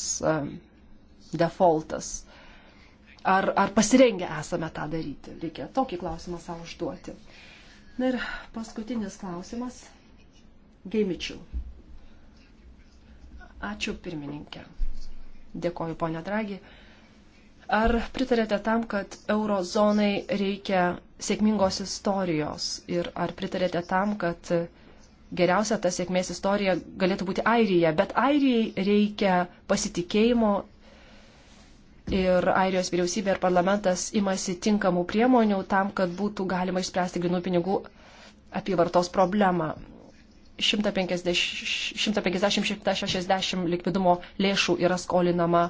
defaultas. Ar, ar pasirengę esame tą daryti? Reikia tokį klausimą savo užduoti. Na ir paskutinis klausimas. Geimičių. Ačiū pirmininkė. Dėkoju, ponia Dragi. Ar pritarėte tam, kad eurozonai reikia sėkmingos istorijos? Ir ar pritarėte tam, kad geriausia ta sėkmės istorija galėtų būti Airija? Bet Airijai reikia pasitikėjimo ir Airijos vyriausybė ir parlamentas imasi tinkamų priemonių tam, kad būtų galima išspręsti grinų pinigų apyvartos problemą. 150-160 likvidumo lėšų yra skolinama e,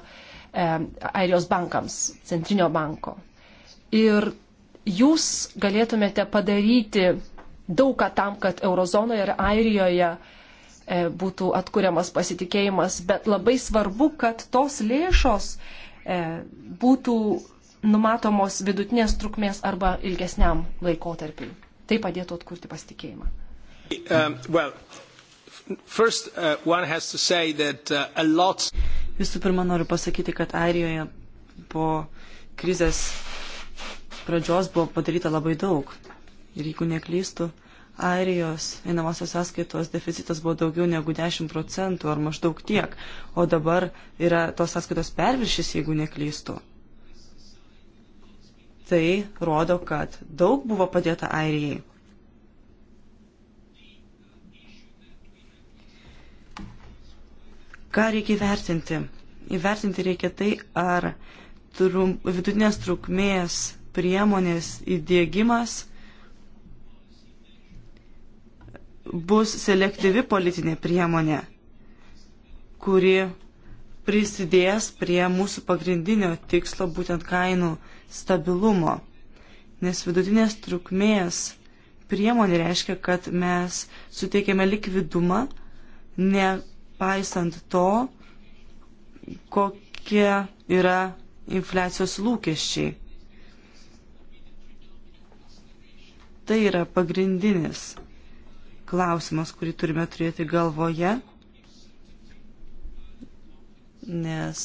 Airijos bankams, Centrinio banko. Ir jūs galėtumėte padaryti daugą tam, kad Eurozonoje ir Airijoje e, būtų atkuriamas pasitikėjimas, bet labai svarbu, kad tos lėšos e, E, būtų numatomos vidutinės trukmės arba ilgesniam laikotarpiui. Tai padėtų atkurti pasitikėjimą. E, um, well, first, uh, that, uh, lot... Visų pirma, noriu pasakyti, kad Airijoje po krizės pradžios buvo padaryta labai daug. Ir jeigu neklystu, uh, Airijos einamosios sąskaitos deficitas buvo daugiau negu 10 procentų ar maždaug tiek, o dabar yra tos sąskaitos perviršis, jeigu neklystu. Tai rodo, kad daug buvo padėta Airijai. Ką reikia įvertinti? Įvertinti reikia tai, ar trum, vidutinės trukmės priemonės įdėgymas bus selektyvi politinė priemonė, kuri prisidės prie mūsų pagrindinio tikslo būtent kainų stabilumo. Nes vidutinės trukmės priemonė reiškia, kad mes suteikiame likvidumą, nepaisant to, kokie yra infliacijos lūkesčiai. Tai yra pagrindinis klausimas, kurį turime turėti galvoje, nes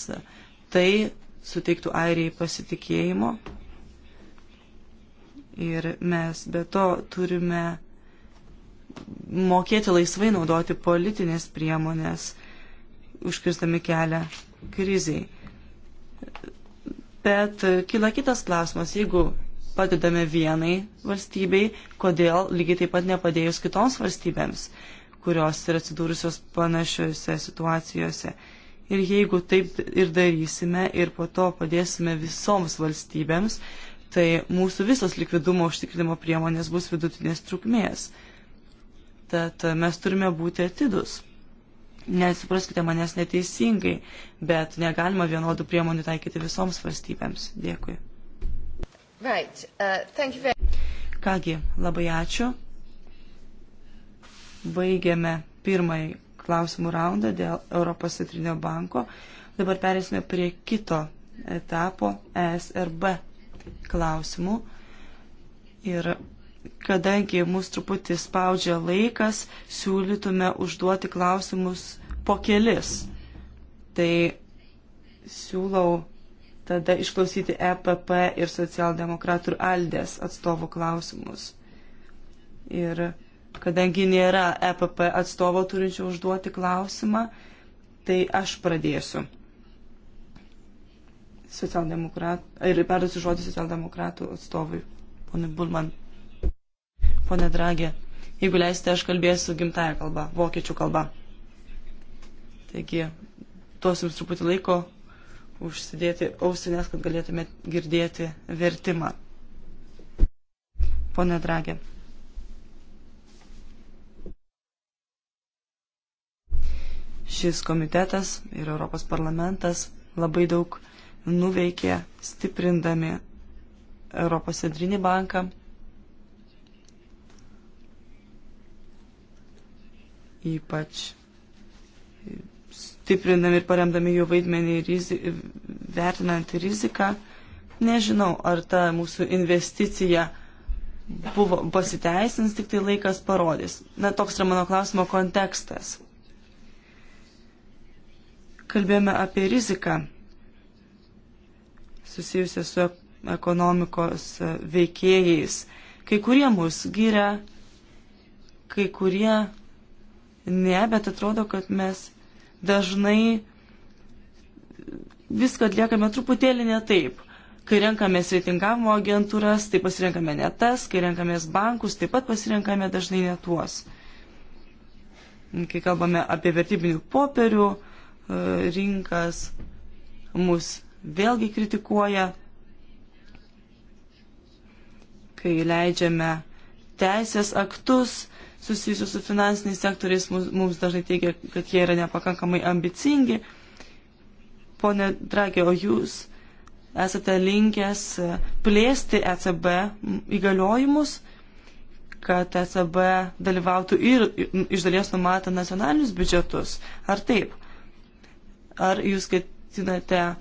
tai suteiktų Airijai pasitikėjimo ir mes be to turime mokėti laisvai naudoti politinės priemonės, užkirstami kelią kriziai. Bet kila kitas klausimas, jeigu padedame vienai valstybei, kodėl lygiai taip pat nepadėjus kitoms valstybėms, kurios yra atsidūrusios panašiose situacijose. Ir jeigu taip ir darysime ir po to padėsime visoms valstybėms, tai mūsų visos likvidumo užtikrinimo priemonės bus vidutinės trukmės. Tad mes turime būti atidus. Nesupraskite manęs neteisingai, bet negalima vienodų priemonių taikyti visoms valstybėms. Dėkui. Right. Uh, very... Kągi, labai ačiū. Baigiame pirmąjį klausimų raundą dėl Europos centrinio banko. Dabar perėsime prie kito etapo ESRB klausimų. Ir kadangi mus truputį spaudžia laikas, siūlytume užduoti klausimus po kelis. Tai siūlau tada išklausyti EPP ir socialdemokratų ir Aldės atstovų klausimus. Ir kadangi nėra EPP atstovo turinčio užduoti klausimą, tai aš pradėsiu. Socialdemokrat... Ir perduosiu žodį socialdemokratų atstovui, ponui Bulman. Pone Dragė, jeigu leisite, aš kalbėsiu gimtają kalbą, vokiečių kalbą. Taigi, duosiu jums truputį laiko užsidėti ausinės, kad galėtumėt girdėti vertimą. Pone Dragė. Šis komitetas ir Europos parlamentas labai daug nuveikė stiprindami Europos centrinį banką. Ypač stiprinami ir paremdami jų vaidmenį rizi, vertinant riziką. Nežinau, ar ta mūsų investicija buvo pasiteisins, tik tai laikas parodys. Na, toks yra mano klausimo kontekstas. Kalbėjome apie riziką susijusią su ekonomikos veikėjais. Kai kurie mus gyria, kai kurie ne, bet atrodo, kad mes dažnai viską atliekame truputėlį ne taip. Kai renkamės reitingavimo agentūras, tai pasirenkame ne tas, kai renkamės bankus, taip pat pasirenkame dažnai ne tuos. Kai kalbame apie vertybinių popierių e, rinkas, mus vėlgi kritikuoja, kai leidžiame teisės aktus, susijusių su finansiniais sektoriais mums dažnai teigia, kad jie yra nepakankamai ambicingi. Pone Dragė, o jūs esate linkęs e, plėsti ECB įgaliojimus, kad ECB dalyvautų ir iš dalies numatę nacionalinius biudžetus. Ar taip? Ar jūs ketinate e,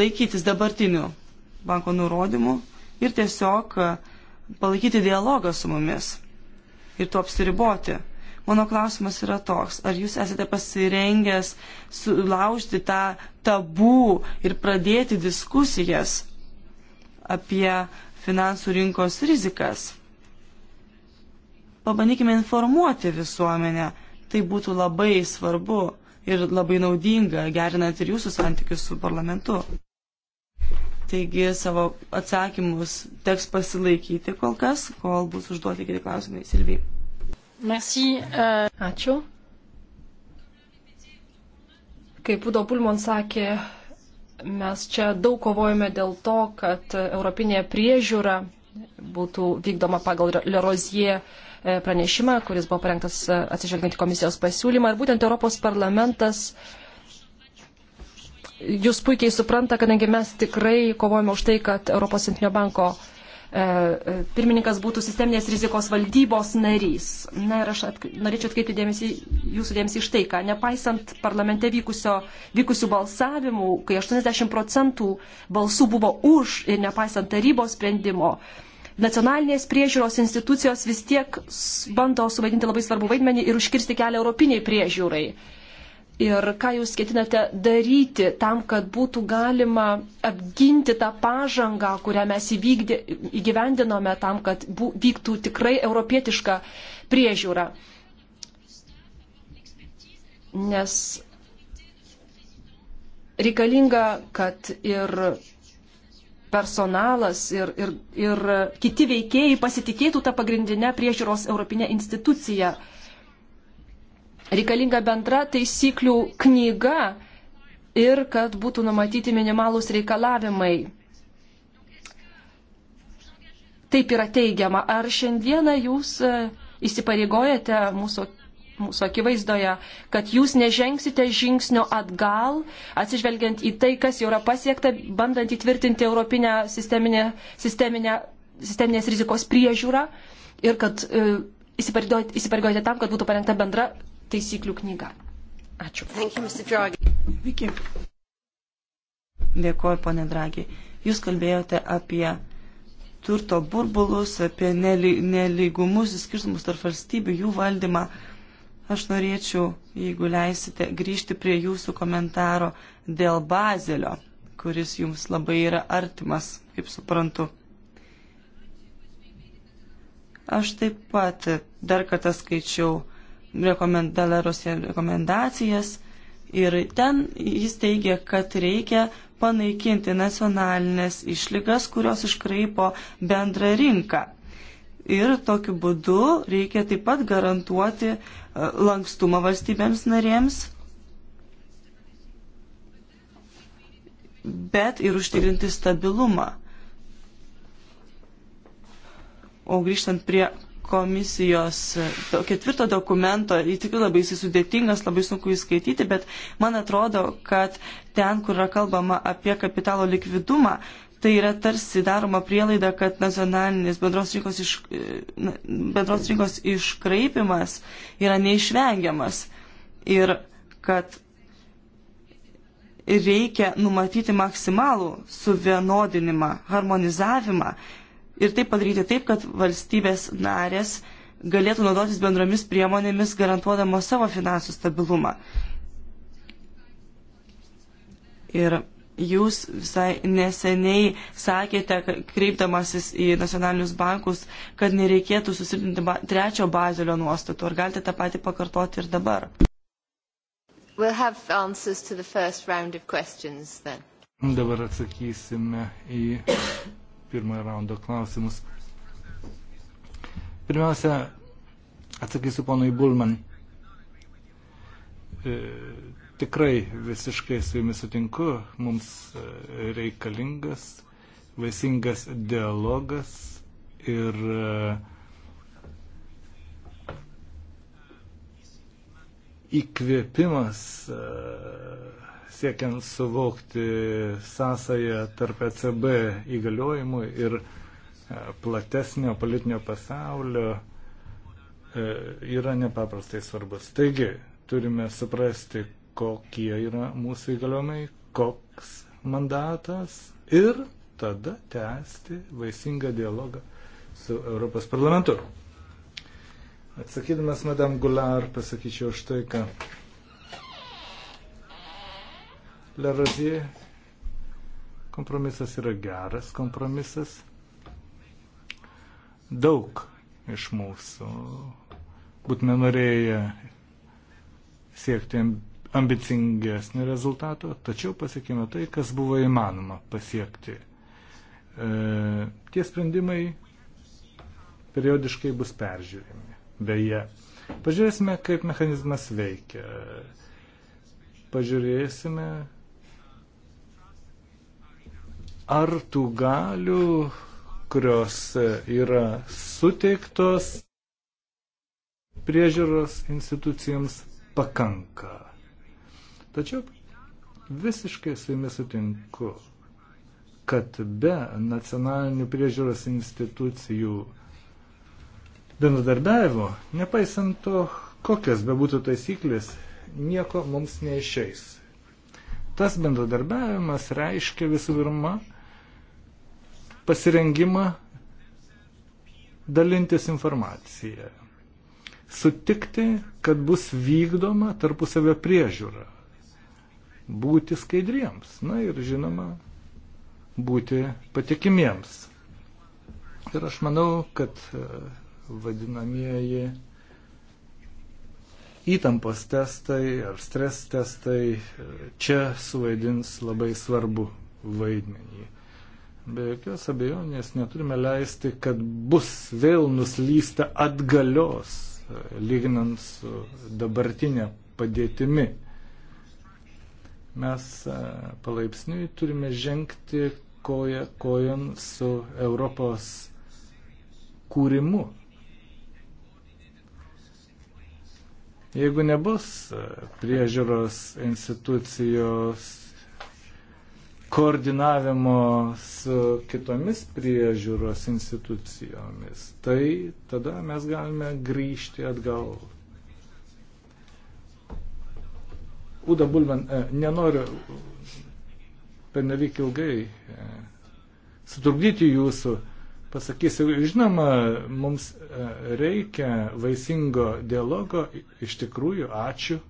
laikytis dabartinių banko nurodymų ir tiesiog e, palaikyti dialogą su mumis? ir tuo apsiriboti. Mano klausimas yra toks, ar jūs esate pasirengęs sulaužti tą tabų ir pradėti diskusijas apie finansų rinkos rizikas? Pabandykime informuoti visuomenę, tai būtų labai svarbu ir labai naudinga, gerinant ir jūsų santykius su parlamentu. Taigi savo atsakymus teks pasilaikyti kol kas, kol bus užduoti kiti klausimai. Silvijai. Merci. Uh... Ačiū. Kaip Udo Pulmon sakė, mes čia daug kovojame dėl to, kad europinė priežiūra būtų vykdoma pagal Lerozie e, pranešimą, kuris buvo parengtas e, atsižvelgiant į komisijos pasiūlymą. Ir būtent Europos parlamentas uh, jūs puikiai supranta, kadangi mes tikrai kovojame už tai, kad Europos centrinio banko e, e, pirmininkas būtų sisteminės rizikos valdybos narys. Na ir aš atk norėčiau atkreipti dėmesį, jūsų dėmesį iš tai, ką nepaisant parlamente vykusio, vykusių balsavimų, kai 80 procentų balsų buvo už ir nepaisant tarybos sprendimo, nacionalinės priežiūros institucijos vis tiek bando suvaidinti labai svarbu vaidmenį ir užkirsti kelią europiniai priežiūrai. Uh, ir ką jūs ketinate daryti tam, kad būtų galima apginti tą pažangą, kurią mes įvykdė, įgyvendinome tam, kad bū, vyktų tikrai europietiška priežiūra. Nes reikalinga, kad ir personalas ir, ir, ir kiti veikėjai pasitikėtų tą pagrindinę priežiūros europinę instituciją reikalinga bendra taisyklių knyga ir kad būtų numatyti minimalūs reikalavimai. Taip yra teigiama. Ar šiandieną jūs e, įsipareigojate mūsų mūsų akivaizdoje, kad jūs nežengsite žingsnio atgal, atsižvelgiant į tai, kas jau yra pasiekta, bandant įtvirtinti Europinę sisteminę, sisteminę, sisteminės rizikos priežiūrą ir kad e, įsipareigojate tam, kad būtų parengta bendra taisyklių knyga. Ačiū. Viki. Dėkuoju, ponė Dragi. Jūs kalbėjote apie turto burbulus, apie nelygumus, skirtumus tarp valstybių, jų valdymą. Aš norėčiau, jeigu leisite, grįžti prie jūsų komentaro dėl bazelio, kuris jums labai yra artimas, kaip suprantu. Aš taip pat dar kartą skaičiau Daleros rekomendacijas ir ten jis teigia, kad reikia panaikinti nacionalinės išlygas, kurios iškraipo bendrą rinką. Ir tokiu būdu reikia taip pat garantuoti e, lankstumą valstybėms narėms, bet ir užtikrinti stabilumą. O grįžtant prie komisijos to ketvirto dokumento, jį tikrai labai jis sudėtingas, labai sunku įskaityti, bet man atrodo, kad ten, kur yra kalbama apie kapitalo likvidumą, tai yra tarsi daroma prielaida, kad nacionalinis bendros rinkos, iš, bendros rinkos iškraipimas yra neišvengiamas ir kad reikia numatyti maksimalų suvienodinimą, harmonizavimą ir taip padaryti taip, kad valstybės narės galėtų naudotis bendromis priemonėmis, garantuodamos savo finansų stabilumą. Ir jūs visai neseniai sakėte, kreipdamasis į nacionalinius bankus, kad nereikėtų susilpninti ba trečio bazilio nuostatų. Ar galite tą patį pakartoti ir dabar? We'll have answers to the first round of questions then. Dabar atsakysime į pirmojo raundo klausimus. Pirmiausia, atsakysiu ponui Bulman. E, tikrai visiškai su jumis sutinku, mums e, reikalingas vaisingas dialogas ir e, įkvėpimas e, siekiant suvokti sąsąją tarp ECB įgaliojimų ir e, platesnio politinio pasaulio e, yra nepaprastai svarbus. Taigi, turime suprasti, kokie yra mūsų įgaliojimai, koks mandatas ir tada tęsti vaisingą dialogą su Europos parlamentu. Atsakydamas Madame Gular pasakyčiau štai ką. Lerazie. Kompromisas yra geras kompromisas. Daug iš mūsų būtume norėję siekti ambicingesnį rezultatą, tačiau pasiekime tai, kas buvo įmanoma pasiekti. E, tie sprendimai periodiškai bus peržiūrimi. Beje, pažiūrėsime, kaip mechanizmas veikia. Pažiūrėsime, ar tų galių, kurios yra suteiktos priežiūros institucijams, pakanka. Tačiau visiškai su jumis sutinku, kad be nacionalinių priežiūros institucijų bendradarbiavimo, nepaisant to, kokias bebūtų taisyklės, nieko mums neišeis. Tas bendradarbiavimas reiškia visų pirma pasirengimą dalintis informaciją. Sutikti, kad bus vykdoma tarpusavio priežiūra. Būti skaidriems. Na ir žinoma, būti patikimiems. Ir aš manau, kad e, vadinamieji įtampos testai ar stres testai e, čia suvaidins labai svarbu vaidmenį. Be jokios abejonės neturime leisti, kad bus vėl nuslysta atgalios, e, lyginant su dabartinė padėtimi. Mes e, palaipsniui turime žengti koja kojon su Europos kūrimu. Jeigu nebus e, priežiūros institucijos koordinavimo su kitomis priežiūros institucijomis, tai tada mes galime grįžti atgal. Uda Bulben, e, nenoriu pernelyg ilgai e, sutrukdyti jūsų. Pasakysiu, žinoma, mums e, reikia vaisingo dialogo, iš tikrųjų, ačiū.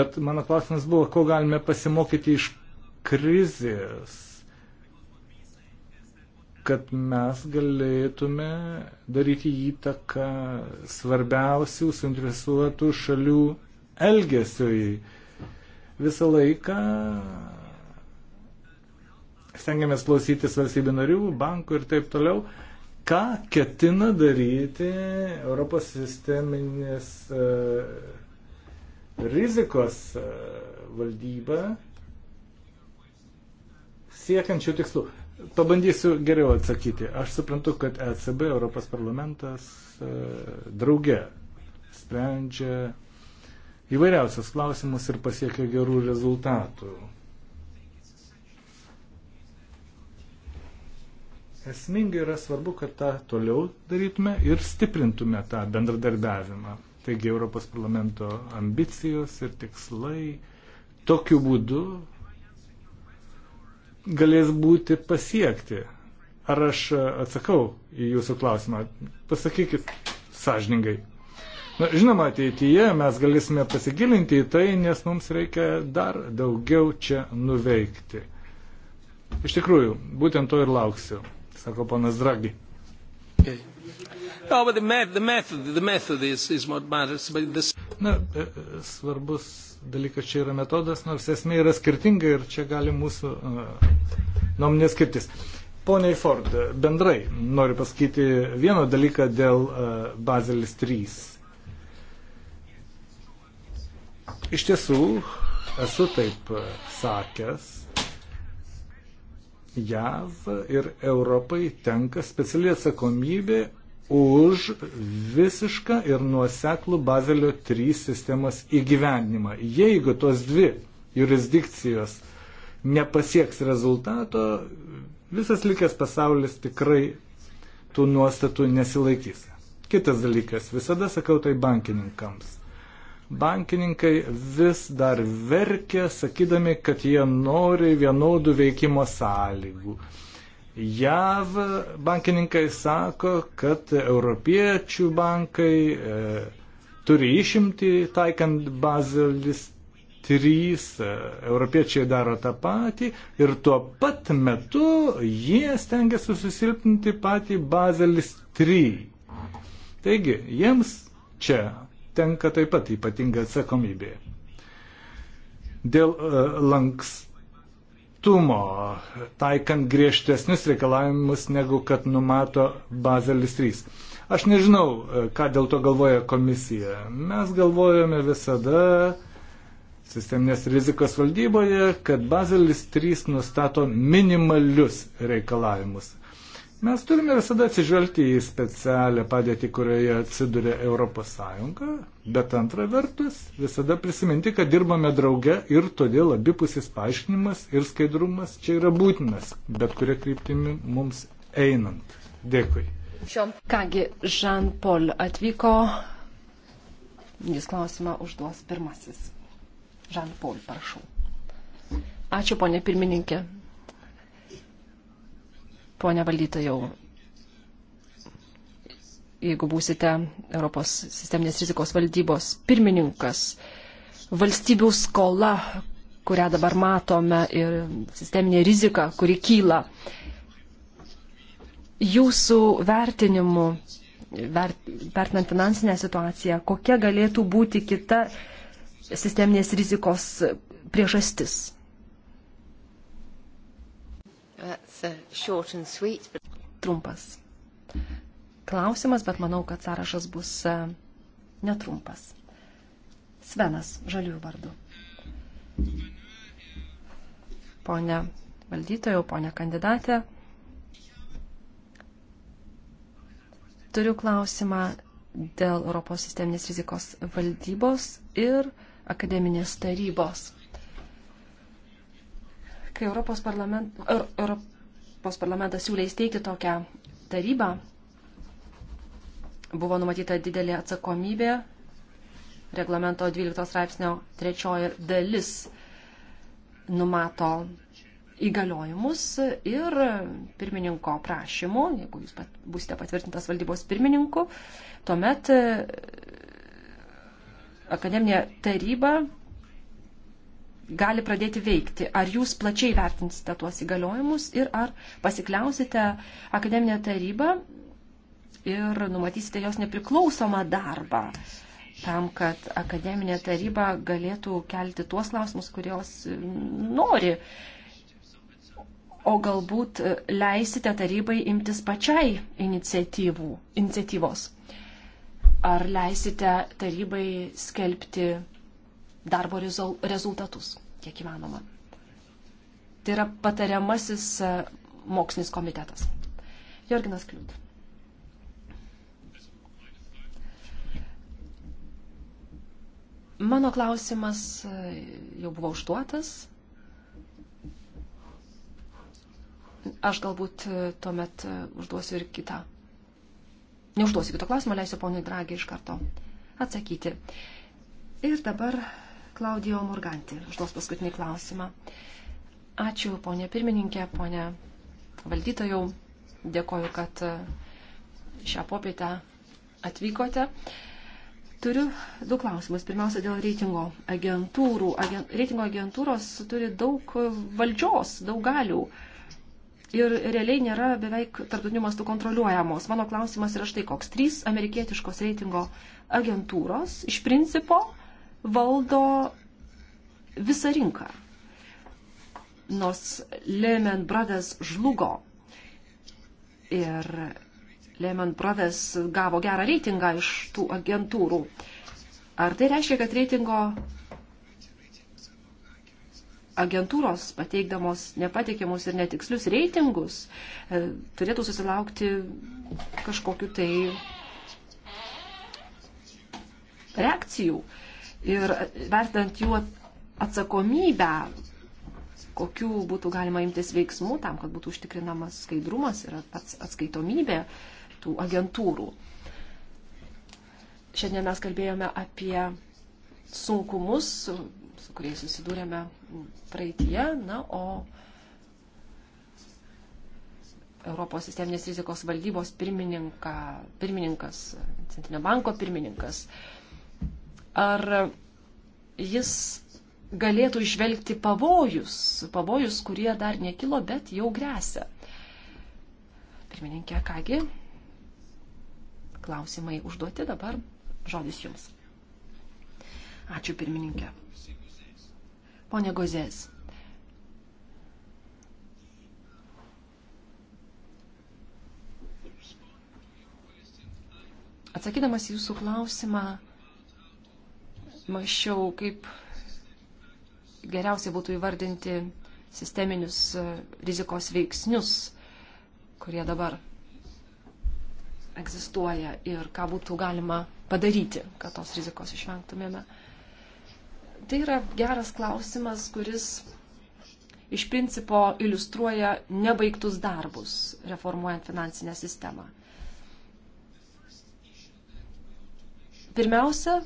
Bet mano klausimas buvo, ko galime pasimokyti iš krizės, kad mes galėtume daryti įtaką svarbiausių suinteresuotų šalių elgesiui. Visą laiką stengiamės klausytis valstybių narių, bankų ir taip toliau ką ketina daryti Europos sisteminės e, rizikos e, valdyba siekiančių tikslų. Pabandysiu geriau atsakyti. Aš suprantu, kad ECB, Europos parlamentas, e, drauge sprendžia įvairiausius klausimus ir pasiekia gerų rezultatų. Esmingai yra svarbu, kad tą toliau darytume ir stiprintume tą bendradarbiavimą. Taigi Europos parlamento ambicijos ir tikslai tokiu būdu galės būti pasiekti. Ar aš atsakau į jūsų klausimą? Pasakykit sąžiningai. Na, žinoma, ateityje mes galėsime pasigilinti į tai, nes mums reikia dar daugiau čia nuveikti. Iš tikrųjų, būtent to ir lauksiu, sako ponas Dragi. Na, e, e, svarbus dalykas čia yra metodas, nors esmė yra skirtinga ir čia gali mūsų e, nuomonė skirtis. Pone Ford, bendrai noriu pasakyti vieną dalyką dėl e, Bazelis 3. Iš tiesų, esu taip sakęs, JAV ir Europai tenka speciali atsakomybė už visišką ir nuoseklų Bazelio 3 sistemos įgyvendinimą. Jeigu tos dvi jurisdikcijos nepasieks rezultato, visas likęs pasaulis tikrai tų nuostatų nesilaikys. Kitas dalykas, visada sakau tai bankininkams. Bankininkai vis dar verkia, sakydami, kad jie nori vienodų veikimo sąlygų JAV bankininkai sako, kad europiečių bankai e, turi išimti taikant bazelis trys e, europiečiai daro tą patį ir tuo pat metu jie stengiasi susilpninti patį bazelis 3. Taigi, jiems čia tenka taip pat ypatinga atsakomybė. Dėl uh, lanks, griežtumo, taikant griežtesnius reikalavimus negu kad numato Bazelis 3. Aš nežinau, ką dėl to galvoja komisija. Mes galvojame visada sisteminės rizikos valdyboje, kad Bazelis 3 nustato minimalius reikalavimus. Mes turime visada atsižvelgti į specialią padėtį, kurioje atsiduria ES, bet antra vertus visada prisiminti, kad dirbame drauge ir todėl abipusis paaiškinimas ir skaidrumas čia yra būtinas, bet kuria kryptimi mums einant. Dėkui. Kągi, Žan Pol atvyko, jis klausimą užduos pirmasis. Žan Pol, prašau. Ačiū, ponė pirmininkė. Pone valdytojau, jeigu būsite Europos sisteminės rizikos valdybos pirmininkas, valstybių skola, kurią dabar matome ir sisteminė rizika, kuri kyla, jūsų vertinimu, vert, vertinant finansinę situaciją, kokia galėtų būti kita sisteminės rizikos priežastis? Uh, sweet, but... Trumpas klausimas, bet manau, kad sąrašas bus e, netrumpas. Svenas, žaliųjų vardu. Pone valdytojų, pone kandidatė, turiu klausimą dėl Europos sisteminės rizikos valdybos ir akademinės tarybos kai Europos, parlament, Europos parlamentas siūlė įsteigti tokią tarybą, buvo numatyta didelė atsakomybė reglamento 12 straipsnio trečioji dalis numato įgaliojimus ir pirmininko prašymu, jeigu jūs pat, būsite patvirtintas valdybos pirmininku, tuomet e, akademinė taryba gali pradėti veikti. Ar jūs plačiai vertinsite tuos įgaliojimus ir ar pasikliausite akademinę tarybą ir numatysite jos nepriklausomą darbą tam, kad akademinė taryba galėtų kelti tuos klausimus, kurios mm, nori. O galbūt leisite tarybai imtis pačiai iniciatyvų, iniciatyvos. Ar leisite tarybai skelbti darbo rezultatus kiek įmanoma. Tai yra patariamasis e, mokslinis komitetas. Jorginas Kliūt. Mano klausimas e, jau buvo užduotas. Aš galbūt e, tuomet užduosiu ir kitą. Neužduosiu kito klausimo, leisiu ponui Dragiai iš karto atsakyti. Ir dabar Klaudijo Morganti užduos paskutinį klausimą. Ačiū, ponė pirmininkė, ponė valdytojau. Dėkoju, kad e, šią popietę atvykote. Turiu du klausimus. Pirmiausia, dėl reitingo agentūrų. Agen, reitingo agentūros turi daug valdžios, daug galių. Ir realiai nėra beveik tarptautiniu mastu kontroliuojamos. Mano klausimas yra štai koks. Trys amerikietiškos reitingo agentūros iš principo valdo visą rinką. Nors Lehman Brothers žlugo ir Lehman Brothers gavo gerą reitingą iš tų agentūrų. Ar tai reiškia, kad reitingo agentūros pateikdamos nepatikimus ir netikslius reitingus e, turėtų susilaukti kažkokiu tai reakcijų? ir vertinant jų atsakomybę, kokių būtų galima imtis veiksmų tam, kad būtų užtikrinamas skaidrumas ir atskaitomybė tų agentūrų. Šiandien mes kalbėjome apie sunkumus, su kuriais susidūrėme praeitie, na, o Europos sisteminės rizikos valdybos pirmininkas, Centrinio banko pirmininkas ar jis galėtų išvelgti pavojus, pavojus, kurie dar nekilo, bet jau grėsia. Pirmininkė, kągi, klausimai užduoti dabar, žodis jums. Ačiū pirmininkė. Pone Gozės. Atsakydamas jūsų klausimą, mašiau, kaip geriausiai būtų įvardinti sisteminius e, rizikos veiksnius, kurie dabar egzistuoja ir ką būtų galima padaryti, kad tos rizikos išvengtumėme. Tai yra geras klausimas, kuris iš principo iliustruoja nebaigtus darbus reformuojant finansinę sistemą. Pirmiausia,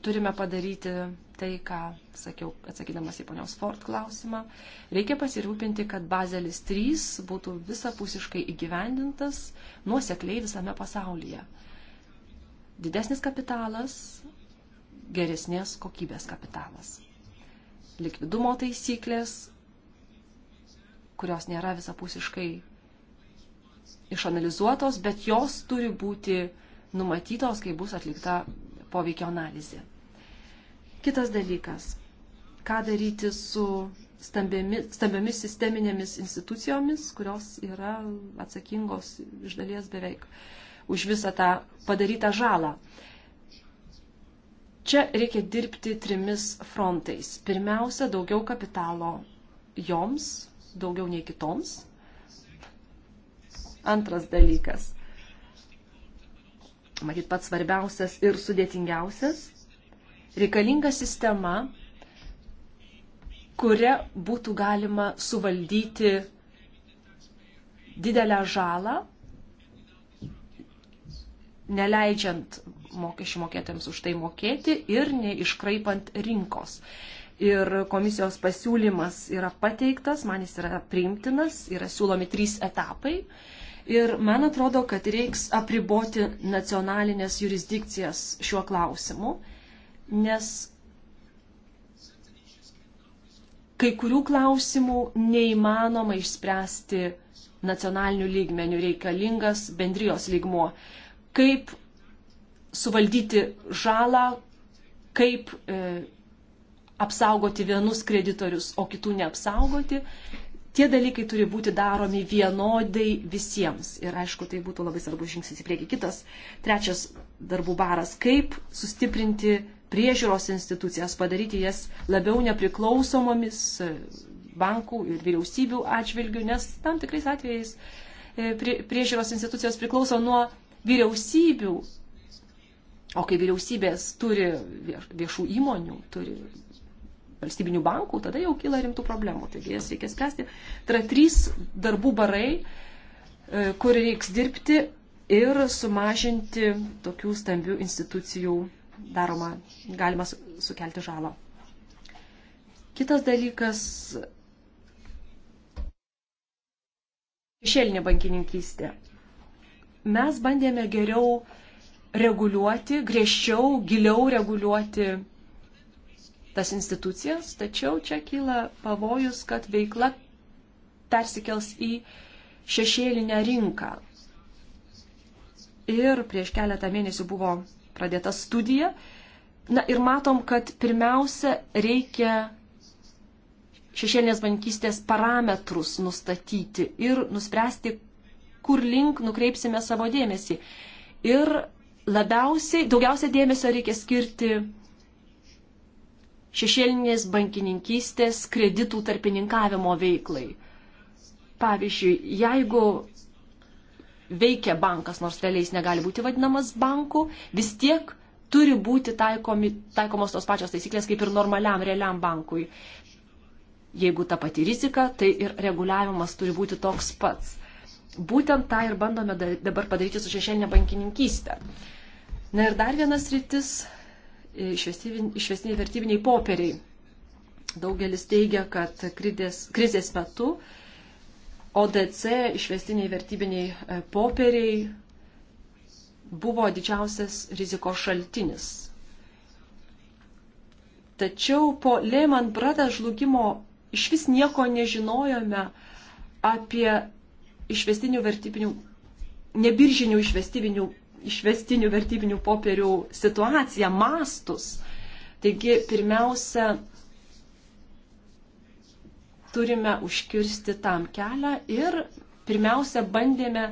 turime padaryti tai, ką sakiau, atsakydamas į ponios Ford klausimą. Reikia pasirūpinti, kad Bazelis 3 būtų visapusiškai įgyvendintas nuosekliai visame pasaulyje. Didesnis kapitalas, geresnės kokybės kapitalas. Likvidumo taisyklės, kurios nėra visapusiškai išanalizuotos, bet jos turi būti numatytos, kai bus atlikta poveikio analizė. Kitas dalykas - ką daryti su stambiamis, stambiamis sisteminėmis institucijomis, kurios yra atsakingos iš dalies beveik už visą tą padarytą žalą. Čia reikia dirbti trimis frontais. Pirmiausia, daugiau kapitalo joms, daugiau nei kitoms. Antras dalykas matyt, pats svarbiausias ir sudėtingiausias. Reikalinga sistema, kuria būtų galima suvaldyti didelę žalą, neleidžiant mokesčių mokėtėms už tai mokėti ir neiškraipant rinkos. Ir komisijos pasiūlymas yra pateiktas, man jis yra priimtinas, yra siūlomi trys etapai. Uh, Ir man atrodo, kad reiks apriboti nacionalinės jurisdikcijas šiuo klausimu, nes kai kurių klausimų neįmanoma išspręsti nacionalinių lygmenių reikalingas bendrijos lygmuo. Kaip suvaldyti žalą, kaip e, apsaugoti vienus kreditorius, o kitų neapsaugoti tie dalykai turi būti daromi vienodai visiems. Ir aišku, tai būtų labai svarbus žingsnis į priekį. Kitas, trečias darbų baras, kaip sustiprinti priežiūros institucijas, padaryti jas labiau nepriklausomomis e, bankų ir vyriausybių atžvilgių, nes tam tikrais atvejais e, priežiūros institucijos priklauso nuo vyriausybių. O kai vyriausybės turi viešų įmonių, turi valstybinių bankų, tada jau kyla rimtų problemų. Taigi jas reikia spręsti. Tai yra trys darbų barai, e, kur reiks dirbti ir sumažinti tokių stambių institucijų daromą, galima sukelti žalą. Kitas dalykas šešėlinė bankininkystė. Mes bandėme geriau reguliuoti, griežčiau, giliau reguliuoti tas institucijas, tačiau čia kyla pavojus, kad veikla persikels į šešėlinę rinką. Ir prieš keletą mėnesių buvo pradėta studija. Na ir matom, kad pirmiausia reikia šešėlinės bankystės parametrus nustatyti ir nuspręsti, kur link nukreipsime savo dėmesį. Ir labiausiai, daugiausia dėmesio reikia skirti šešėlinės bankininkystės kreditų tarpininkavimo veiklai. Pavyzdžiui, jeigu veikia bankas, nors realiai jis negali būti vadinamas banku, vis tiek turi būti taikomi, taikomos tos pačios taisyklės kaip ir normaliam realiam bankui. Jeigu ta pati rizika, tai ir reguliavimas turi būti toks pats. Būtent tą ir bandome dabar padaryti su šešėlinė bankininkystė. Na ir dar vienas rytis išvestiniai vertybiniai popieriai. Daugelis teigia, kad krizės, krizės metu ODC išvestiniai vertybiniai e, popieriai buvo didžiausias rizikos šaltinis. Tačiau po Lehman Brothers žlugimo iš vis nieko nežinojome apie išvestinių vertybinių, nebiržinių išvestybinių išvestinių vertybinių popierių situaciją, mastus. Taigi, pirmiausia, turime užkirsti tam kelią ir pirmiausia, bandėme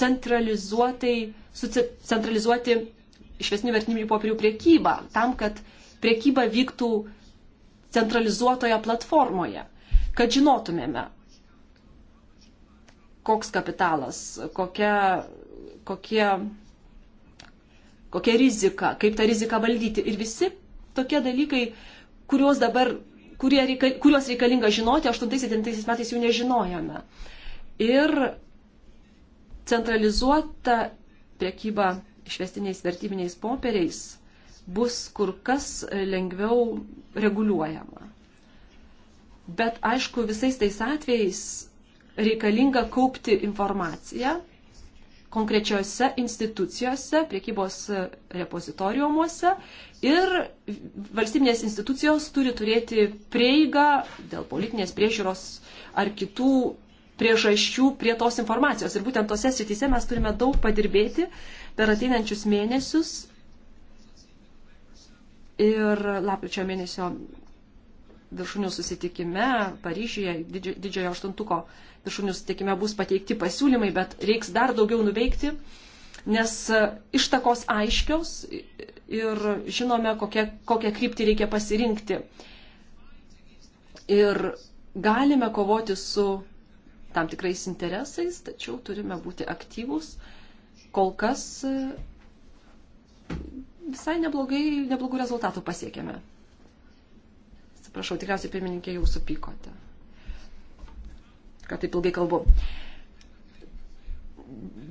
centralizuotai, centralizuoti išvesnių vertybinių popierių priekybą, tam, kad priekyba vyktų centralizuotoje platformoje, kad žinotumėme, koks kapitalas, kokia, kokie kokia rizika, kaip tą riziką valdyti. Ir visi tokie dalykai, kuriuos dabar, reika, kuriuos reikalinga žinoti, 8-7 metais jų nežinojame. Ir centralizuota priekyba išvestiniais vertybiniais popieriais bus kur kas lengviau reguliuojama. Bet aišku, visais tais atvejais reikalinga kaupti informaciją konkrečiose institucijose, priekybos repozitoriumuose ir valstybinės institucijos turi turėti prieigą dėl politinės priežiūros ar kitų priežasčių prie tos informacijos. Ir būtent tose srityse mes turime daug padirbėti per ateinančius mėnesius. Ir lapkričio mėnesio viršūnių susitikime Paryžiuje didžiojo aštuntuko viršūnių sutikime bus pateikti pasiūlymai, bet reiks dar daugiau nuveikti, nes e, ištakos aiškios ir žinome, kokią, kokią kryptį reikia pasirinkti. Ir galime kovoti su tam tikrais interesais, tačiau turime būti aktyvūs. Kol kas e, visai neblogai, neblogų rezultatų pasiekėme. Atsiprašau, tikriausiai pirmininkė jau supykote kad taip ilgai kalbu.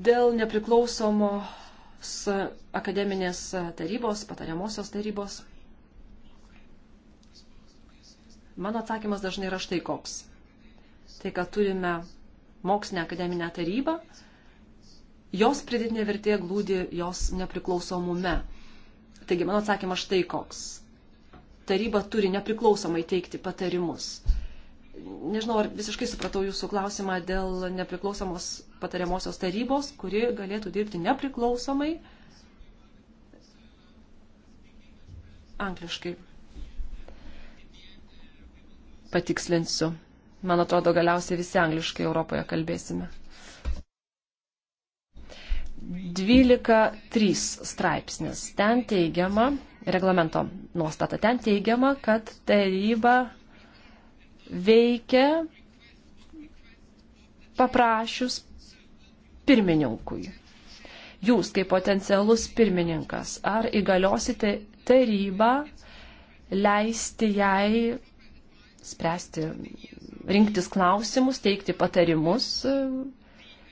Dėl nepriklausomos akademinės tarybos, patariamosios tarybos, mano atsakymas dažnai yra štai koks. Tai, kad turime mokslinę akademinę tarybą, jos pridėtinė vertė glūdi jos nepriklausomume. Taigi mano atsakymas štai koks. Taryba turi nepriklausomai teikti patarimus nežinau, ar visiškai supratau jūsų klausimą dėl nepriklausomos patariamosios tarybos, kuri galėtų dirbti nepriklausomai. Angliškai. Patikslinsiu. Man atrodo, galiausiai visi angliškai Europoje kalbėsime. 12.3 straipsnis. Ten teigiama, reglamento nuostata, ten teigiama, kad taryba veikia paprašius pirmininkui. Jūs kaip potencialus pirmininkas, ar įgaliosite tarybą leisti jai spręsti, rinktis klausimus, teikti patarimus e,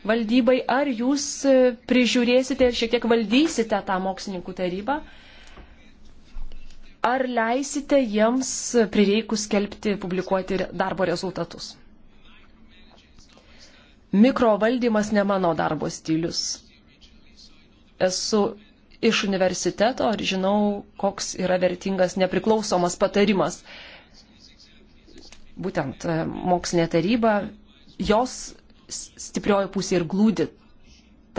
valdybai, ar jūs e, prižiūrėsite ir šiek tiek valdysite tą mokslininkų tarybą, ar leisite jiems prireikus skelbti, publikuoti darbo rezultatus? Mikrovaldymas ne mano darbo stilius. Esu iš universiteto ir žinau, koks yra vertingas nepriklausomas patarimas. Būtent e, mokslinė taryba, jos stiprioji pusė ir glūdi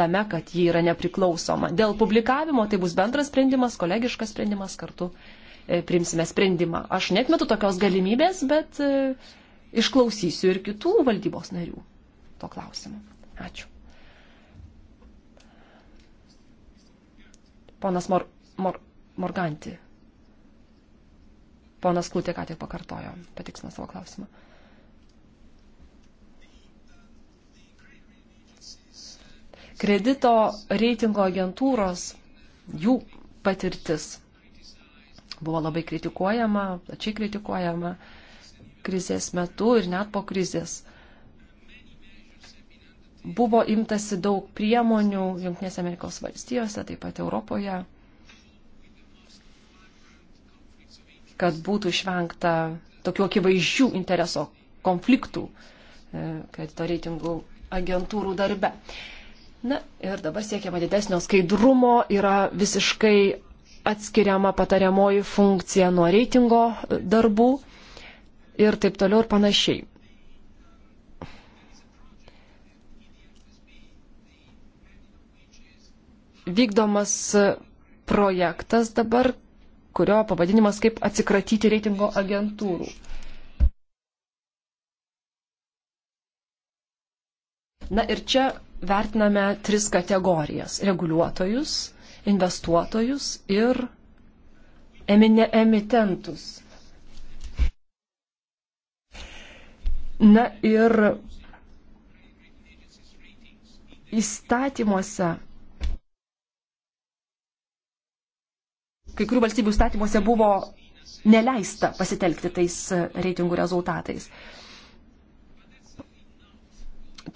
tame, kad ji yra nepriklausoma. Dėl publikavimo tai bus bendras sprendimas, kolegiškas sprendimas kartu E, primsime sprendimą. Aš netmetu tokios galimybės, bet e, išklausysiu ir kitų valdybos narių to klausimu. Ačiū. Ponas Mor, Mor, Morganti. Ponas Klutė ką tik pakartojo, patiksino savo klausimą. Kredito reitingo agentūros, jų patirtis buvo labai kritikuojama, plačiai kritikuojama krizės metu ir net po krizės. Buvo imtasi daug priemonių Junktinėse Amerikos valstijose, taip pat Europoje, kad būtų išvengta tokių akivaizdžių intereso konfliktų e, kredito reitingų agentūrų darbe. Na ir dabar siekiama didesnio skaidrumo, yra visiškai atskiriama patariamoji funkcija nuo reitingo e, darbų ir taip toliau ir panašiai. Vykdomas e, projektas dabar, kurio pavadinimas kaip atsikratyti reitingo agentūrų. Na ir čia vertiname tris kategorijas - reguliuotojus, investuotojus ir emine, emitentus. Na ir įstatymuose kai kurių valstybių statymuose buvo neleista pasitelkti tais reitingų rezultatais.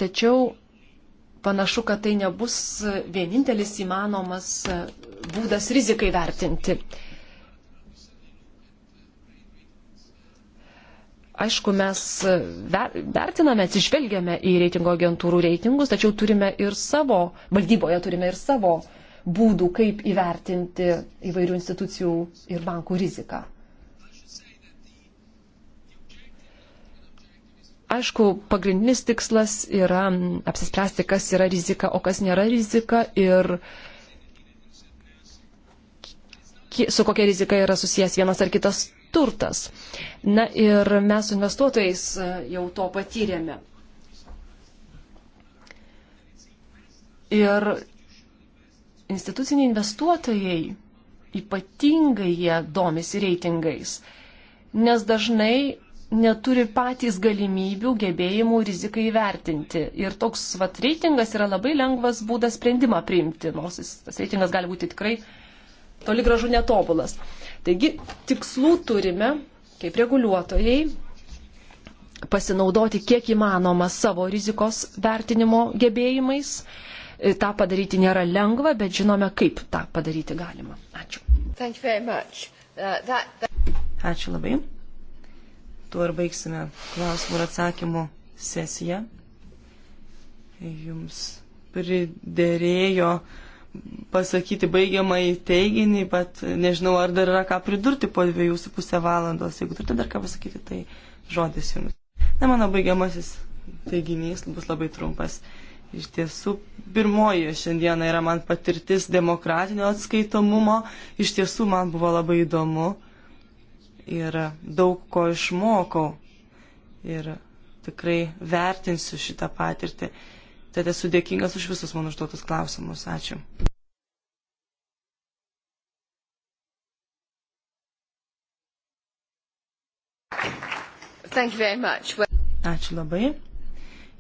Tačiau panašu, kad tai nebus vienintelis įmanomas būdas rizikai vertinti. Aišku, mes vertiname, atsižvelgiame į reitingo agentūrų reitingus, tačiau turime ir savo, valdyboje turime ir savo būdų, kaip įvertinti įvairių institucijų ir bankų riziką. Aišku, pagrindinis tikslas yra apsispręsti, kas yra rizika, o kas nėra rizika ir su kokia rizika yra susijęs vienas ar kitas turtas. Na ir mes su investuotojais e, jau to patyrėme. Ir instituciniai investuotojai ypatingai jie domisi reitingais, nes dažnai neturi patys galimybių, gebėjimų rizikai įvertinti. Ir toks vat, reitingas yra labai lengvas būdas sprendimą priimti, nors jis, tas reitingas gali būti tikrai toli gražu netobulas. Taigi tikslų turime, kaip reguliuotojai, pasinaudoti kiek įmanoma savo rizikos vertinimo gebėjimais. E, Ta padaryti nėra lengva, bet žinome, kaip tą padaryti galima. Ačiū. Uh, that, that... Ačiū labai. Tuo ir baigsime klausimų ir atsakymų sesiją. Jums pridėrėjo pasakyti baigiamąjį teiginį, bet nežinau, ar dar yra ką pridurti po dviejų su pusę valandos. Jeigu turite dar ką pasakyti, tai žodis jums. Na, mano baigiamasis teiginys bus labai trumpas. Iš tiesų, pirmoji šiandiena yra man patirtis demokratinio atskaitomumo. Iš tiesų, man buvo labai įdomu ir daug ko išmokau ir tikrai vertinsiu šitą patirtį. Tad esu dėkingas už visus mano užduotus klausimus. Ačiū. Ačiū labai.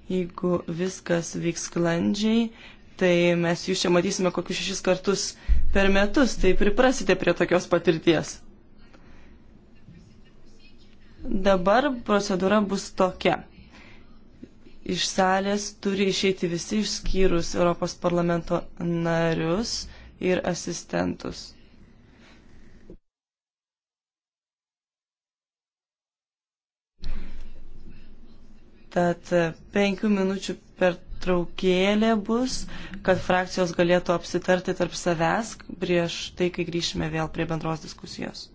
Jeigu viskas vyks sklandžiai, tai mes jūs čia matysime kokius šešis kartus per metus, tai priprasite prie tokios patirties. Dabar procedūra bus tokia. Iš salės turi išeiti visi išskyrus Europos parlamento narius ir asistentus. Tad penkių minučių pertraukėlė bus, kad frakcijos galėtų apsitarti tarp savęs prieš tai, kai grįšime vėl prie bendros diskusijos.